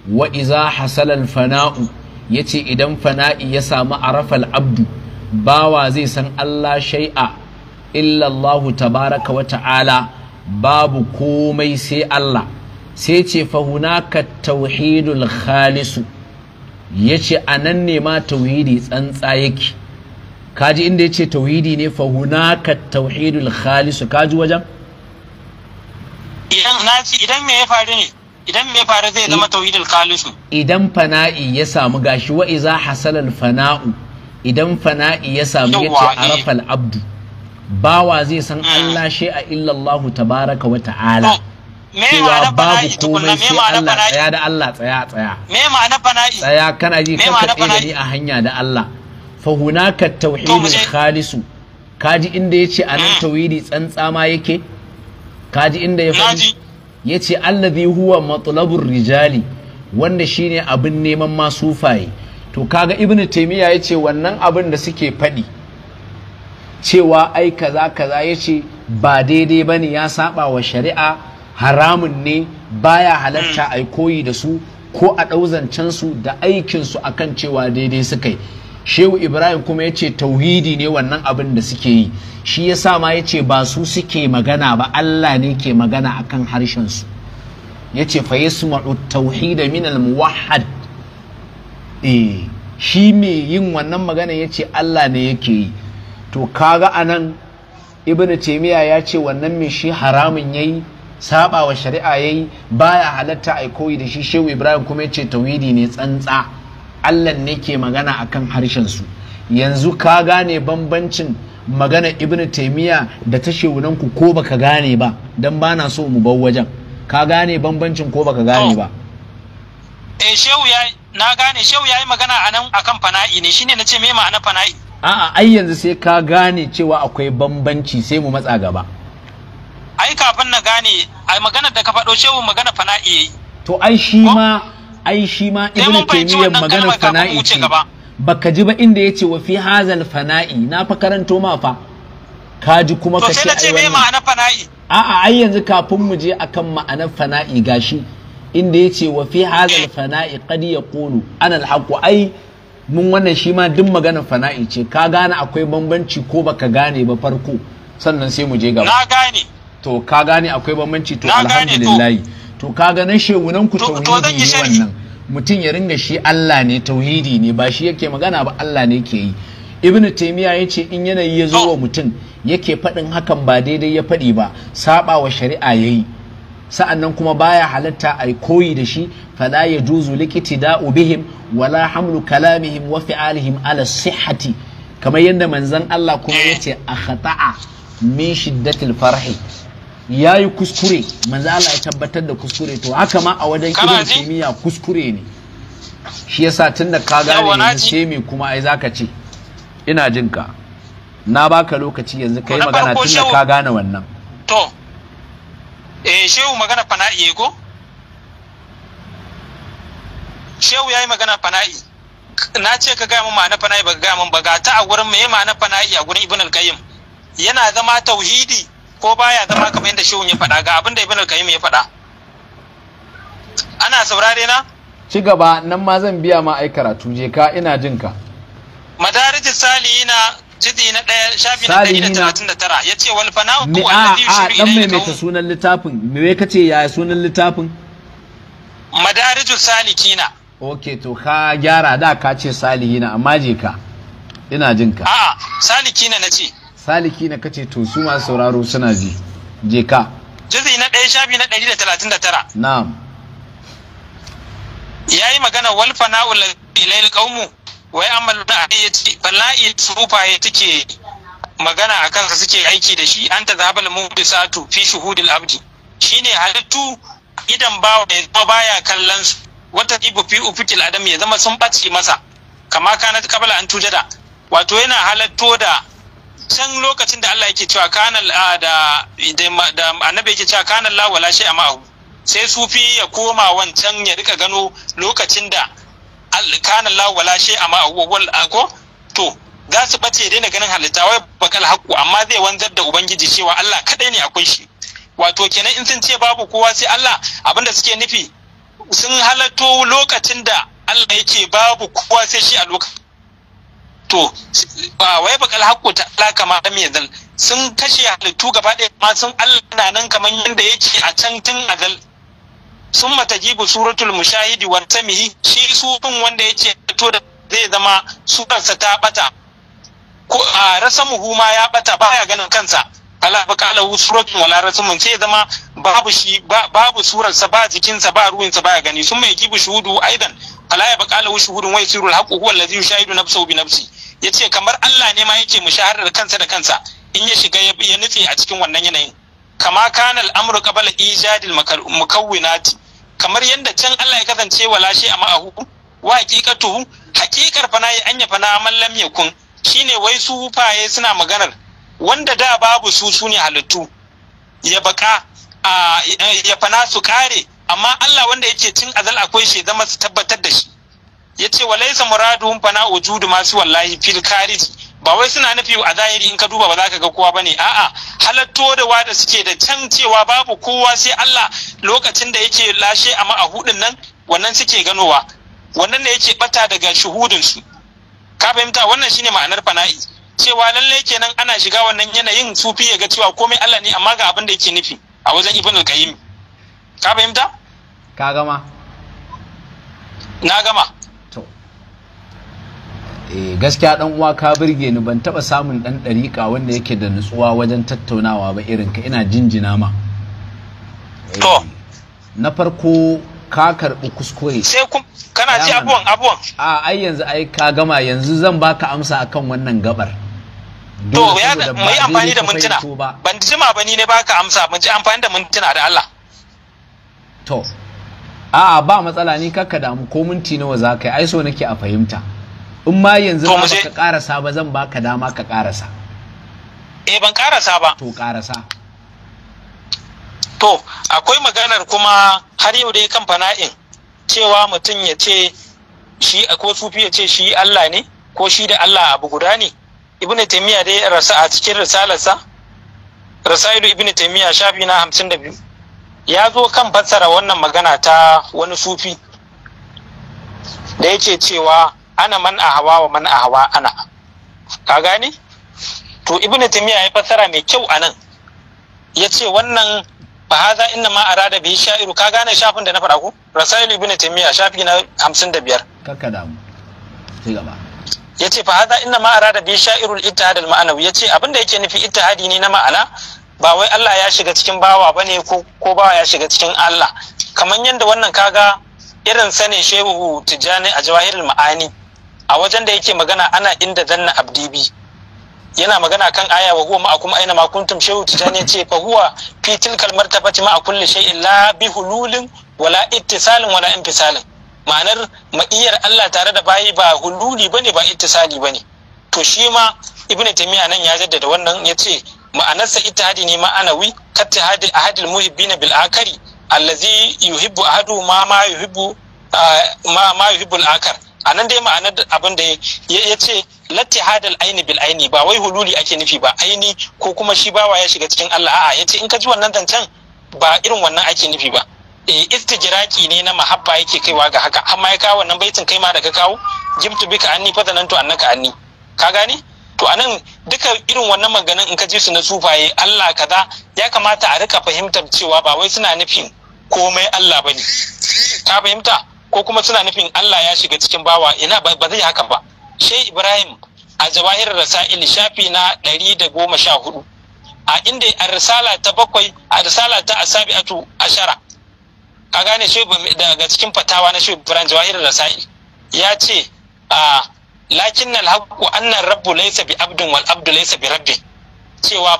wa iza hasalal fana'u ya ce idan fana'i ya samu arafal abdu bawa zai san Allah shai'a illallahu tabaraka wa ta'ala babu komai sai Allah sai ce fahunaka tauhidul khalisu yace anan ne ma tauhidi tsantsa yake kaji inda yace tauhidi ne fa hunaka tauhidul khalis kaji wajen idan na ci idan me ya faru ne idan me ya faru zai zama tauhidul khalis idan fana'i ya samu gashi wa iza hasalal fana'u idan fana'i ya samu yace eh. arafal abdu bawa zai san hmm. Allah shi a illallahu tabaraka wa ta'ala oh. cewa babu komai sai Allah tsaya da Allah tsaya tsaya tsaya kana ji kanka tsaye a hanya da Allah fa hunaka tauhidul khalisu kaji inda yace anan tauhidi tsantsama yake kaji inda ya hmm. faɗi yace allazi huwa matlabur rijali wanda shine abin neman masufaye to kaga ibnu taymiya yace wannan abin da suke faɗi cewa ai kaza kaza yace ba daidai bane ya saba wa shari'a haramun ne baya halarta a koyi da su ko a ɗauzancen su da aikinsu akan cewa daidai suka yi shehu ibrahim kuma ya ce tauhidi ne wannan abin da suke yi shi ya sa ma ya ce ba su suke magana ba allah ne ke magana a kan harshensu ya ce fa yasma'u tauhida min al-muwahhad eh shi mai yin wannan magana ya ce allah ne yake yi to kaga anan ibnu taimiyya ya ce wannan mai shi haramun yayi saba wa shari'a yayi baya halatta ai koyi da shi shehu ibrahim kuma yace tauhidi ne tsantsa Allah ne ke magana akan harshen su yanzu ka gane bambancin magana ibn taimiya da ta shehunanku ko baka gane ba don ba na so mu bar wajen ka gane bambancin ko baka gane oh. ba eh shehu ya na gane shehu ya yi magana a nan akan fana'i ne shine na ce me ma'ana fana'i a'a ai yanzu sai ka gane cewa akwai bambanci sai mu matsa gaba ai kafin na gane ai magana da ka faɗo shehu magana fana'i yayi to ai shi ma ai shi ma ibnu taymiyyah magana fana'i ce baka ji ba inda yace wa fi hazal fana'i na fa karanto ma fa ka ji kuma ka ce ai wannan ma'ana fana'i a'a ai yanzu kafin mu je akan ma'anar fana'i gashi inda yace wa fi hazal eh. fana'i qad yaqulu ana alhaqu ai mun wannan shi ma duk maganar fana'i ce ka gane akwai bambanci ko baka gane ba farko sannan sai mu je gaba na gane to ka gane akwai bambanci to alhamdulillah to ka ga shegunan ku tauhidi ne wannan mutum ya ringa shi Allah ne tauhidi ne ba shi yake magana ba Allah ne ke yi ibnu taymiya yace in yanayi ya zo wa mutum yake faɗin hakan ba daidai ya faɗi ba saba wa shari'a yayi sa'annan kuma baya halatta a koyi da shi fala ya juzu likiti da bihim wala hamlu kalamihim wa fi'alihim ala sihhati kamar yadda manzon Allah kuma eh. yace a khata'a min shiddatil farhi ya yi kuskure Manzala ya tabbatar da kuskure to haka ma a wajen ibn kimiyya, kuskure ne shi yasa da ka gane yanzu sai me kuma ai zaka ce ina jin ka na baka lokaci yanzu kai magana tun da ka gane wannan to eh shehu magana fana'i ne ko shehu yayi magana fana'i na ce ka gaya min ma'ana fana'i ba ga min ba ga ta a gurin me ma'ana fana'i a gurin ibn al-qayyim yana zama tauhidi ko baya zama kamar yadda shehun ya faɗa ga abin da ibn al-qayyim ya faɗa ana saurare na ci gaba nan ma zan biya ma ai karatu je ka ina jin ka madarij salihina jidi na ɗaya shafi na ɗari da talatin da tara ya ce wal fana'u alladhi yushiru ilayhi a dan maimaita sunan littafin me kace ya sunan littafin madarijus salikina ok to ka gyara da ka ce salihina amma je ka ina jin ka a'a salikina na ce saliki na kace to su masu sauraro suna ji je ka juzi na ɗaya shafi na ɗari da talatin da tara na'am ya yi magana walfa na'ul ilayil kaumu wai amma da ya ce bala'i ya take magana a kansa suke aiki da shi an ta zahabal satu fi shuhudil abdi shine halittu idan bawa ya zama baya kallon su wata ibu fi ufikil adam ya zama sun ɓace masa kama kana kabala an tujada wato yana halatto da can lokacin da Allah yake cewa kana ah, da da annabi yake cewa kana la wala shay amma sai sufi ya koma wancan ya rika gano lokacin da kana la wala shay amma wal ako ah, to za su bace daina ganin halitta wai bakal haqqu amma zai wanzar da ubangiji cewa Allah kadai ne akwai shi wato kenan in sun ce babu kowa sai Allah abinda suke nufi sun halatto lokacin da Allah yake babu kowa sai shi a lokacin to wai bakal hakku ta Allah kama da yanzu sun kashe halittu gaba ɗaya ma sun Allah na nan kamar yadda yake a can tun azal sun matajibu suratul mushahidi wa tamihi shi sufin wanda yake to da zai zama surarsa ta bata ko a rasamuhu ma ya bata baya ganin kansa ala bakalahu suratun wala rasumun sai zama babu shi babu sa ba jikinsa ba sa baya gani sun mai gibu shuhudu aidan ala ya bakalahu shuhudun wai sirul haqu huwa allazi yushahidu nafsuhu bi nafsihi ya ce kamar Allah ne ma yake mushaharar kansa da kansa in ya shiga ya nutse a cikin wannan yanayin kama kana al'amru qabala ijadil mukawwinati kamar yadda can Allah ya kasance wala shi a ma'ahu wa haqiqatuhu haqiqar fa nayi anya na man lam yakun shine wai su faye suna maganar wanda da babu su sune halittu ya baka ya fana su kare amma Allah wanda yake cin azal akwai shi zama su tabbatar da shi Ya ce wa muradu muraduhum fana wujudu ma wallahi fil kharij ba wai suna nufi a zahiri in ka duba ba za ka ga kowa ba ne. a'a halatto da wada suke da can cewa babu kowa sai Allah lokacin da yake lashe amma a hudin nan wannan suke ganowa wannan ne yake bata daga shuhudin su ka fahimta wannan shine ma'anar fana'i cewa lalle kenan ana shiga wannan yanayin sufi ya ga cewa komai Allah ne amma ga abin da yake nufi a wajen ibn al-qayyim ka fahimta ka gama na gama Eh, gaskiya dan uwa ka birge ni ban taba samun dan dariƙa wanda yake da nutsuwa wajen tattaunawa ba irin ka ina jinjina ma to eh, na farko ka karɓi kuskure sai kana ji abuwan abuwan a ai yanzu ai ka gama yanzu zan baka amsa akan wannan gabar to ya mai amfani da mintuna ban jima ba ni ne baka amsa mun ji amfani da mintuna da Allah to a'a ba matsala ni kakka damu ko minti nawa zakai ai so nake a fahimta in ma yanzu ba ka karasa ba zan baka dama ka karasa eh ban karasa ba to karasa to akwai maganar kuma har yau dai kan fana'in cewa mutum ya ce shi akwai sufi ya ce shi Allah ne ko shi da Allah abu guda ne ibn taymiya dai rasa a cikin risalarsa rasailu ibn taymiya shafi na 52 ya zo kan fassara wannan magana ta wani sufi da yake cewa ana man ahawa wa man ahawa ana ka gani to ibnu timiya ya fassara mai kyau anan ya ce wannan fa haza inna ma arada bi sha'iru ka gane shafin da na faɗa ku rasail ibnu timiya shafi na 55 kakka da mu Ya gaba fa haza inna ma arada sha'iru al ittihad al ya ce abinda yake nufi ittihadi ne na ma'ana ba wai Allah ya shiga cikin bawa bane ko ko bawa ya shiga cikin Allah kamar yadda wannan kaga irin sane shehu tijani a jawahirul ma'ani a wajen da yake magana ana inda zanna abdibi yana magana kan aya wa huwa ma'akum aina ma kuntum shehu tijani ce fa huwa fi tilkal martabati ma kulli shay'in la bi hululin wala ittisalin wala infisalin ma'anar ma'iyar Allah tare da bayi ba hululi bane ba ittisali bane to shi ma ibnu taymiya nan ya jaddada wannan yace ma'anarsa ittihadi ne ma'anawi kattihadi ahadil muhibbina bil akari allazi yuhibbu ahadu ma ma yuhibbu ah, ma ma yuhibbu al akar a nan dai ma'anar abin da ya ce latti hadal aini bil aini ba wai hululi ake nufi ba aini ko kuma shi bawa ya shiga cikin Allah a'a ya ce in ka ji wannan zancen ba irin wannan ake nufi ba e eh, istijraki ne na mahabba yake kaiwa ga haka amma ya kawo wannan baitin kai ma daga kawo jimtu bika anni to annaka anni ka gane to anan duka irin wannan maganin in ka ji su na sufaye Allah kaza ya kamata a rika fahimtar cewa ba wai suna nufin komai Allah bane ka fahimta ko kuma suna nufin Allah ya shiga cikin bawa ina ba zai haka ba shai Ibrahim a jawahir rasa'il shafi na ɗari da goma sha hudu a inda a risala ta bakwai a risala ta asabi'atu ashara ka gane shi daga cikin fatawa na shi Ibrahim jawahir rasa'il ya ce a lakin alhaqu annan rabbu laisa bi abdin wal abdu laisa bi rabbi cewa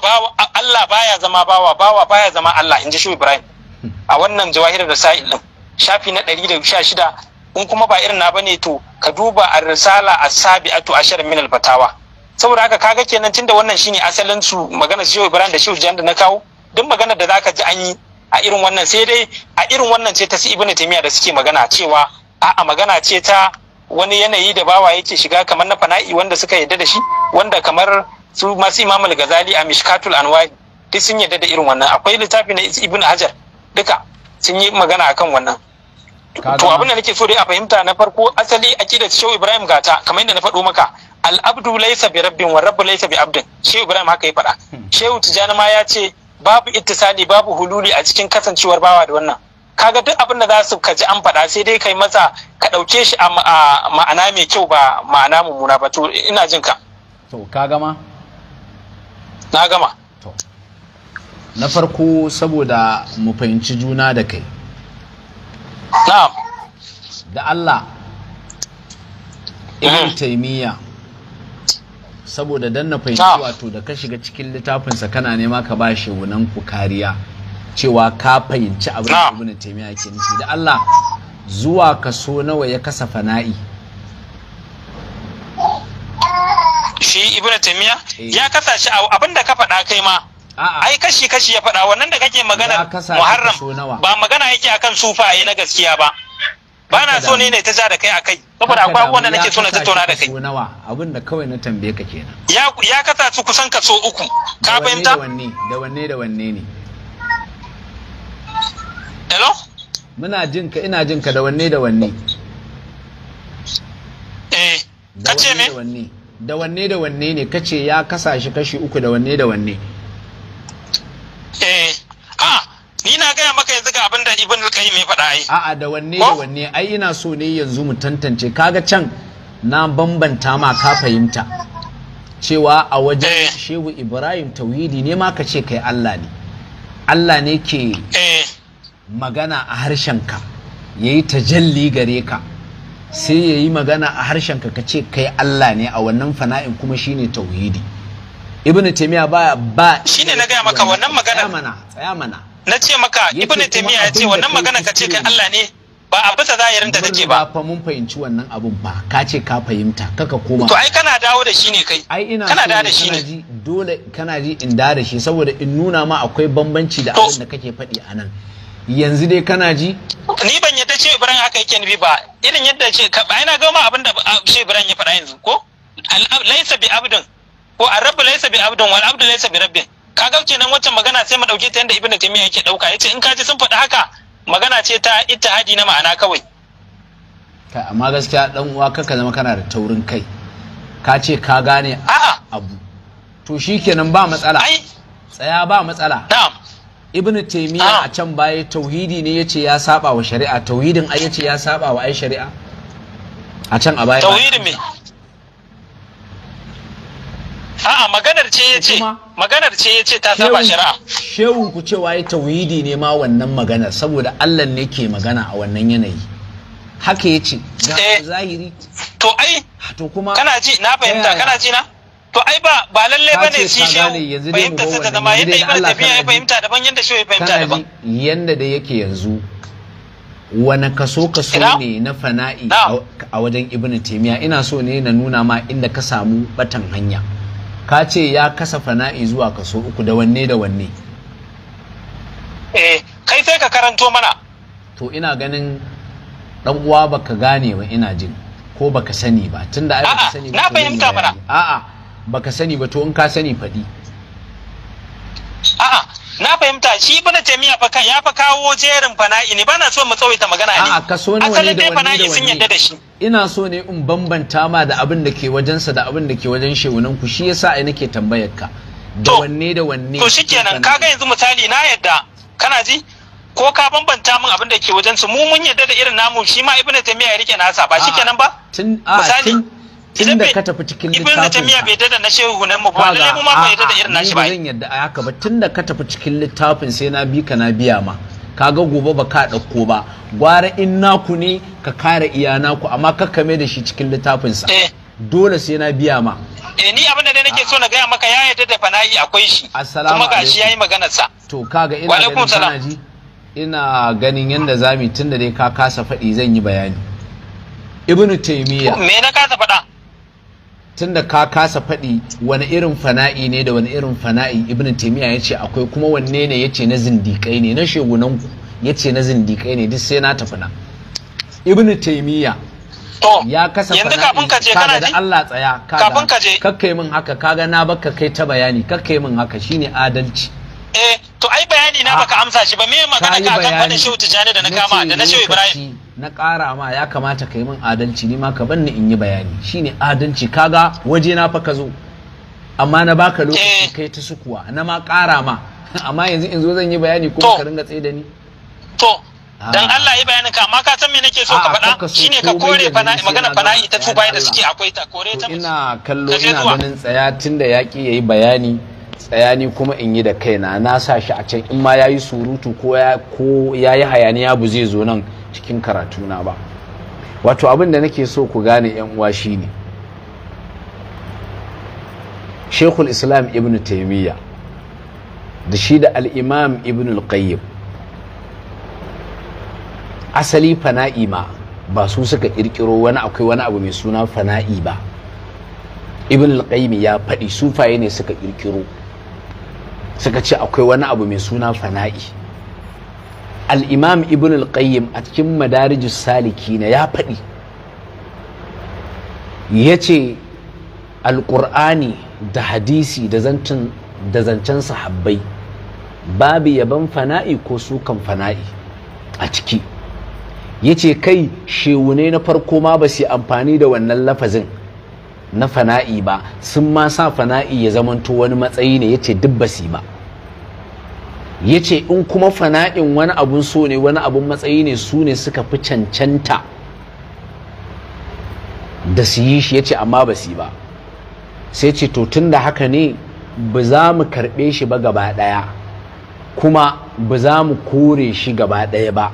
Allah baya zama bawa bawa baya zama Allah in ji shi Ibrahim a wannan jawahir rasa'il din shafi na ɗari da sha shida in kuma ba irin na ba ne to ka duba a risala a a ashar min albatawa. fatawa saboda haka kaga kenan tunda wannan shine asalin su magana shehu ibrahim da shehu da na kawo duk magana da zaka ji an yi a irin wannan sai dai a irin wannan ce ta su ibnu taymiya da suke magana cewa a'a magana ce ta wani yanayi da bawa yake shiga kamar na fana'i wanda suka yadda da shi wanda kamar su masu imamul gazali a mishkatul anwai duk sun yadda da irin wannan akwai littafi na ibn hajar duka sun yi magana akan wannan to abin da nake so dai a fahimta na farko asali akidar shehu ibrahim gata kamar yadda na faɗo maka abdu laysa bi rabbin wa rabbu laysa bi abdin shehu ibrahim haka ya faɗa hmm. shehu tijani ma ya ce babu ittisali babu hululi a cikin kasancewar bawa da wannan kaga duk abin da za su ka an faɗa sai dai kai masa ka ɗauke shi a ma'ana mai kyau ba ma'ana mummuna ba to ina jin ka to kaga ma na gama na farko saboda mu fahimci juna da kai na'am da Allah ibn mm-hmm. taimiyya saboda dan na fahimci wato da ka shiga cikin littafinsa kana nema ka ba shi wunan ku kariya cewa ka fahimci abin da ibn taimiyya ke nufi da Allah zuwa kaso nawa ya kasa fana'i shi ibn taimiyya eh. ya kasa shi abin da ka faɗa kai ma ai kashi kashi ya faɗa wannan da kake magana muharram ba magana yake akan ai na gaskiya ba ba na so ne ne ta ja da kai a kai saboda akwai abubuwan da nake so na tattauna da kai nawa abin da kawai na tambaye ka kenan ya ya kasa su kusan kaso uku ka fahimta da wanne da wanne da wanne ne hello muna jin ka ina jin ka da wanne da wanne eh kace me da wanne da wanne ne kace ya kasa shi kashi uku da wanne da wanne eh ni na gaya maka yanzu ga abin da ibn al-qayyim ya faɗa ai a'a da wanne da wanne ai ina so ne yanzu mu tantance kaga can na bambanta ma ka fahimta cewa a wajen eh. shehu ibrahim tauhidi ne ma ka ce kai allah ne allah ne ke eh. magana a harshenka ya yi tajalli gare ka sai ya yi magana a harshenka ka ce kai allah ne a wannan fana'in kuma shine tauhidi ibn taymiya ba ba shine na ga maka wannan magana mana tsaya mana na ce maka ibn taymiya ya ce wannan magana ka ce kai Allah ne ba a bisa zahirin da take ba fa mun fahimci wannan abun ba ka ce ka fahimta kaka koma to ai kana dawo da shi ne kai ai ina kana dawo da shi ne dole kana ji in dawo da shi saboda in nuna ma akwai bambanci da abin da kake faɗi anan yanzu dai kana ji ni ban yadda ce ibrahim haka yake ni ba irin yadda ce ka ina gama abin da ce ibrahim ya faɗa yanzu ko laisa bi abdun ko arrabu laysa bi abdun wal abdu laysa bi rabbin kaga nan wacce magana sai mu dauke ta yanda ibnu taymiya yake dauka yace in kaji sun faɗi haka magana ce ta ittihadi na ma'ana kawai ka amma gaskiya dan uwa kaka zama kana da taurin kai ka ce ka gane a'a abu to shikenan ba matsala tsaya ba matsala na'am ibnu taymiya a can baya tauhidi ne yace ya saba wa shari'a tauhidin ai yace ya saba wa ai shari'a a can a baya tauhidin me a'a maganar ce ya ce maganar ce ya ce ta saba shari'a shehu ku cewa ya tawhidi ne ma wannan maganar saboda Allah ne ke magana a wannan yanayi haka ya ce eh. zahiri to ai to kuma kana ji na fahimta kana ji na to ai ba ba lalle bane shi shehu fahimta sai ta zama yadda ibn tafiya ya fahimta daban yadda shehu ya fahimta daban yanda da yake yanzu wani kaso kaso ne na fana'i a wajen ibn taimiya ina so ne na nuna ma inda ka samu batan hanya ka ce ya kasa fana'i zuwa kaso uku da wanne da wanne eh kai sai ka karanto mana to ina ganin dan uwa baka gane ba ina jin ko baka sani ba tunda ai baka sani ba na fahimta mana a'a baka sani ba to in ka sani fadi a'a na fahimta shi bana jami'a fa kan ya fa kawo jerin fana'i ne bana so mu tsawaita magana ne a'a ka so ne wani da wani sun yadda da shi ina so ne in bambanta ma da abin da ke wajensa da abin da ke wajen shewunan ku shi yasa ai nake tambayar ka da wanne da wanne to shikenan kaga yanzu misali na yadda kana ji ko ka bambanta min abin da ke wajensu mu mun yadda da irin namu shi ma ibnu taymiya ya rike nasa ba shikenan ba misali inda ka tafi cikin littafin ibn tamiya bai dada na shehu nan mu ba lalle mu ma bai dada irin nashi ba zan yadda haka ba tunda ka tafi cikin littafin sai na bi ka na biya ma kaga gobe ba ka dauko ba gwara in naku ne ka kare iya naku amma kame da shi cikin littafin sa. Eh. dole sai na biya ma eh ni abin da dai nake so na gaya maka ya yadda da fana'i akwai shi kuma ga shi yayi magana sa to kaga ina ganin sanaji ina ganin yanda zamu tunda dai ka kasa faɗi zan yi bayani ibnu taymiya me na kasa faɗa tunda ka kasa faɗi wani irin fana'i ne da wani irin fana'i ibn taimiyya ya ce akwai kuma wanne ne ya ce na zindiƙai ne na shegunanku ya ce na zindiƙai ne duk sai na tafi na ibn taimiyya ya kasa yanzu kafin ka je kana da Allah tsaya kafin ka je kakkai min haka kaga na baka kai ta bayani kakkai min haka shine adalci eh to ai bayani na ah. baka amsa shi ba me magana ka kan fadin shehu tijani da na kama da na shehu ibrahim na ƙara ma ya kamata ka yi min adalci ni ma ka banni in yi bayani shine adalci kaga waje na fa ka zo amma na baka lokaci eh. kai ta sukuwa na ma ƙara ma amma yanzu in zo zan yi bayani kuma ka ringa tsaye da ni to ah. dan Allah yi bayanin ka amma ka san me nake so ka ah, faɗa shine ka kore fana'i magana fana'i ta tuba da suke akwai ta kore ta ina kallo ina ganin tsaya tunda yaki yayi bayani tsayani kuma in yi da kaina na sa shi a can in ma yayi surutu ko ya ko yayi hayaniya bu zai zo nan cikin karatuna ba wato abin da nake so ku gane yan uwa shine shekul islam ibn taimiyya da shi da al'imam ibn al asali fana'i ma ba su suka kirkiro wani akwai wani abu mai suna fana'i ba ibn al ya faɗi sufaye ne suka kirkiro suka ce akwai wani abu mai suna fana'i al'imam ibn al-qayyim a cikin madarijus saliki na ya faɗi ya ce alƙur'ani da hadisi da zancen sahabbai babu yaban fana'i ko sukan fana'i a ciki ya ce kai shewune na farko ma ba su amfani da wannan lafazin na fana'i ba sun ma sa fana'i ya zamanto wani matsayi ne ya ce duk ba ba ya ce in kuma fana'in wani abun so ne wani abun matsayi ne su ne suka fi cancanta da su yi shi ya ce amma ba su yi ba sai ce to tun da haka ne ba za mu karɓe shi ba gaba ɗaya kuma ba za mu kore shi gaba ɗaya ba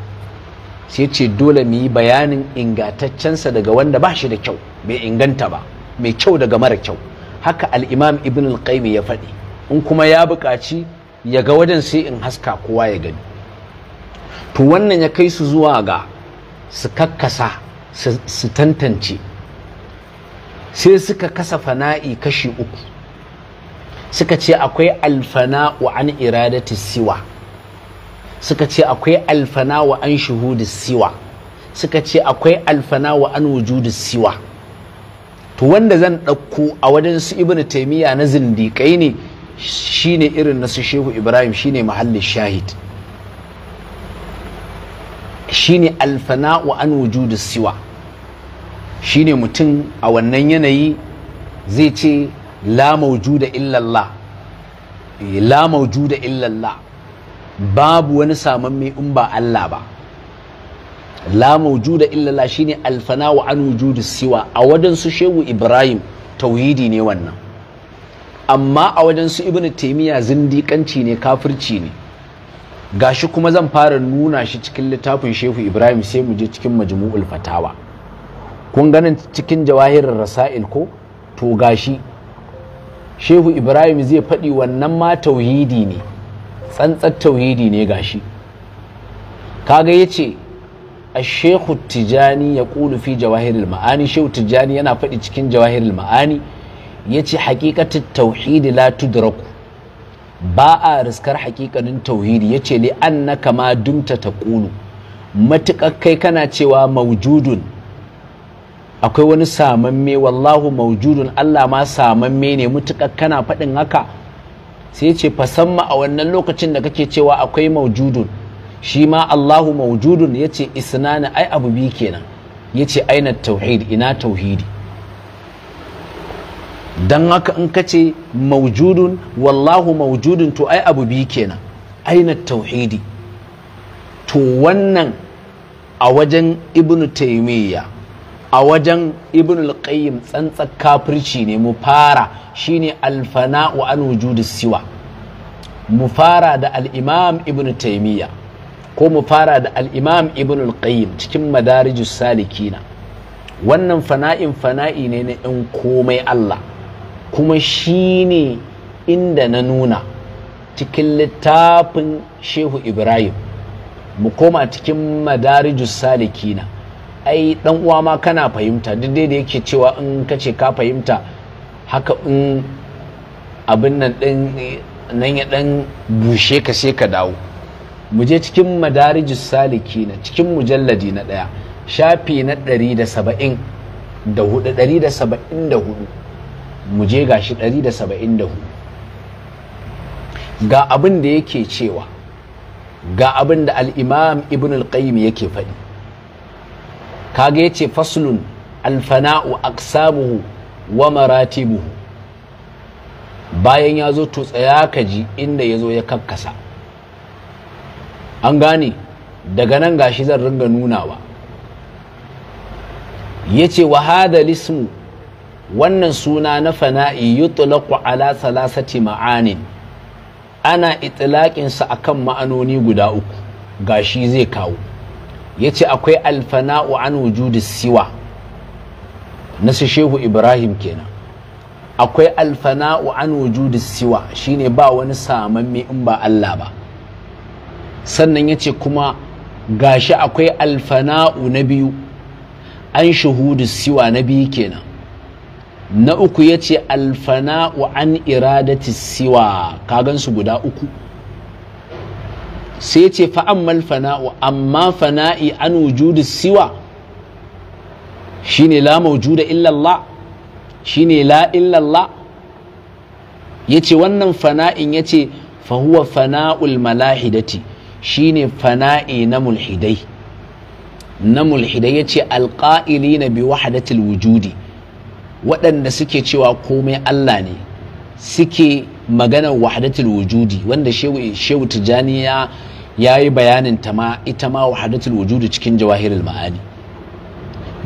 sai ce dole mu yi bayanin ingataccensa daga wanda ba shi da kyau mai inganta ba mai kyau daga mara kyau haka al'imam ibn al ya faɗi in kuma ya buƙaci ya ga wajen sai in haska kowa ya gani to wannan ya kai su zuwa ga su kakkasa su tantance sai suka kasa fana'i kashi uku suka ce akwai alfana wa an iradati siwa suka ce akwai alfana wa an shuhudu siwa suka ce akwai alfana wa an wujudu siwa to wanda zan ɗauko a wajen su ibnu taimiyya na zindiƙai ne shine irin na su shehu ibrahim shine mahallin shahid shine wa an wujudu siwa shine mutum a wannan yanayi zai ce la maujuda illallah eh, la maujuda illallah babu wani saman mai in ba Allah ba la maujuda illallah shine alfana'u an wujudu siwa a wadansu shehu ibrahim tauhidi ne wannan amma a wajen su ibnu taymiya zindiƙanci ne kafirci ne gashi kuma zan fara nuna shi cikin littafin shehu ibrahim sai mu je cikin majmu'ul fatawa kun ganin cikin jawahirin rasail ko to gashi shehu ibrahim zai faɗi wannan ma tauhidi ne tsantsar tauhidi ne gashi kaga ya ce a shehu tijani ya ƙulu jawahirin ma'ani shehu tijani yana faɗi cikin jawahirin ma'ani ya ce hakikatin tauhidi la tudraku ba a riskar hakikanin tauhidi ya ce li na kama dumta ta ƙulu matuƙar kai kana cewa maujudun akwai wani samamme wallahu maujudun Allah ma samamme ne mutuƙar kana faɗin haka sai ce fasamma a wannan lokacin da kake cewa akwai maujudun shi ma Allahu maujudun ya ce isnani ai abu bi kenan ya ce aina tauhidi ina tauhidi don haka in ka ce maujudun wallahu maujudun to ai abu biyu kenan aina tauhidi to wannan a wajen ibnu taimiyya a wajen ibnu alƙayyim tsantsar kafirci ne mu fara shine alfana'u an wujudu siwa mu fara da al'imam ibnu taimiyya ko mu fara da al'imam ibnu alƙayyim cikin madarijus salikina wannan fana'in fana'i ne na in komai Allah kuma shi ne inda na nuna cikin littafin shehu ibrahim mu koma cikin madarijus salikina ai dan uwa ma kana fahimta duk dai da yake cewa in ka ce ka fahimta haka in abin nan din nan ya dan bushe ka sai ka dawo mu je cikin madarijus salikina cikin mujalladi na daya shafi na 174 da mu je gashi 174 ga abin da yake cewa ga abin da al'imam ibn al-qayyim yake faɗi kaga yace faslun alfana'u aksamuhu wa maratibuhu bayan ya zo to tsaya ka ji inda ya zo ya kakkasa an gane daga nan gashi zan ringa nunawa yace wa hada lismu wannan suna na fana'i yutlaqu ala salasati ma'anin ana itlaƙin sa akan ma'anoni guda uku gashi zai kawo yace akwai alfana'u an wujudi siwa na su shehu ibrahim kenan akwai alfana'u an wujudi siwa shine ba wani samamme in ba Allah ba sannan yace kuma gashi akwai alfana'u na biyu an shuhudu siwa na biyu kenan na uku ya ce alfana'u an iradati siwa kagansu guda uku sai ce fa'ammal fana'u amma fana'i an wujudu siwa shine la mawjuda illallah shine la illallah yace wannan fana'in yace fa huwa fana'ul malahidati shine fana'i na mulhidai na mulhidai yace biyu bi wahdatil wujudi waɗanda suke cewa komai Allah ne suke maganar wahadatul wujudi wanda shehu tijani ya yi bayanin ta ma ita ma wahadatul wujudi cikin jawahirul ma'ani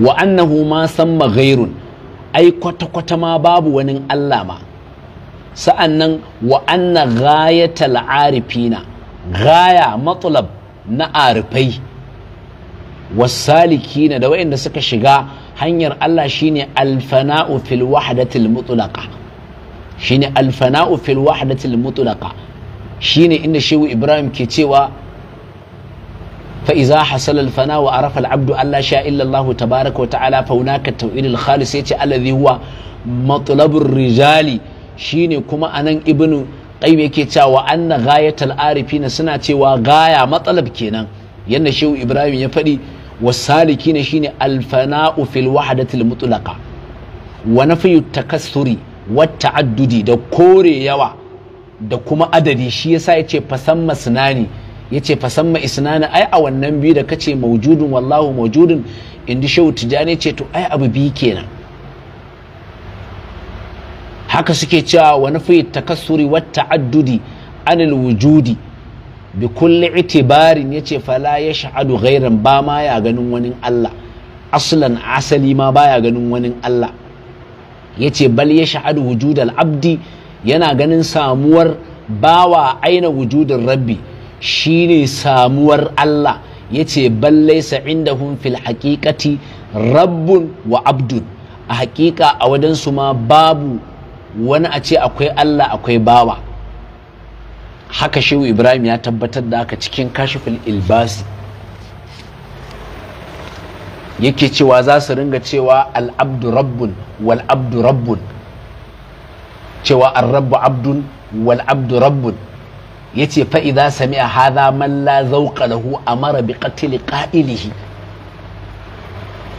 wa annahu ma samma ghairun ai kwata-kwata ma babu wani Allah ma sa'annan wa anna ghayatal arifina ghaya matlab na arifai wasalikina da wayanda suka shiga hanyar Allah shine alfana'u fil wahdatil mutlaqa shine alfana'u fil wahdatil mutlaqa shine inda shehu Ibrahim ke cewa fa iza hasala alfana wa arafa al'abdu Allah sha illa Allah tabaaraka wa ta'ala fa hunaka tawhid khalis yace alladhi huwa matlabur rijali shine kuma anan ibnu qayyim yake cewa anna ghayatal arifina suna cewa gaya matsalab kenan yanda shehu Ibrahim ya faɗi ne shine alfana'u fil wahdatil mutlaqa wa nafyu takassuri wa ta'addudi da kore yawa da kuma adadi shi yasa yace fasamma sunani yace fasamma isnani ai a wannan biyu da kace maujudun wallahu maujudun indi shehu tijani ce to ai abu biyu kenan haka suke cewa wa nafyu takassuri wa ta'addudi anil wujudi bi kulli itibarin yace fala sha'adu ghairan ba ma ya ganin wani Allah aslan asali ma ba ya ganin wani Allah Ya ce bal ya shahadu wujudal abdi yana ganin samuwar bawa aina wujudin rabbi shine samuwar Allah Ya yace bal la'isa indahum fil haqiqati rabbun wa abdun a haƙiƙa a wadansu ma babu wani a ce akwai Allah akwai bawa haka shehu ibrahim ya tabbatar da haka cikin kashifin ilbasi yake cewa za su ringa cewa al'abdu rabbun wal abdu rabbun cewa an rabbu abdun wal abdu rabbun ya ce fa'iza sami a haza man la zauka lahu mara bi qatili ƙa'ilihi.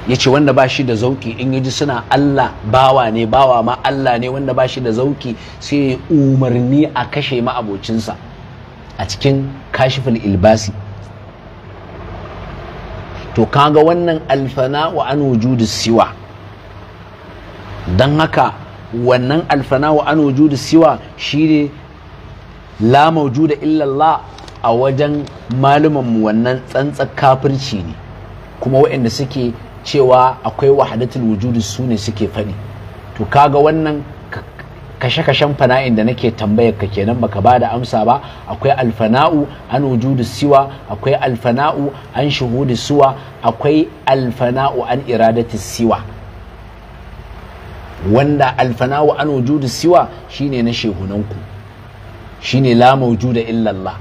ya ce wanda ba shi da zauki in ji suna Allah bawa ne bawa ma Allah ne wanda ba shi da zauki sai ya umarni a kashe ma'abocinsa a cikin kashifin ilbasi to kaga wannan alfana wa an wujudu siwa don haka wannan alfana wa an wujudu siwa shine la mawjuda illallah a wajen malumanmu wannan tsantsar kafirci ne kuma waɗanda suke cewa akwai wahadatul wujudi su ne suke fani, to kaga wannan kashe-kashen fana'in da nake tambayar ka kenan baka ba da amsa ba akwai alfana'u an wujudu siwa akwai alfana'u an shuhudu siwa akwai alfana'u an iradati siwa wanda alfana'u an wujudu siwa shine na shehunanku shine la mawjuda illallah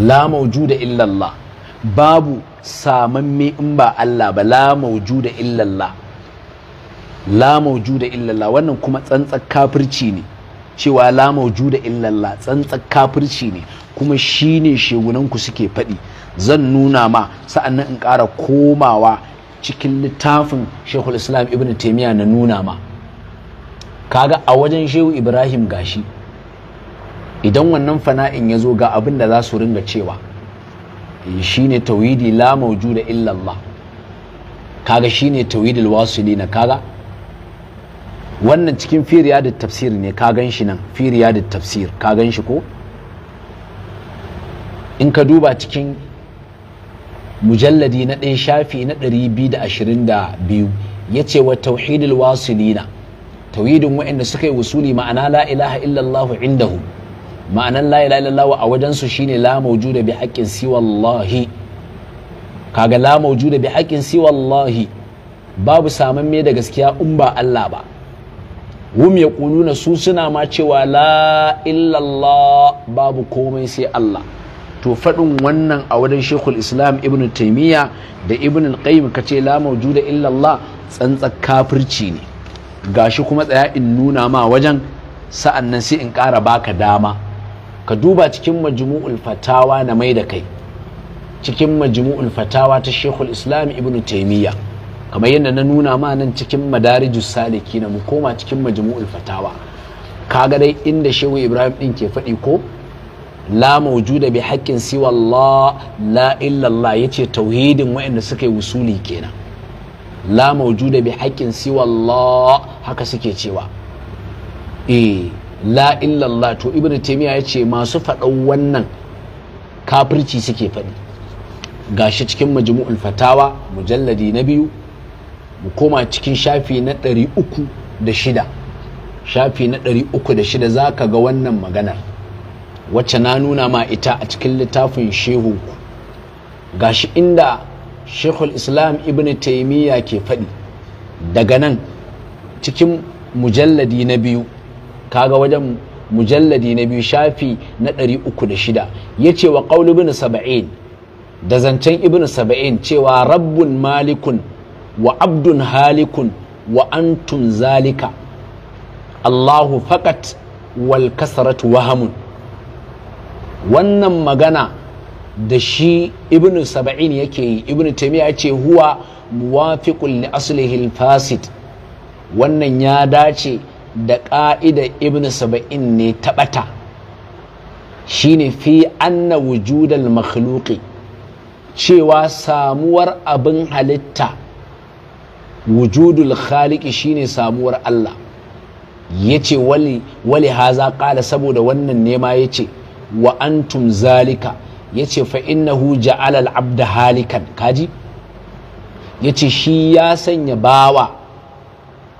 la mawjuda illallah babu samamme in ba Allah ba la da illallah la da illallah wannan kuma tsantsar kafirci ne cewa la da illallah tsantsar kafirci ne kuma shi ne shegunanku suke faɗi zan nuna ma sa'annan in ƙara komawa cikin littafin shekul islam ibn taimiyya na nuna ma kaga a wajen shehu ibrahim gashi idan wannan fana'in ya zo ga abin da za su ringa cewa Eh, shine tauhidi la mawjuda illa Allah kaga shine tauhidul na kaga wannan cikin firiya da tafsir ne ka gan shi nan firiya da tafsir ka gan shi ko in ka duba cikin mujalladi na dan shafi na 222 ya ce wa tauhidul wasilina tauhidin waɗanda suka yi wasuli ma'ana la ilaha illallahu indahu ma'anan la ilaha illallah a wajen su shine la mawjuda bi haqqin wallahi kaga la mawjuda bi haqqin wallahi babu saman me da gaskiya in ba Allah ba wum ya su suna ma cewa la illallah babu komai sai Allah to faɗin wannan a wajen Sheikhul islam ibn taimiyya da ibn qayyim ka la mawjuda illallah tsantsa kafirci ne gashi kuma tsaya in nuna ma wajen sa'an nan sai in ƙara baka dama ka duba cikin majmu'ul fatawa na mai da kai cikin majmu'ul fatawa ta shekul islam ibn taimiyya kamar yadda na nuna ma nan cikin madariju saliki na mu koma cikin majmu'ul fatawa kaga dai inda shehu ibrahim din ke faɗi ko la mawjuda bi haƙƙin siwa Allah la illa allah yace tauhidin wa'anda suka yi wusuli kenan la mawjuda bi haƙƙin siwa Allah haka suke cewa eh la illallah to ibnu taymiya yace masu faɗan wannan kafirci suke faɗi gashi cikin majmu'ul fatawa mujalladi na biyu mu koma cikin shafi na ɗari uku da shida shafi na ɗari uku da shida za ka ga wannan maganar wacce na nuna ma ita a cikin littafin shehu gashi inda shekul islam ibn taimiyya ke faɗi daga nan cikin mujalladi na biyu kaga wajen mujalladi na biyu shafi na da 306 ce wa ƙaunu ibn Saba'in da zancen ibn Saba'in cewa rabbun malikun wa abdun halikun wa antum zalika Allahu faqat wal kasratu wahamun wannan magana da shi ibn sab'in yake yi ibn taymiya ce huwa muwafiƙun li aslihi fasid wannan ya dace da ƙa'idar ibn saba'in ne taɓata shine fi anna wujudal makhluqi cewa samuwar abin halitta wujudul khaliki shine samuwar Allah yace wali wali haza ƙala saboda wannan nema yace wa antum zalika yace fa innahu ja'alal al-abda halikan kaji yace shi ya sanya bawa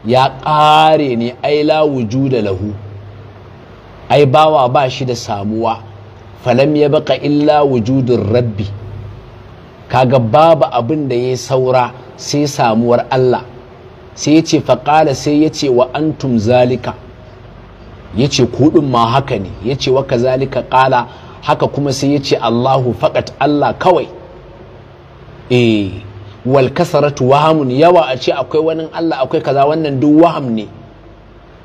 ya ƙare ne ai la wujuda lahu ai bawa ba shi da samuwa falam ya baka illa wujudun rabbi kaga babu abin da ya saura sai samuwar Allah sai yace ce faƙala sai yace ce wa antum zalika yace ce kuɗin ma haka ne yace ce waka zalika ƙala haka kuma sai yace Allahu faƙat Allah kawai eh wal kasaratu wahamun yawa a ce akwai wani Allah akwai kaza wannan duk waham ne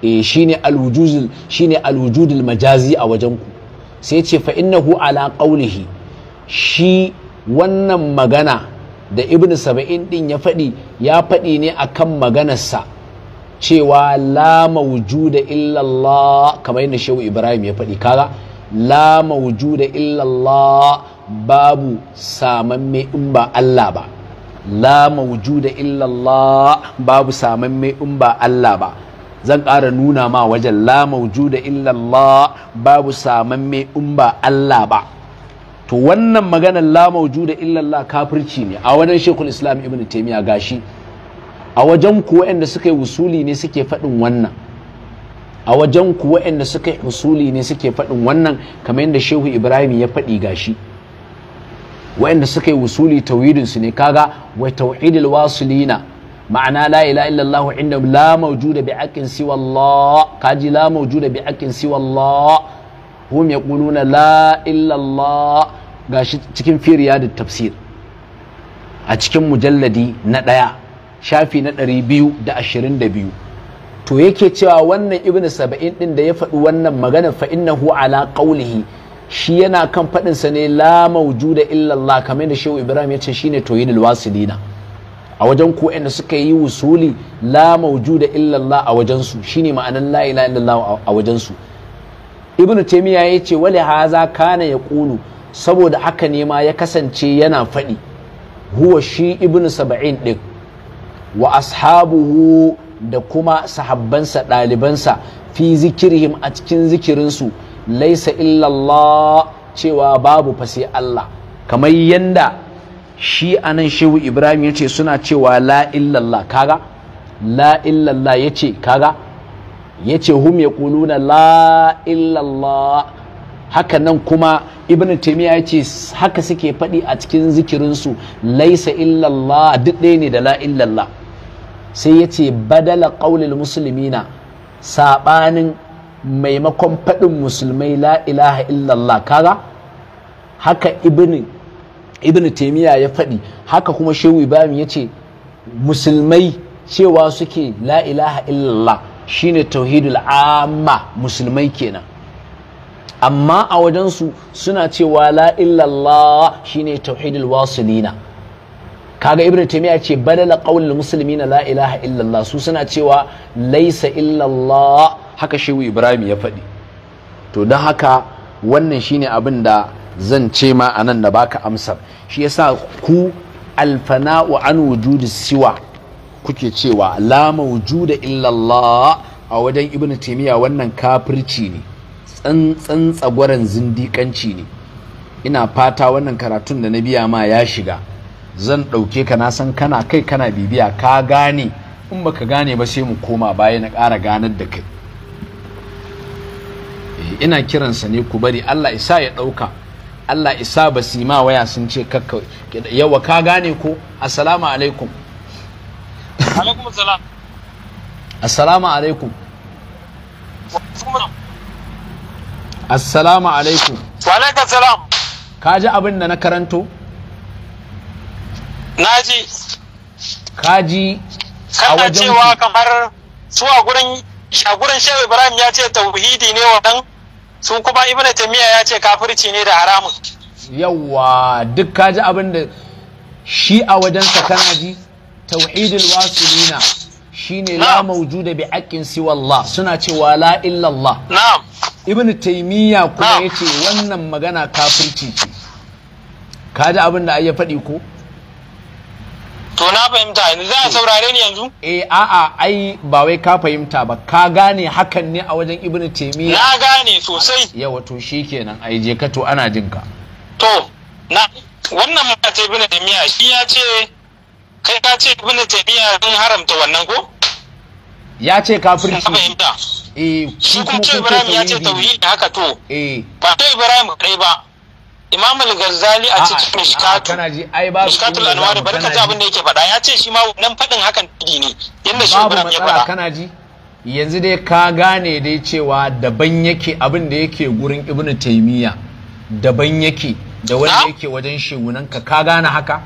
eh shine alwujudul shine alwujudul majazi a wajen ku sai ce fa innahu ala qawlihi shi wannan magana da Ibnu saba'in din ya faɗi ya faɗi ne akan maganarsa cewa la mawjuda Allah, kamar yadda shehu ibrahim ya faɗi kaga la mawjuda Allah babu samamme in ba Allah ba la mawjuda illallah babu mai in ba Allah ba zan ƙara nuna ma wajen la mawjuda illallah babu mai in ba Allah ba to wannan maganar la mawjuda illallah kafirci ne a wajen shekul islam ibn taimiyya gashi a wajen ku waɗanda suka yi wusuli ne suke faɗin wannan a wajen ku waɗanda suka yi wusuli ne suke faɗin wannan kamar yadda shehu ibrahim ya faɗi gashi wa'anda suka yi wusuli tauhidin su ne kaga wa tauhidil wasilina ma'ana la ilaha illallah inda la mawjuda bi aqin siwa Allah kaji la mawjuda bi aqin siwa Allah hum yaquluna la illallah gashi cikin firiya da tafsir a cikin mujalladi na ɗaya shafi na ɗari biyu da ashirin da to yake cewa wannan ibnu saba'in ɗin da ya faɗi wannan magana fa innahu ala qawlihi shi yana kan faɗinsa ne la da illallah kamar da shehu ibrahim ya ce shi ne Toyin' wasilina a wajen ku da suka yi wusuli la da illallah a wajensu shi ne ma'anar la ilaha illallah a wajensu. Ibn ibnu ya ce wali haza kana yaqulu saboda haka ne ma ya kasance yana faɗi huwa shi ibnu saba'in ɗin, wa ashabuhu da kuma sahabbansa ɗalibansa fi zikirhim a cikin zikirinsu laisa illallah cewa babu fa Allah kamar yanda shi anan shehu ibrahim ya ce suna cewa la illallah kaga la illallah ya ce kaga ya ce hum ya kuluna la illallah haka nan kuma ibn taimiyya ya ce haka suke faɗi a cikin zikirinsu laisa illallah duk ɗaya ne da la illallah sai ya ce badala ƙaulil musulmina saɓanin maimakon faɗin musulmai la ilaha illallah kaga haka ibn ya faɗi haka kuma shehu ibrahim ya ce musulmai cewa suke la ilaha illallah shine tauhidul amma musulmai kenan amma a wajensu suna cewa la illallah shine tauhidul wasilina kaga ibn taymiya ce badala qaulul muslimina la ilaha illallah su suna cewa laisa illallah haka shehu ibrahim ya faɗi to don haka wannan shine abin da zan ce ma a nan da ka amsar shi yasa ku alfana'u an wujudu siwa kuke cewa la da illallah a wajen ibn taimiyya wannan kafirci ne tsantsan tsagwaran zindikanci ne ina fata wannan karatun da na biya ma ya shiga zan ɗauke ka na san kana kai kana bibiya ka gane in baka gane ba sai mu koma baya na ƙara ganar da kai bihi ina kiransa ne ku bari Allah isa ya ɗauka Allah isa ba su ma waya sun ce kakka yawa ka gane ku assalamu alaikum alaikum salam assalamu alaikum assalamu alaikum wa alaikum salam ka ji abin da na karanto na ji ka ji a wajen cewa kamar su a gurin shagurin shehu ibrahim ya ce tauhidi ne wa su kuma Ibn taymiya ya ce kafirci ne da haramun yawa duk kaji abin da shi a wajensa kana ji tauhidul wasilina shine la maujuda bi haqqin siwa Allah suna cewa la illa Allah na'am Ibn taymiya kuma yace wannan magana kafirci ce kaji abin da ai ya faɗi ko to na fahimta yanzu za a saurare ni yanzu eh a'a ai ba wai ka fahimta ba ka gane hakan ne a wajen ibn taymiya na gane sosai yawa to shikenan ai je ka to ana jin ka to na wannan ma ce ibn taymiya shi ya ce kai ka ce ibn taymiya sun haramta wannan ko ya ce kafirci na fahimta eh shi kuma ce ibrahim ya ce tauhidi haka to eh ba to ibrahim kai ba Imam al-Ghazali a cikin Mishkatu al Anwar barka ta abin da yake faɗa ya ce shi ma wannan faɗin hakan tadi ne yanda shi Ibrahim ya faɗa kana ji yanzu dai ka gane dai cewa daban yake abin da yake gurin Ibn Taymiyyah daban yake da wanda yake wajen shegunanka ka gane haka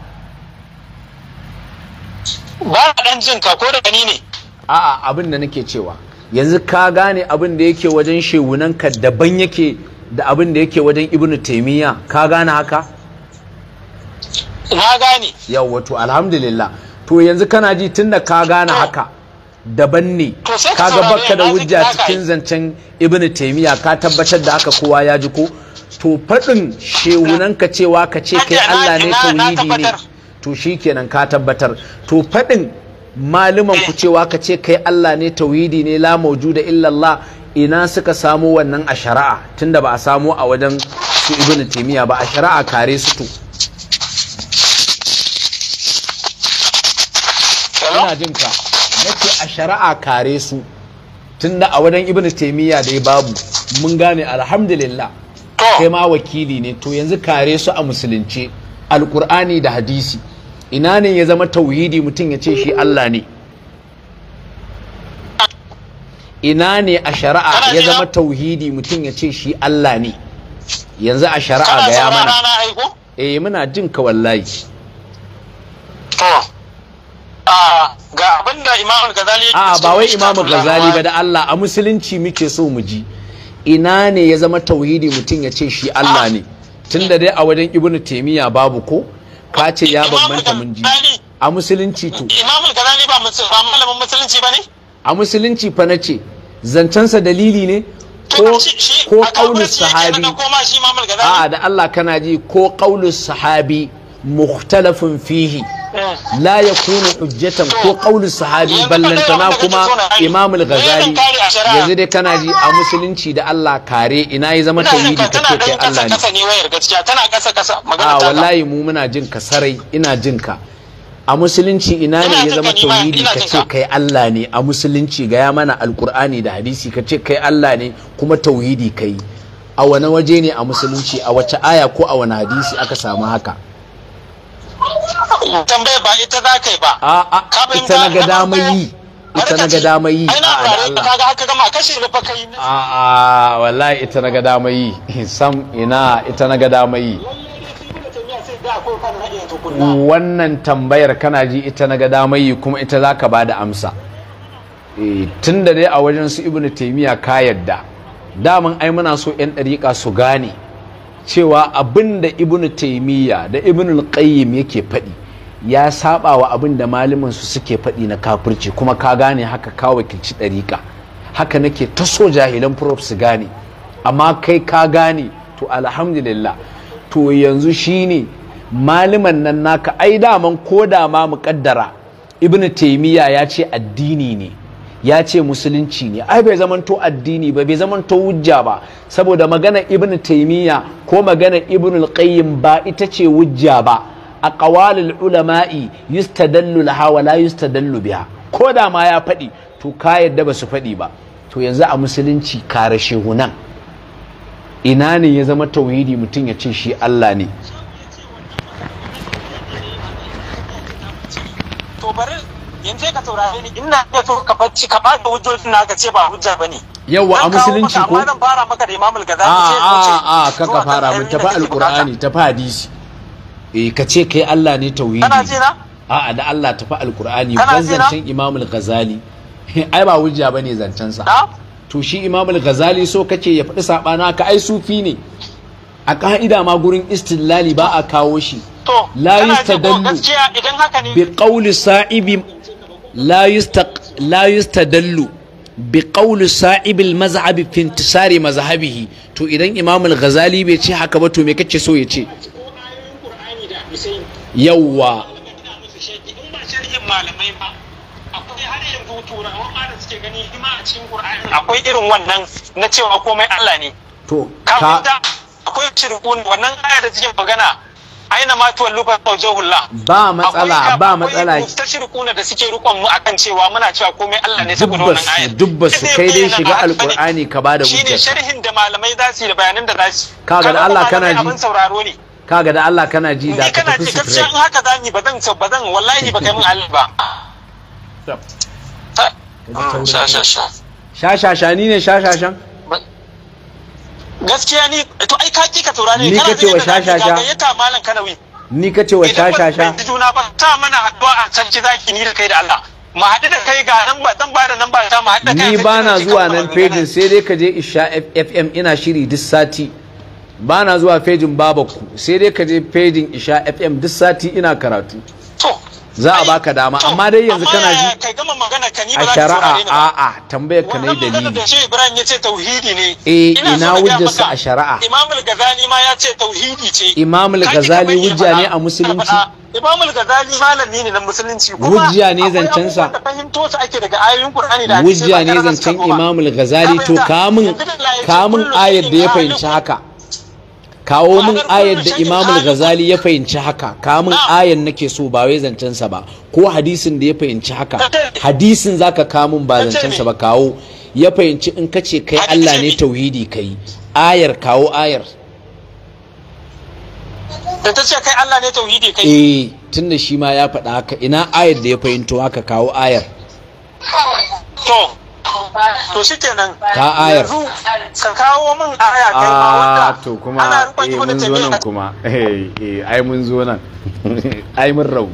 ba dan jin ka ko da ni ne a'a abin da nake cewa yanzu ka gane abin da yake wajen shegunanka daban yake da abin da yake wajen ibnu taimiyya ka gane haka na gane yawa to alhamdulillah to yanzu kana ji tunda ka gane haka daban ne ka ga baka da hujja cikin zancen ibnu taimiyya ka tabbatar da haka kowa ya ji ko to faɗin shewunanka cewa ka ce kai Allah ne tauhidi ne to shikenan ka tabbatar to faɗin maliman ku eh. cewa ka ce kai Allah ne tauhidi ne la maujuda illallah ina suka samu wannan a shari'a tunda ba a samu a wajen su Ibn taymiya ba a shari'a kare su to ina jin ka a shari'a kare su tunda a wajen dai babu mun gane alhamdulillah kai ma wakili ne to yanzu kare su a musulunce alkur'ani da hadisi ina ne ya zama tauhidi mutum ya ce shi Allah ne ina ne a shari'a ya zama tauhidi mutum ya ce shi Allah ne yanzu a shari'a ga ya mana eh muna jin ka wallahi to ga imamu gazali a ba wai imamu gazali ba da Allah a musulunci muke so mu ji ina ne ya zama tauhidi mutum ya ce shi Allah ne tunda dai a wajen ibnu taymiya babu ko ka ce ya bambanta mun ji a musulunci to imamu gazali ba malamin musulunci bane a musulunci fa na ce zancensa dalili ne ko ko sahabi a da Allah kana ji ko kaulu sahabi mukhtalafun fihi eh. la yakunu hujjatan ko qaulus sahabi ballantana kuma Imamul Gazali. ghazali yanzu dai kana ji a musulunci da Allah kare ina ya zama tauhidi kace kai Allah ne tana kasa kasa magana wallahi mu muna jin ka sarai ina jin ka a musulunci ina ne ya zama tauhidi ka ce kai Allah ne a musulunci gaya mana alkur'ani da hadisi ka ce kai Allah ne kuma tauhidi kai a wani waje ne a musulunci a wace aya ko a wani hadisi aka samu haka tambaye ba ita za kai ba a a ita na ga damar yi ita na ga damar yi a Allah kaga gama kashe kai a a wallahi ita na ga damar yi sam ina ita na ga damar yi wannan tambayar kana ji ita na ga damayi kuma ita za ka ba da amsa eh, tun da dai a wajen su ibnu taimiyya ka yadda daman ai muna so 'yan ɗariƙa su gane cewa abin da ibn taimiyya da ibn alƙayyim yake faɗi ya saba wa abin da malamin su suke faɗi na kafirci kuma ka gane haka ka wakilci ɗariƙa haka nake ta so jahilan prof su gane amma kai ka gane to alhamdulillah to yanzu shine maliman nan naka ai daman ko da ma muƙaddara ibnu taimiyya ya ce addini ne ya ce musulunci ne ai bai zamanto addini ba bai zamanto wujja ba saboda magana ibnu taimiyya ko magana ibnu alqayyim ba ita ce wujja ba a qawalul ulama'i yustadallu laha wa la yustadallu biha ko da ma ya faɗi to ka yadda ba su faɗi ba to yanzu a musulunci kare shehunan ina ne ya zama tauhidi mutum ya ce shi Allah ne to yanzu ka taurari, ni ina da to ka bacci ka ba da hujjojin na ka ce ba hujja bane yawa a musulunci ko amma zan fara maka da imamul gaza ce a a ka ka fara mun tafi alqur'ani tafi hadisi eh ka ce kai Allah ne tauhidi kana ji na a a da Allah tafi alqur'ani bazzancin imamul gazali ai ba hujja bane zancen sa to shi imamul gazali so kake ya faɗi sabana ka ai sufi ne a ka'ida ma gurin istilali ba a kawo shi la yustadallu bi qawli sa'ibi la la yustadallu bi qawli sa'ibi al-mazhab fi intisari mazhabihi to idan imam al-ghazali bai ce haka ba to me kace so ya ce yawwa akwai irin wannan na cewa komai Allah ne to ka akwai shirkun wannan aya da cikin magana aina ma tuwal lufa hula. ba matsala ba matsala ta shirkuna da suke rukon mu akan cewa muna cewa komai Allah ne saboda wannan aya dubba su kai dai shiga alqur'ani ka bada hujja shine sharhin da malamai za su yi da bayanan da za su kaga da Allah kana ji abin sauraro ne kaga da Allah kana ji da ka tafi su kana ji haka zani ba zan ba zan wallahi ba kai mun Allah ba sha sha sha sha sha sha ni ne sha sha gaskiya ni to ai ka kika taurari kana da yadda ya ta malam kanawi ni ka ce wa shashasha idan juna ba ta mana addu'a a canci zaki ni da kai da Allah ma haɗu da kai ga nan ba zan ba da nan ba ta ma haɗu da kai ni ba na zuwa nan fejin sai dai ka je isha fm ina shiri duk sati ba na zuwa fejin babakku sai dai ka je fejin isha fm duk sati ina karatu za a baka dama amma dai yanzu kana ji kai gama magana ka ni a a tambayar ka ne dalili da ne eh ina wujjarsa a shari'a Imam al-Ghazali ma wujja ne a musulunci Imam ne na musulunci wujja ne zancen wujja ne zancen Imam al-Ghazali to kamun kamun ayar da ya fahimci haka kawo min ayar da imamul ghazali ya fahimci haka kamun min ayar nake so ba wai zancensa ba ko hadisin da ya fahimci haka hadisin zaka kawo min ba zancensa ba kawo ya fahimci in kace kai Allah ne tauhidi kai ayar kawo ayar da ta ce kai Allah ne tauhidi kai eh tunda shi ma ya faɗa haka ina ayar da ya fahimto haka kawo ayar to to shikenan ta ayar ka kawo min aya kai ma ah, wanda to kuma eh mun zo nan kuma eh, eh ai mun zo nan ai mun rabu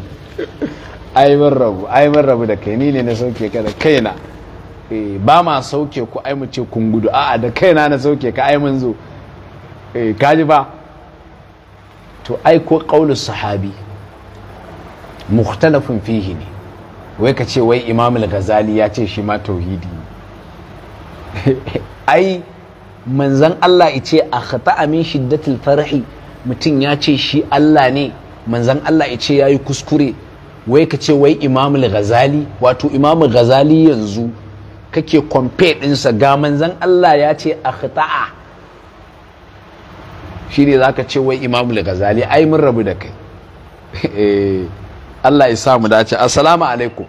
ai mun rabu ai mun rabu da kai ni ne na sauke ka da kaina eh ba ma sauke ku ai mu ce kun gudu a'a da kaina na sauke ka ai mun zo eh kaji ba to ai ko qaulus sahabi mukhtalafun fihi ne wai ka ce wai imamul al-ghazali ya ce shi ma tauhidi ne ai manzan Allah ya ce a khata amin shiddatul farhi mutum ya ce shi Allah ne manzan Allah ya ce ya yi kuskure wai ka ce wai imamul ghazali wato imamul ghazali yanzu kake kwamfe ɗinsa ga manzan Allah ya ce a khata'a shi ne za ka ce wai imamul ghazali ai mun rabu da kai eh, Allah ya samu dace assalamu alaikum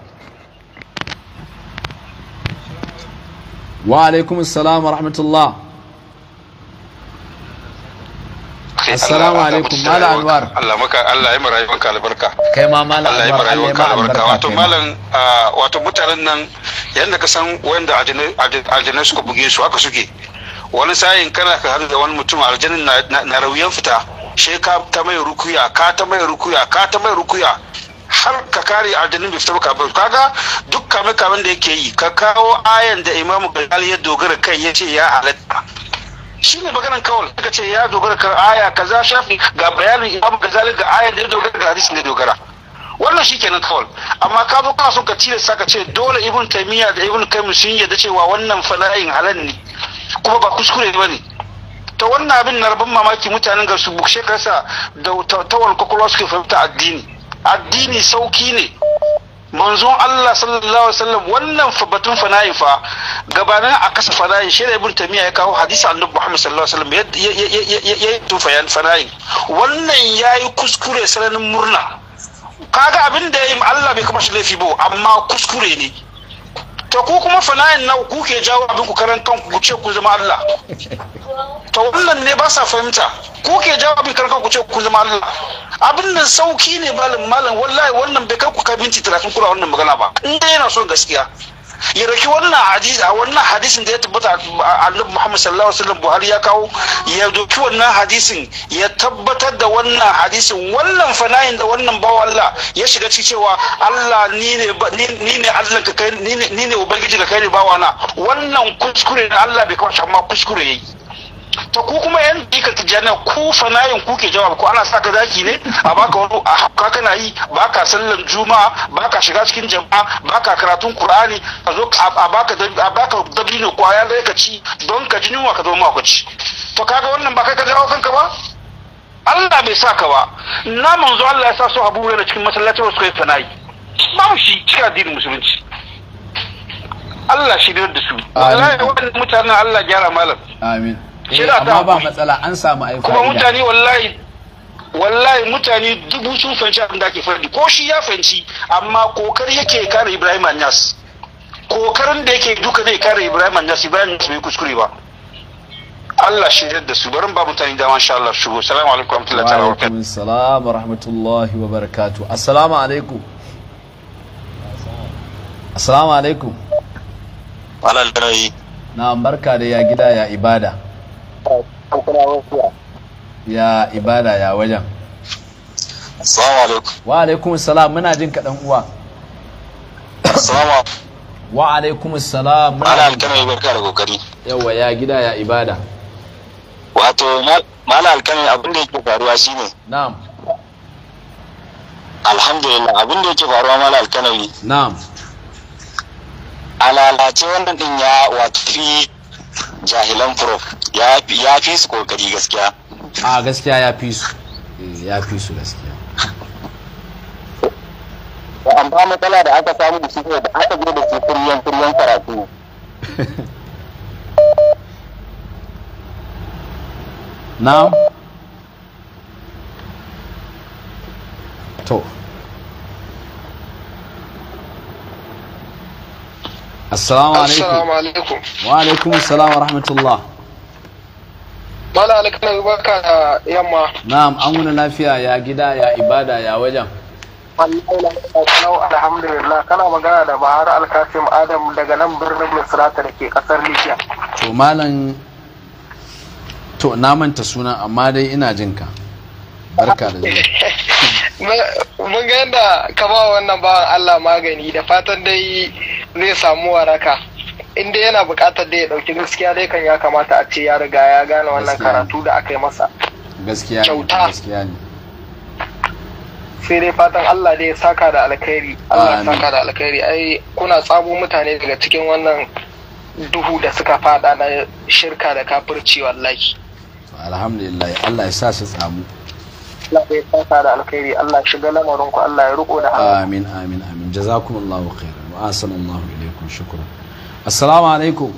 wa alaikum assalam wa rahmatullah assalamu alaikum anwar Allah malam wato mutanen nan yanda buge wani sayin kana ka hadu da wani mutum aljanin na rauyen fita she ka ta mai rukuya ka ta mai rukuya ka ta mai rukuya har ka kare aljanun bai fita ba kafin kaga duk kame kamen da yake yi ka kawo ayan da imamu ghazali ya dogara kai ya ce ya halatta shi ne maganan kawal ka ce ya dogara kan aya kaza shafi ga bayanin imamu ghazali ga ayan da ya dogara ga hadisin da dogara wannan shi kenan kawal amma ka zo kana son ka sa ka ce dole ibn taymiya da ibn kaimu sun yarda cewa wannan fana'in halal ne kuma ba kuskure ba ne ta wannan abin na rabin mamaki mutanen ga su bukshe kasa da tawar kwakwalwa suke fahimta addini addini sauki ne manzon Allah sallallahu alaihi wasallam wannan fa batun fana'i fa gabanin a kasa fana'i shi da ibn tamiya ya kawo hadisi annabi Muhammad sallallahu alaihi wasallam ya tufa yan fana'i wannan yayi kuskure sararin murna kaga abin da ya yi Allah bai kama shi laifi ba amma kuskure ne to ku kuma fanayin na ku ke jawo abin ku karan kanku ku ce ku zama Allah to wannan ne ba sa fahimta ku ke jawo abin karan kanku ku ce ku zama Allah abin nan sauki ne malam malam wallahi wannan bai kai ku kabinci minti 30 kura wannan magana ba in dai yana son gaskiya ya dauki wannan hadisi a wannan hadisin da ya tabbata annabi Muhammad sallallahu alaihi wasallam Buhari ya kawo ya dauki wannan hadisin ya tabbatar da wannan hadisin wannan fanayin da wannan bawa Allah ya shiga cikin cewa Allah ni ne ni ne Allah ka kai ni ne ubangiji ka kai ne bawa na wannan kuskure da Allah bai kawo amma kuskure yayi to ku kuma yan jika tijjana ku fanayin ku ke jawab ko ana sa ka zaki ne a baka wani a hauka kana yi baka sallan juma'a baka shiga cikin jama'a baka karatun qur'ani a zo a baka a baka dabino ya da ka ci don ka ji yunwa ka zama makwaci to kaga wannan ba kai ka jawo kanka ba Allah bai sa ka ba na manzo Allah ya sa su Abu Hurairah cikin masallaci wasu kai fanayi ba shi cikin addinin musulunci Allah shi da su wallahi wannan mutanen Allah gyara malam amin shira eh, ta ba matsala an samu ai kuma mutane wallahi wallahi mutane dubu sun fahimci abin da ake faɗi ko shi ya fahimci amma kokari yake kare Ibrahim Anyas kokarin da yake duka zai kare Ibrahim Anyas Ibrahim Anyas bai kuskure ba Allah shirya da su barin ba mutane dama insha Allah shigo assalamu alaikum warahmatullahi ta'ala wa assalam wa rahmatullahi wa barakatuh assalamu alaikum assalamu alaikum alal darayi na barka da ya gida ya ibada ya ibada ya wajen wa alaikum salam muna jin kaɗan uwa wa alaikum salam muna ala alkami barka da kokari yawa ya gida ya ibada wato mala alkami abin da yake faruwa shine na'am alhamdulillah abin da yake faruwa mala alkanawi na'am alalace wannan din ya wato fi jahilan prof ya fi su kokari gaskiya a gaskiya ya fi su eh, ya fi su gaskiya da amma matsala da aka samu da shine da aka zo da su kuryen kuryen karatu na to assalamu alaikum wa alaikum assalam rahmatullah mala alikana barka da yamma na'am an wuni lafiya ya gida ya ibada ya wajen alhamdulillah kana magana da bahar alkasim adam daga nan birnin misrata da ke kasar libya to malam to na manta suna amma dai ina jinka barka da zuwa mun ga yadda ka ba wannan bawan allah magani da fatan dai zai samu waraka in dai yana buƙatar da ya ɗauki gaskiya dai kan ya kamata a ce ya riga ya gane wannan karatu da aka yi masa gaskiya ne sai dai fatan Allah dai ya saka da alkhairi Allah ya saka da alkhairi ai kuna tsabo mutane daga cikin wannan duhu da suka fada na shirka da kafirci wallahi alhamdulillah Allah ya sa su tsamu Allah ya saka da alkhairi Allah shiga lamarin ku Allah ya riko da amin amin amin jazakumullahu khairan wa ahsanallahu ilaykum shukran assalamu alaikum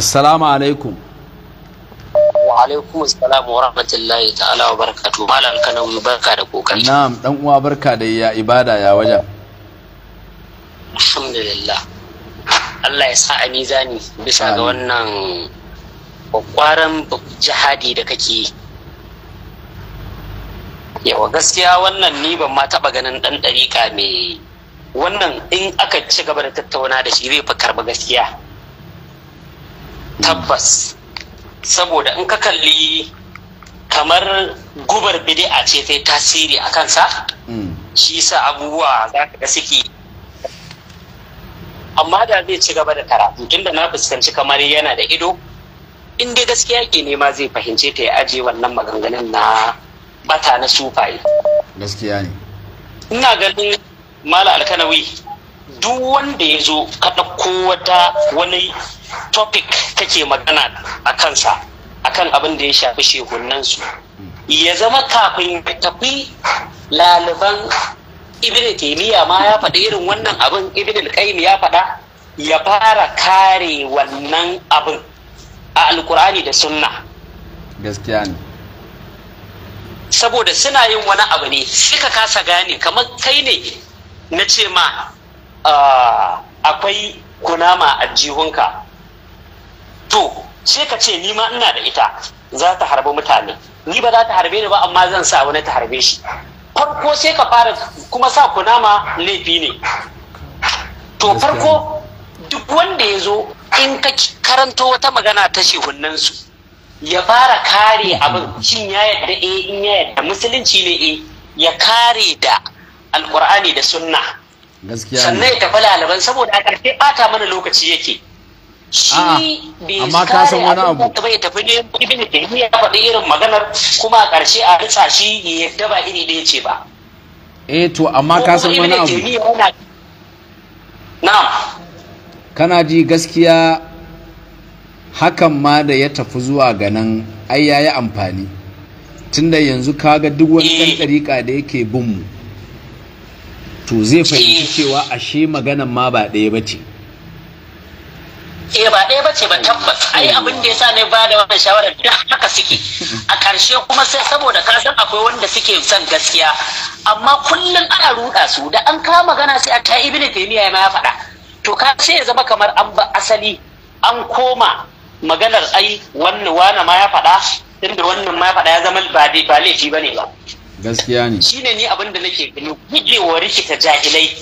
assalamu alaikum wa alaikum assalam wa rahmatullahi ta'ala wa barakatuh malam kanawi barka da kokari na'am dan uwa barka da ya ibada ya wajen alhamdulillah Allah ya sa a mizani bisa ga wannan kwakwaran jihadi da kake yi yawa gaskiya wannan ni ban ma taba ganin dan dariƙa me. wannan in aka ci gaba da tattauna da shi zai fi karba gaskiya tabbas saboda in ka kalli kamar gubar bid'a ce ta tasiri a kansa hmm. shi sa abubuwa za ka ga suke amma da zai ci gaba da karatu tunda na fuskanci kamar yana da ido in gaskiya ke nema zai fahimce ta ya ajiye wannan maganganun na bata na sufaye gaskiya ne ina ganin mala alkanawi duk wanda ya zo ka ɗauko wata wani topic kake magana a kansa akan abin da ya shafi su ya zama kafin ya tafi laliban ibn taimiyya ma ya faɗi irin wannan abin ibn al ya faɗa ya fara kare wannan abin a alkur'ani da sunna gaskiya ne saboda suna yin wani abu ne sai ka kasa gane kamar kai ne na ce ma ah, akwai kunama a jihunka to sai ka ce ni ma ina da ita za ta harbi mutane ni ba za ta harbe ni ba amma zan sa wani ta harbe shi farko sai ka fara kuma sa kunama laifi ne to farko duk wanda ya zo in ka karanto wata magana ta shehunansu ya fara kare abin cin ya yadda eh in ya yadda musulunci ne eh ya kare da alkur'ani da sunna sannan ya tafi lalaban saboda a ƙarshe bata mana lokaci yake shi bai kare abin da bai tafi ne ibn taymiya ya faɗi irin maganar kuma a ƙarshe a ritsa shi ya yadda ba iri ɗaya ce ba eh to amma ka san wani abu na'am kana ji gaskiya hakan ma da ya tafi zuwa ga nan ai ya yi amfani tunda yanzu kaga duk wani ɗan ɗariƙa da yake bin mu to zai fahimci eh. cewa ashe maganan ma ba ɗaya ba ce eh ba ɗaya ba ce ba tabbas ai abin da sa ne ba da wannan shawarar da haka suke a ƙarshe kuma sai saboda ka san akwai wanda suke son gaskiya amma kullum ana ruɗa su da an kawo magana sai a ta ibnu taymiya ya ma ya faɗa to ka sai ya zama kamar an ba asali an koma maganar ai wannan wani ma ya faɗa tunda wannan ma ya faɗa ya zama ba ba laifi bane ba gaskiya ne shine ni abin da nake gani gujewa rikita jahilai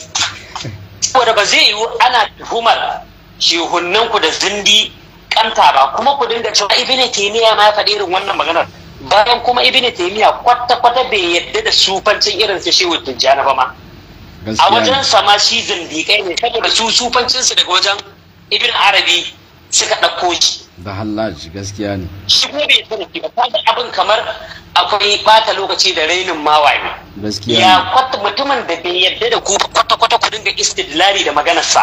saboda ba zai yiwu ana tuhumar shehunnan ku da zindi kanta ba kuma ku dinga cewa ibn taimiya ma ya faɗi irin wannan maganar bayan kuma ibn taimiya kwata kwata bai yadda da sufancin irin su shehu tijjani ba ma a wajen sama shi kai ne saboda su sufancinsu daga wajen ibin arabi suka ɗauko shi da hallaji gaskiya ne shi ko bai ke ba kaga abin kamar akwai bata lokaci da rainin mawaye gaskiya ya kwata mutumin da bai yadda da ku kwata kwata ku dinga istidlali da maganarsa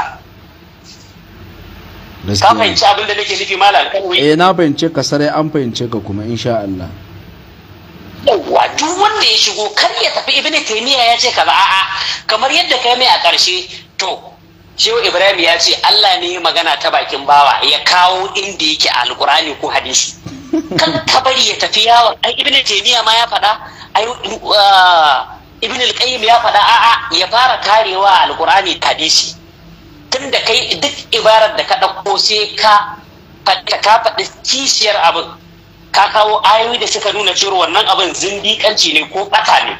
ka fahimci abin da nake nufi mala alƙalwi eh na fahimce ka sarai an fahimce ka kuma insha Allah yawwa duk wanda ya shigo kar ya tafi ibnu taymiya ya ce ba a'a kamar yadda kai mai a ƙarshe to Shehu Ibrahim ya ce Allah ne magana ta bakin bawa ya kawo inda yake a alkurani ko hadisi. Kan ka bari ya tafi yawon ai Ibn Taymiyyah ma ya faɗa ai uh, Ibn al-Qayyim ya faɗa a'a ya fara karewa alkurani da hadisi. Tunda kai duk ibarar da ka ɗauko sai ka faɗi ka faɗi kishiyar abin ka kawo ayoyi da suka nuna cewa wannan abin zindiƙanci ne ko ɓata ne.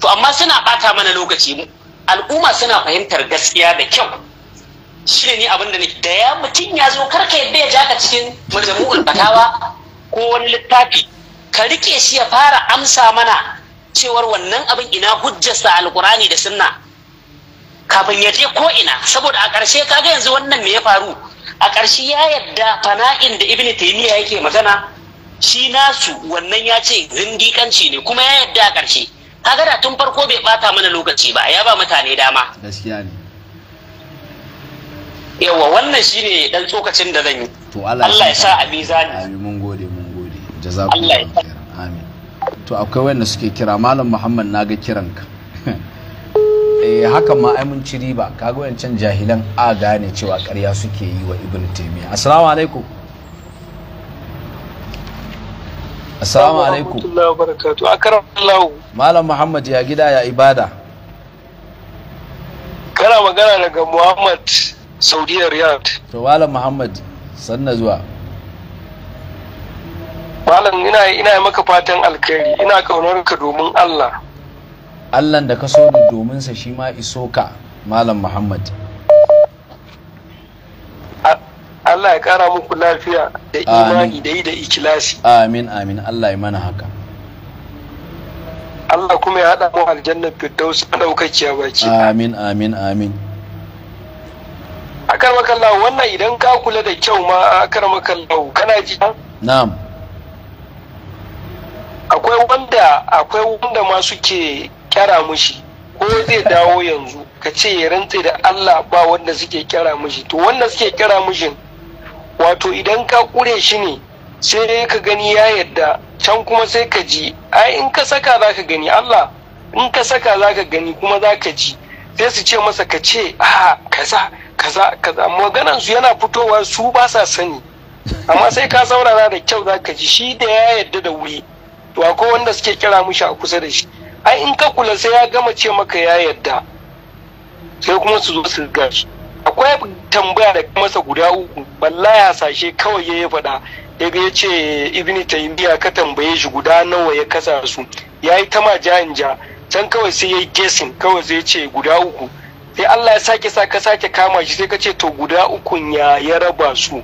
To amma suna ɓata mana lokaci al'umma suna fahimtar gaskiya da kyau shi ne abin da da ya mutum ya zo karka yadda ya ja ka cikin majamu'ul fatawa ko wani littafi ka rike shi ya fara amsa mana cewar wannan abin ina hujjarsa alkurani da sunna kafin ya je ko ina saboda a ƙarshe kaga yanzu wannan me ya faru a ƙarshe ya yadda fana'in da Ibn taymiya yake magana shi nasu wannan ya ce zindiƙanci ne kuma ya yadda a ƙarshe kaga da tun farko bai bata mana lokaci ba ya ba mutane dama gaskiya ne yawa wannan shine dan tsokacin da zan yi to Allah ya sa a mizani amin mun gode mun gode jazakumullahu khairan amin to akwai wanda suke kira malam Muhammad naga kiranka eh haka ma ai mun ciri riba kaga wancan jahilan a gane cewa ƙarya suke yi wa ibnu taymiya assalamu alaikum Assalamu alaikum. Malam Muhammad ya gida ya ibada. Kana magana daga Muhammad Saudi Riyadh. To Malam Muhammad sanna zuwa. Malam ina ina maka fatan alkhairi. Ina kaunar ka domin Allah. Allah da ka so ni domin sa shi ma iso ka Malam Muhammad. Allah ya kara muku lafiya da imani da yi da ikilasi amin amin Allah ya mana haka Allah kuma ya haɗa mu aljannar firdaus a ɗaukakiya baki amin amin amin akar makalla wannan idan ka kula da kyau ma akar makalla kana ji na'am akwai wanda akwai wanda ma suke kyara mushi ko zai dawo yanzu ka ce ya rantse da Allah ba wanda suke kyara mushi to wanda suke kyara mushin wato idan ka kure shi ne sai ka gani ya yadda can kuma sai ka ji ai in ka saka za ka gani Allah in ka saka za ka gani kuma za ka ji sai su ce masa ka ce a kaza kaza kaza maganan yana fitowa su ba sa sani amma sai ka saurara da kyau za ka ji shi da ya yadda da wuri to akwai wanda suke kira mushi a kusa da shi ai in ka kula sai ya gama ce maka ya yadda sai kuma su zo su gashi akwai tambaya da masa guda uku ya sashe kawai ya yi faɗa daga ya ce ta indiya. ka tambaye shi guda nawa ya kasa su ya yi ta maja in ja can kawai sai ya yi kesin kawai sai ya ce guda uku sai Allah ya sake sa ka sake kama shi sai ka ce to guda ukun ya ya raba su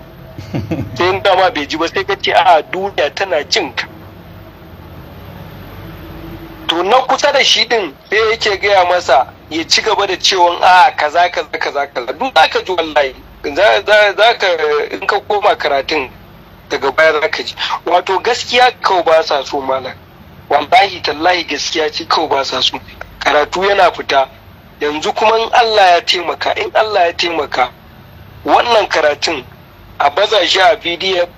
sai in dama bai ji ba sai ka ce a duniya tana jin ka to na kusa da shi din sai yake gaya masa ya ci gaba da cewa a kaza kaza kaza kaza duk za ka ji wallahi za ka in ka koma karatun daga baya za ka ji wato gaskiya kau ba sa so malam wallahi tallahi gaskiya ce kau ba sa so karatu yana fita yanzu kuma in Allah ya taimaka in Allah ya taimaka wannan karatun a baza shi a bidiyo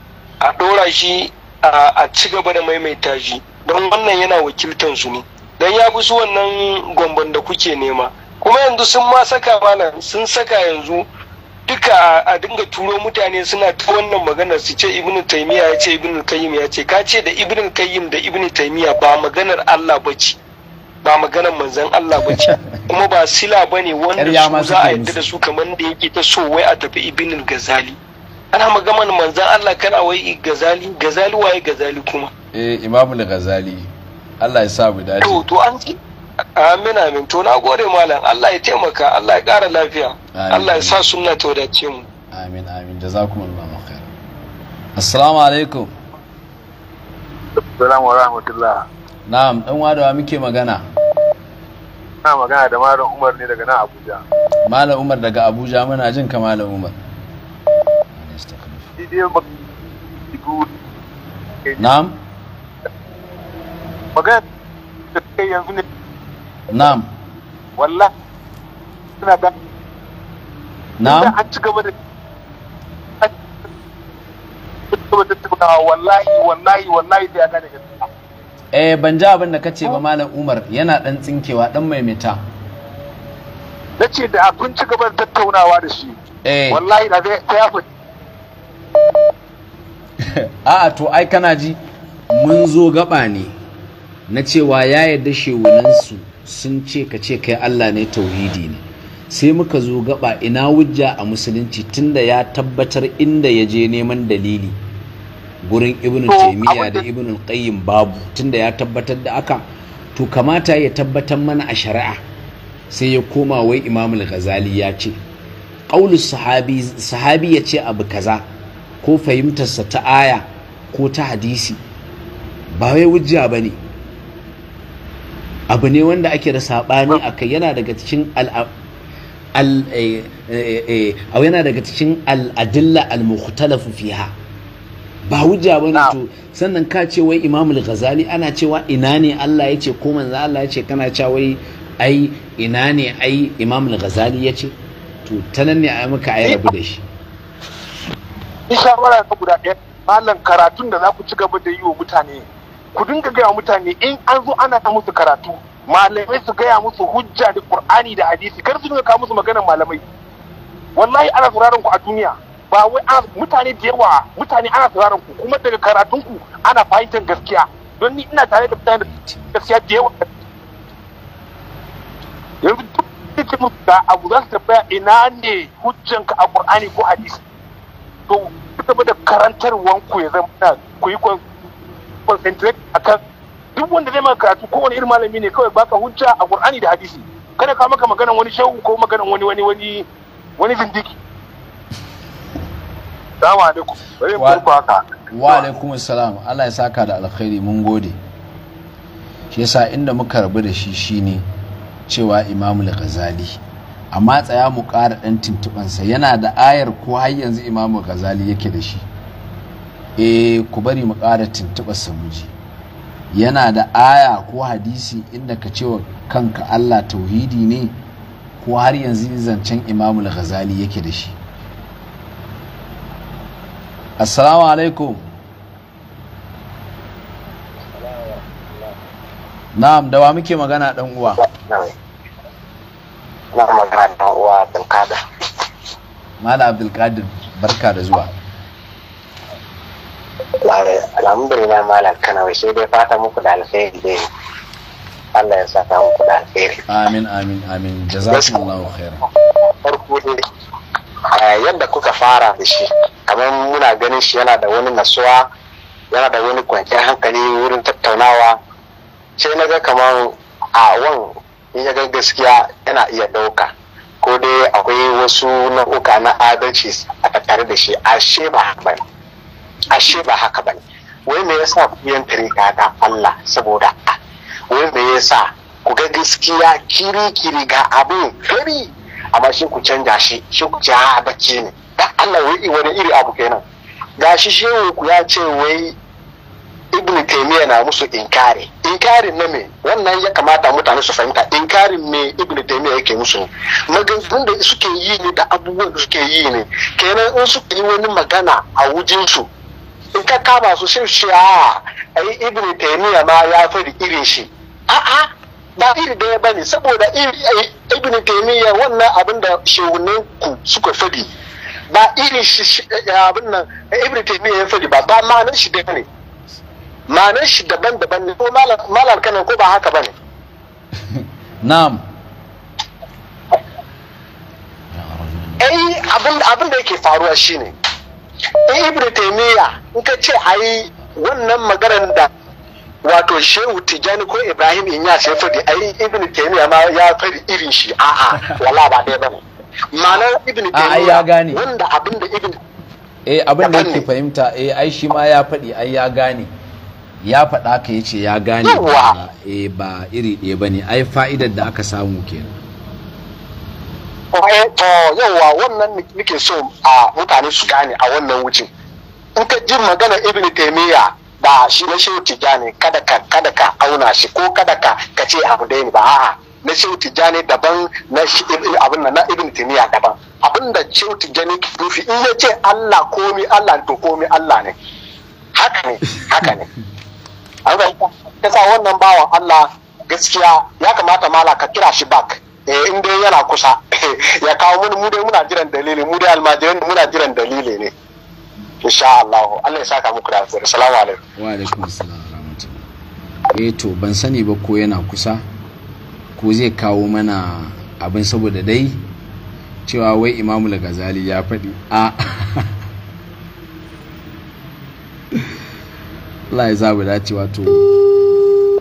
a ɗora shi a ci gaba da maimaita shi don wannan yana wakiltan su ne don ya fi su wannan gwamban da kuke nema kuma yanzu sun ma saka malam sun saka yanzu duka a dinga turo mutane suna ta wannan maganar su ce ibnu taymiya ya ce ibnu kayyim ya ce ka ce da ibnu kayyim da ibnu taymiya ba maganar Allah bace ba maganar manzon Allah bace kuma ba sila bane wanda su za a yadda da su kamar da yake ta so wai a tafi ibnu gazali ana maganar manzon Allah kana wai gazali gazali waye gazali kuma eh imamul gazali Allah ya sa mu dace to an amin amin to na gode malam Allah ya taimaka Allah ya ƙara lafiya Allah ya sa sunna ta wadace mu amin amin jazakumullahu khair assalamu alaikum assalamu rahmatullah na'am dan wadawa muke magana Na magana da malam umar ne daga nan abuja malam umar daga abuja muna jin ka malam umar na'am magana da kai yanzu ne na'am wallah suna da na'am an ci gaba da wallahi wallahi wallahi sai a gane gaskiya eh ban ji abin da kace ba malam Umar yana dan tsinkewa dan maimaita Na ce da kun ci gaba da tattaunawa da shi eh wallahi da sai ya a'a to ai kana ji mun zo gaba ne na cewa ya yarda shewunansu sun ce ka ce kai Allah ne tauhidi ne sai muka zo gaba ina wujja a musulunci tunda ya tabbatar inda ya je neman dalili gurin Ibnu taymiya da ibn qayyim babu tunda ya tabbatar da aka to kamata ya tabbatar mana a shari'a sai ya koma wai imam al-ghazali ya ce qaulu sahabi ya ce abu kaza ko fahimtarsa ta aya ko ta hadisi ba wai wujja bane abu ne wanda ake da saɓani a kai yana daga cikin al eh, eh, eh, yana daga cikin al'adilla al-mukhtalafu fiha ba hujja bane to sannan ka ce wai Imam al-Ghazali ana cewa ina ne Allah yace ko manzo Allah yace kana cewa wai ai ina ne ai Imam al-Ghazali ya ce? to ta nan ne yi maka ayar rabu da shi ni shawara ta guda ɗaya malam karatun da za ku ci gaba da yi wa mutane ku dinga gaya mutane in an zo ana musu karatu malamai su gaya musu hujja da qur'ani da hadisi kar su dinga kawo musu maganar malamai wallahi ana sauraron ku a duniya ba wai mutane da yawa mutane ana sauraron ku kuma daga karatun ku ana fahimtar gaskiya don ni ina tare da mutane gaskiya da yawa yanzu duk da musu da abu za su tambaya ina ne hujjanka a qur'ani ko hadisi to saboda karantarwanku ya zama ku yi concentrate duk wanda zai maka karatu kowane irin malami ne kawai baka hujja a Qur'ani da hadisi kada ka maka maganan wani shehu ko maganan wani wani wani wani zindiki Assalamu alaikum ku haka wa alaikum assalam Allah ya saka da alkhairi mun gode shi yasa inda muka rabu da shi shine cewa imamul Al-Ghazali amma tsaya mu ƙara ɗan tuntuɓansa yana da ayar ko har yanzu Imam ghazali yake da shi eh ku bari mu ƙara tuntuɓar samuji yana da aya ko hadisi inda ka wa kanka Allah tauhidi ne ko har yanzu zancen imamul ghazali yake da shi assalamu alaikum na'am da wa muke magana dan uwa na'am magana dan uwa abdulkadir mala abdulkadir barka da zuwa alhamdulillah malam kana sai dai fata muku da alkhairi dai Allah ya saka muku da alkhairi amin amin amin jazakumullahu khairan farko dai yadda kuka fara da shi kamar muna ganin shi yana da wani nasuwa yana da wani kwanciyar hankali wurin tattaunawa sai na ga kamar a wan ya gaskiya yana iya dauka ko dai akwai wasu nau'uka na adalci a tattare da shi a ba bane ashe ba haka bane wai me yasa ku yan ka ga Allah saboda wai me yasa ku ga gaskiya kiri kiri ga abin gari amma shi ku canja shi shi ku ci a bacci ne dan Allah wai wani iri abu kenan gashi shehu ku ya ce wai ibn taymiya na musu inkari inkari na me wannan ya kamata mutane su fahimta inkarin me ibn taymiya yake musu maganganun da suke yi ne da abubuwan da suke yi ne kenan in suka yi wani magana a wujinsu in ka kama su shi shi a yi ibnu taimiyya ma ya fadi irin shi a'a ba iri daya bane saboda ibnu taimiyya wannan abin da shehunan ku suka fadi ba irin shi eh, abin nan eh, ibnu taimiyya ya fadi ba ba ma'anar shi daya ne shi daban-daban ne ko malar kanan ko ba haka bane na'am ai abin da yake faruwa shine in ibn taymiya in ka ce a wannan maganar da wato shehu tijani ko ibrahim in ya sai fadi a ibn taymiya ma ya fadi irin shi a'a wala ba dai ba ne ibn taymiya wanda abin da ibn eh abin da yake fahimta eh ai shi ma ya faɗi ai ya gane ya faɗa ka yace ya gane eh ba iri ɗaya bane ai fa'idar da aka samu kenan to yawa wannan nake so a mutane su gane a wannan wuce in ka ji magana ibn taymiya ba shi na shehu tijjani kada ka kada ka auna shi ko kada ka ka ce abu da ba a na shehu tijjani daban na abin na ibn taymiya daban abin da shehu tijjani ke nufi in ya ce Allah komi Allah to komi Allah ne haka ne haka ne an ga ta sa wannan bawan Allah gaskiya ya kamata mala ka kira shi back eh in dai yana kusa ya kawo mun mu dai muna jiran dalili mu dai almajiran muna jiran dalili ne insha Allah Allah ya saka muku da alheri assalamu alaikum wa alaikum assalam eh to ban sani ba ko yana kusa ko zai kawo mana abin saboda dai cewa wai imamul gazali ya faɗi a Allah ya zaɓi dacewa to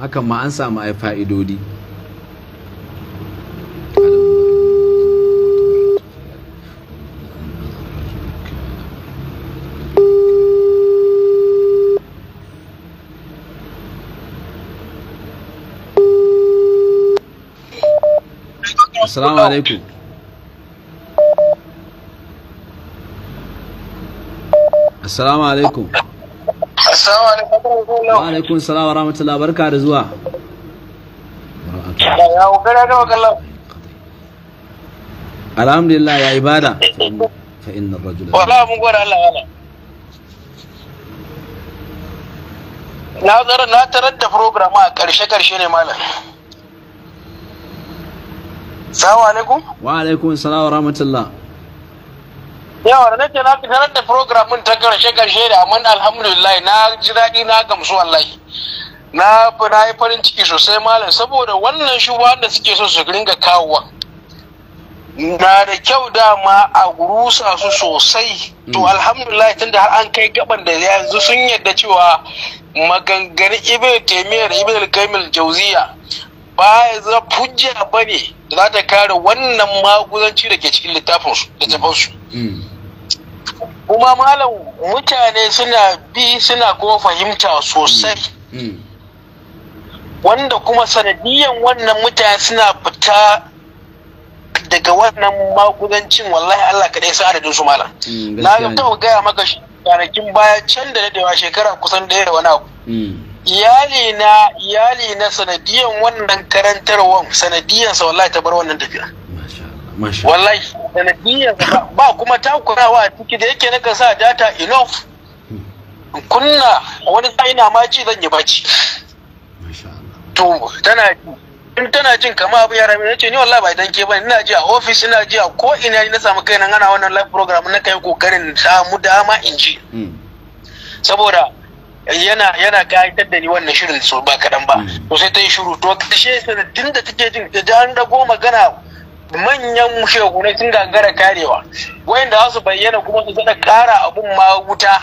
hakan ma an samu ai fa'idodi assalamu alaikum assalamu alaikum assalamu alaikum wa alaikum salam wa rahmatullahi barka da zuwa alhamdulillah ya ibada fa inna rajula wala mun gwada Allah wala na zarar na tarar da program a karshe karshe ne malam Salamu alaikum. Wa alaikum salam wa rahmatullah. Yawa da nake na tarar da program ta karshe karshe da amma alhamdulillah na ji daɗi na gamsu wallahi. Na na yi farin ciki sosai malam saboda wannan shuba da suke so su ringa kawowa. Na da kyau dama a rusa su sosai. To mm. alhamdulillah tunda har an kai gaban da yanzu sun yadda cewa maganganun ibn taimiyar ibn al-kaimil jauziya ba ya za hujja ba ne da za ta kare wannan maguzanci da ke cikin littafinsu da jabansu mm. kuma malam mutane suna bi suna kuma fahimta sosai mm. Mm. wanda kuma sanadiyan wannan mutane suna fita daga wannan magudancin wallahi Allah kaɗai sa adadin su malam na ga taɓa gaya maka shi kwanakin baya can da dadewa shekara kusan ɗaya da wani abu iyali na iyali na sanadiyan wannan karantarwan sanadiyan sa wallahi ta bar wannan tafiya wallahi sanadiyan ba kuma takurawa a ciki da yake na sa data enough kunna wani tsaina ma ci zan yi baci to tana in tana jin kama abu yara mai ce ni wallahi ba idan ke bane ina ji a ofis ina ji a ko ina na samu kai nan ana wannan live program na kai kokarin samu dama in ji hmm. saboda yana yana kayatar da ni wannan shirin so ba kaɗan ba mm. to sai ta yi shiru to kashe sanadin da take jin ta jan dago magana manyan shegunai sun gagara karewa wayanda za su bayyana kuma su zaɗa kara abun ma wuta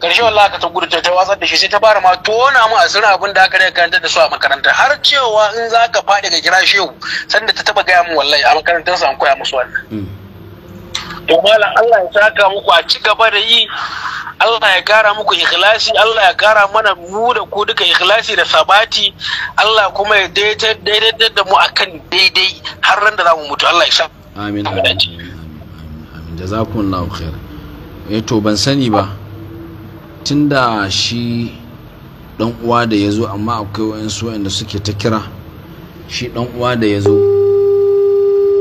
karshe wallah ka ta gudu ta watsar da shi sai ta fara ma tona mu asirin abin da aka rage karantar da su a makaranta har cewa in za ka faɗi ka kira shehu sanda ta taɓa gaya mu wallahi a makarantar sa an koya musu wannan mm. to malam Allah ya saka muku a ci gaba da yi Allah ya kara muku ikhlasi Allah ya kara mana mu da ku duka ikhlasi da sabati Allah kuma ya daidaitar da mu akan daidai har ran da za mu mutu Allah ya sa amin amin amin jazakumullahu khair eh to ban sani ba tunda shi dan uwa da ya zo amma akwai wayansu wanda suke ta kira shi dan uwa da ya zo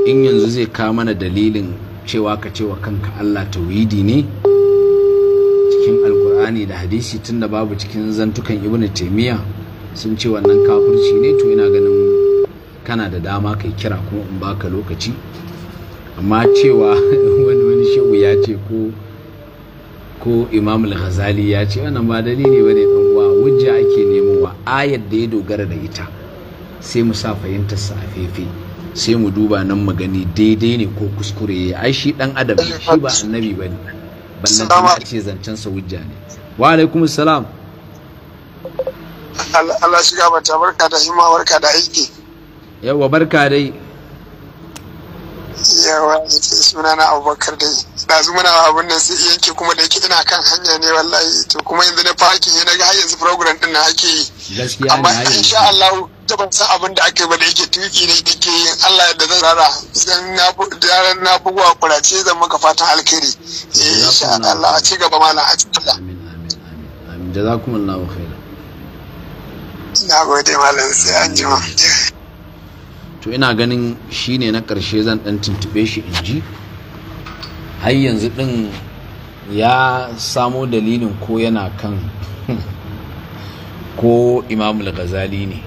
in yanzu zai ka mana dalilin cewa ka cewa kanka Allah tauhidi ne cikin alkur'ani da hadisi tun da babu cikin zantukan ibnu taymiya sun ce wannan kafirci ne to ina ganin kana da dama kai kira kuma in baka lokaci amma cewa wani wani shehu ya ce ko ko imam al-ghazali ya ce wannan ba dalili bane dan uwa hujja ake nemowa ayar da ya dogara da ita sai mu sa fahimtar sa a fefe sai mu duba nan mu gani daidai ne ko kuskure ya ai shi dan adam ne shi ba annabi ba ne ballan kuma ce zancen sa hujja ne wa alaikum salam Allah shiga mata barka da himma barka da aiki yawa barka dai yawa suna na abubakar dai ɗazu muna abin nan sai yanke kuma da yake ina kan hanya ne wallahi to kuma yanzu na fakin ne na ga har yanzu program din na ake yi amma insha Allah da ban san abin da aka yi ba da yake tuki ne yake yin Allah da zan rara zan na bugu a kurace zan maka fatan alkhairi eh insha Allah a ci gaba malam a ci gaba amin amin amin jazakumullahu khairan na gode malam sai an jima to ina ganin shine na karshe zan dan tuntube shi in ji har yanzu din ya samo dalilin ko yana kan ko imamul ghazali ne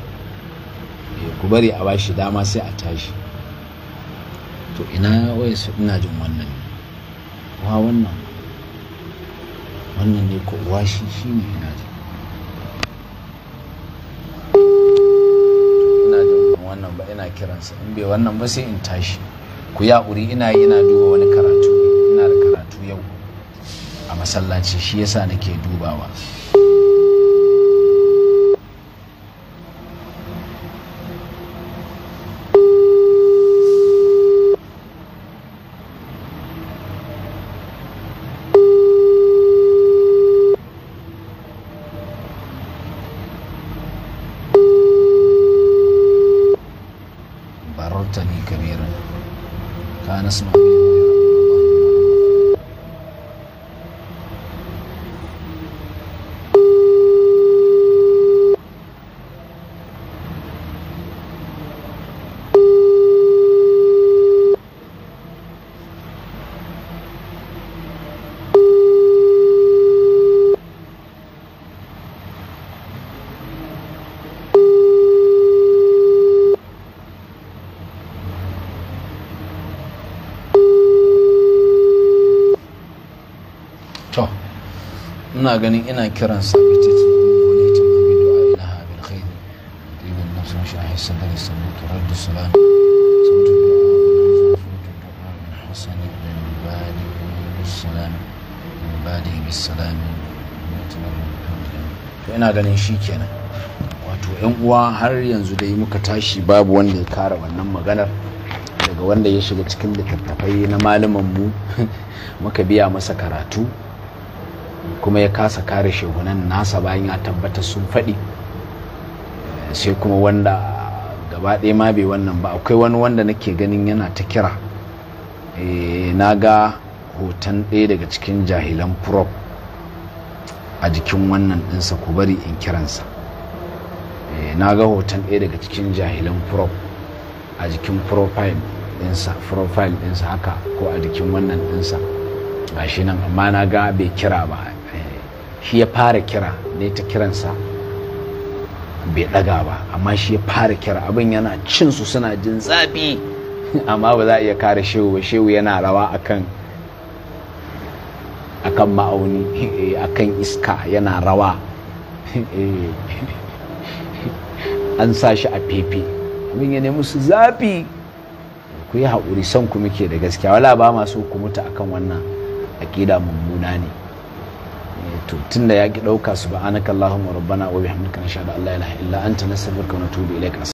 Eh, ku bari a bashi dama sai a tashi to ina wai su ina jin wannan wa wannan wannan ne ko washi shine ina jin ina jin wannan ba ina kiransa in bai wannan ba sai in tashi ku ya uri ina yi ina duba wani karatu ina da karatu yau a masallaci shi yasa nake dubawa ina ganin ina kiran sa bi ta wani ta mami du'a ina ha bil khair ibn nafsu shi a hisan da sabu turar da salam sautu du'a min hasan ibn badi ibn salam ibn badi ibn salam to ina ganin shi kenan wato yan uwa har yanzu dai muka tashi babu wanda ya kara wannan maganar daga wanda ya shiga cikin littattafai na malaman mu muka biya masa karatu kuma ya kasa kare shagunan nasa bayan ya tabbata sun faɗi sai kuma wanda gaba ɗaya ma bai wannan ba akwai wani wanda nake ganin yana ta kira eh, na ga hoton ɗaya daga cikin jahilan prop a jikin wannan ɗinsa ku bari in kiransa eh, na ga hoton ɗaya daga cikin jahilan prop a jikin profile ɗinsa haka ko a jikin wannan ɗinsa gashi nan amma na ga bai kira ba eh, shi ya fara kira da ta kiransa bai daga ba amma shi ya fara kira abin yana cin su suna jin zafi amma ba za a iya kare shehu ba shehu yana rawa akan akan ma'auni eh, akan iska yana rawa eh, an sa shi a fefe abin ya nemi su zafi ku yi haƙuri son ku muke da gaskiya wala ba masu ku mutu akan wannan aqida mummuna ne eh, to da ya ki ɗauka subhanakallahumma rabbana wa bihamdika nashhadu an la ilaha illa anta nastaghfiruka wa natubu ilaik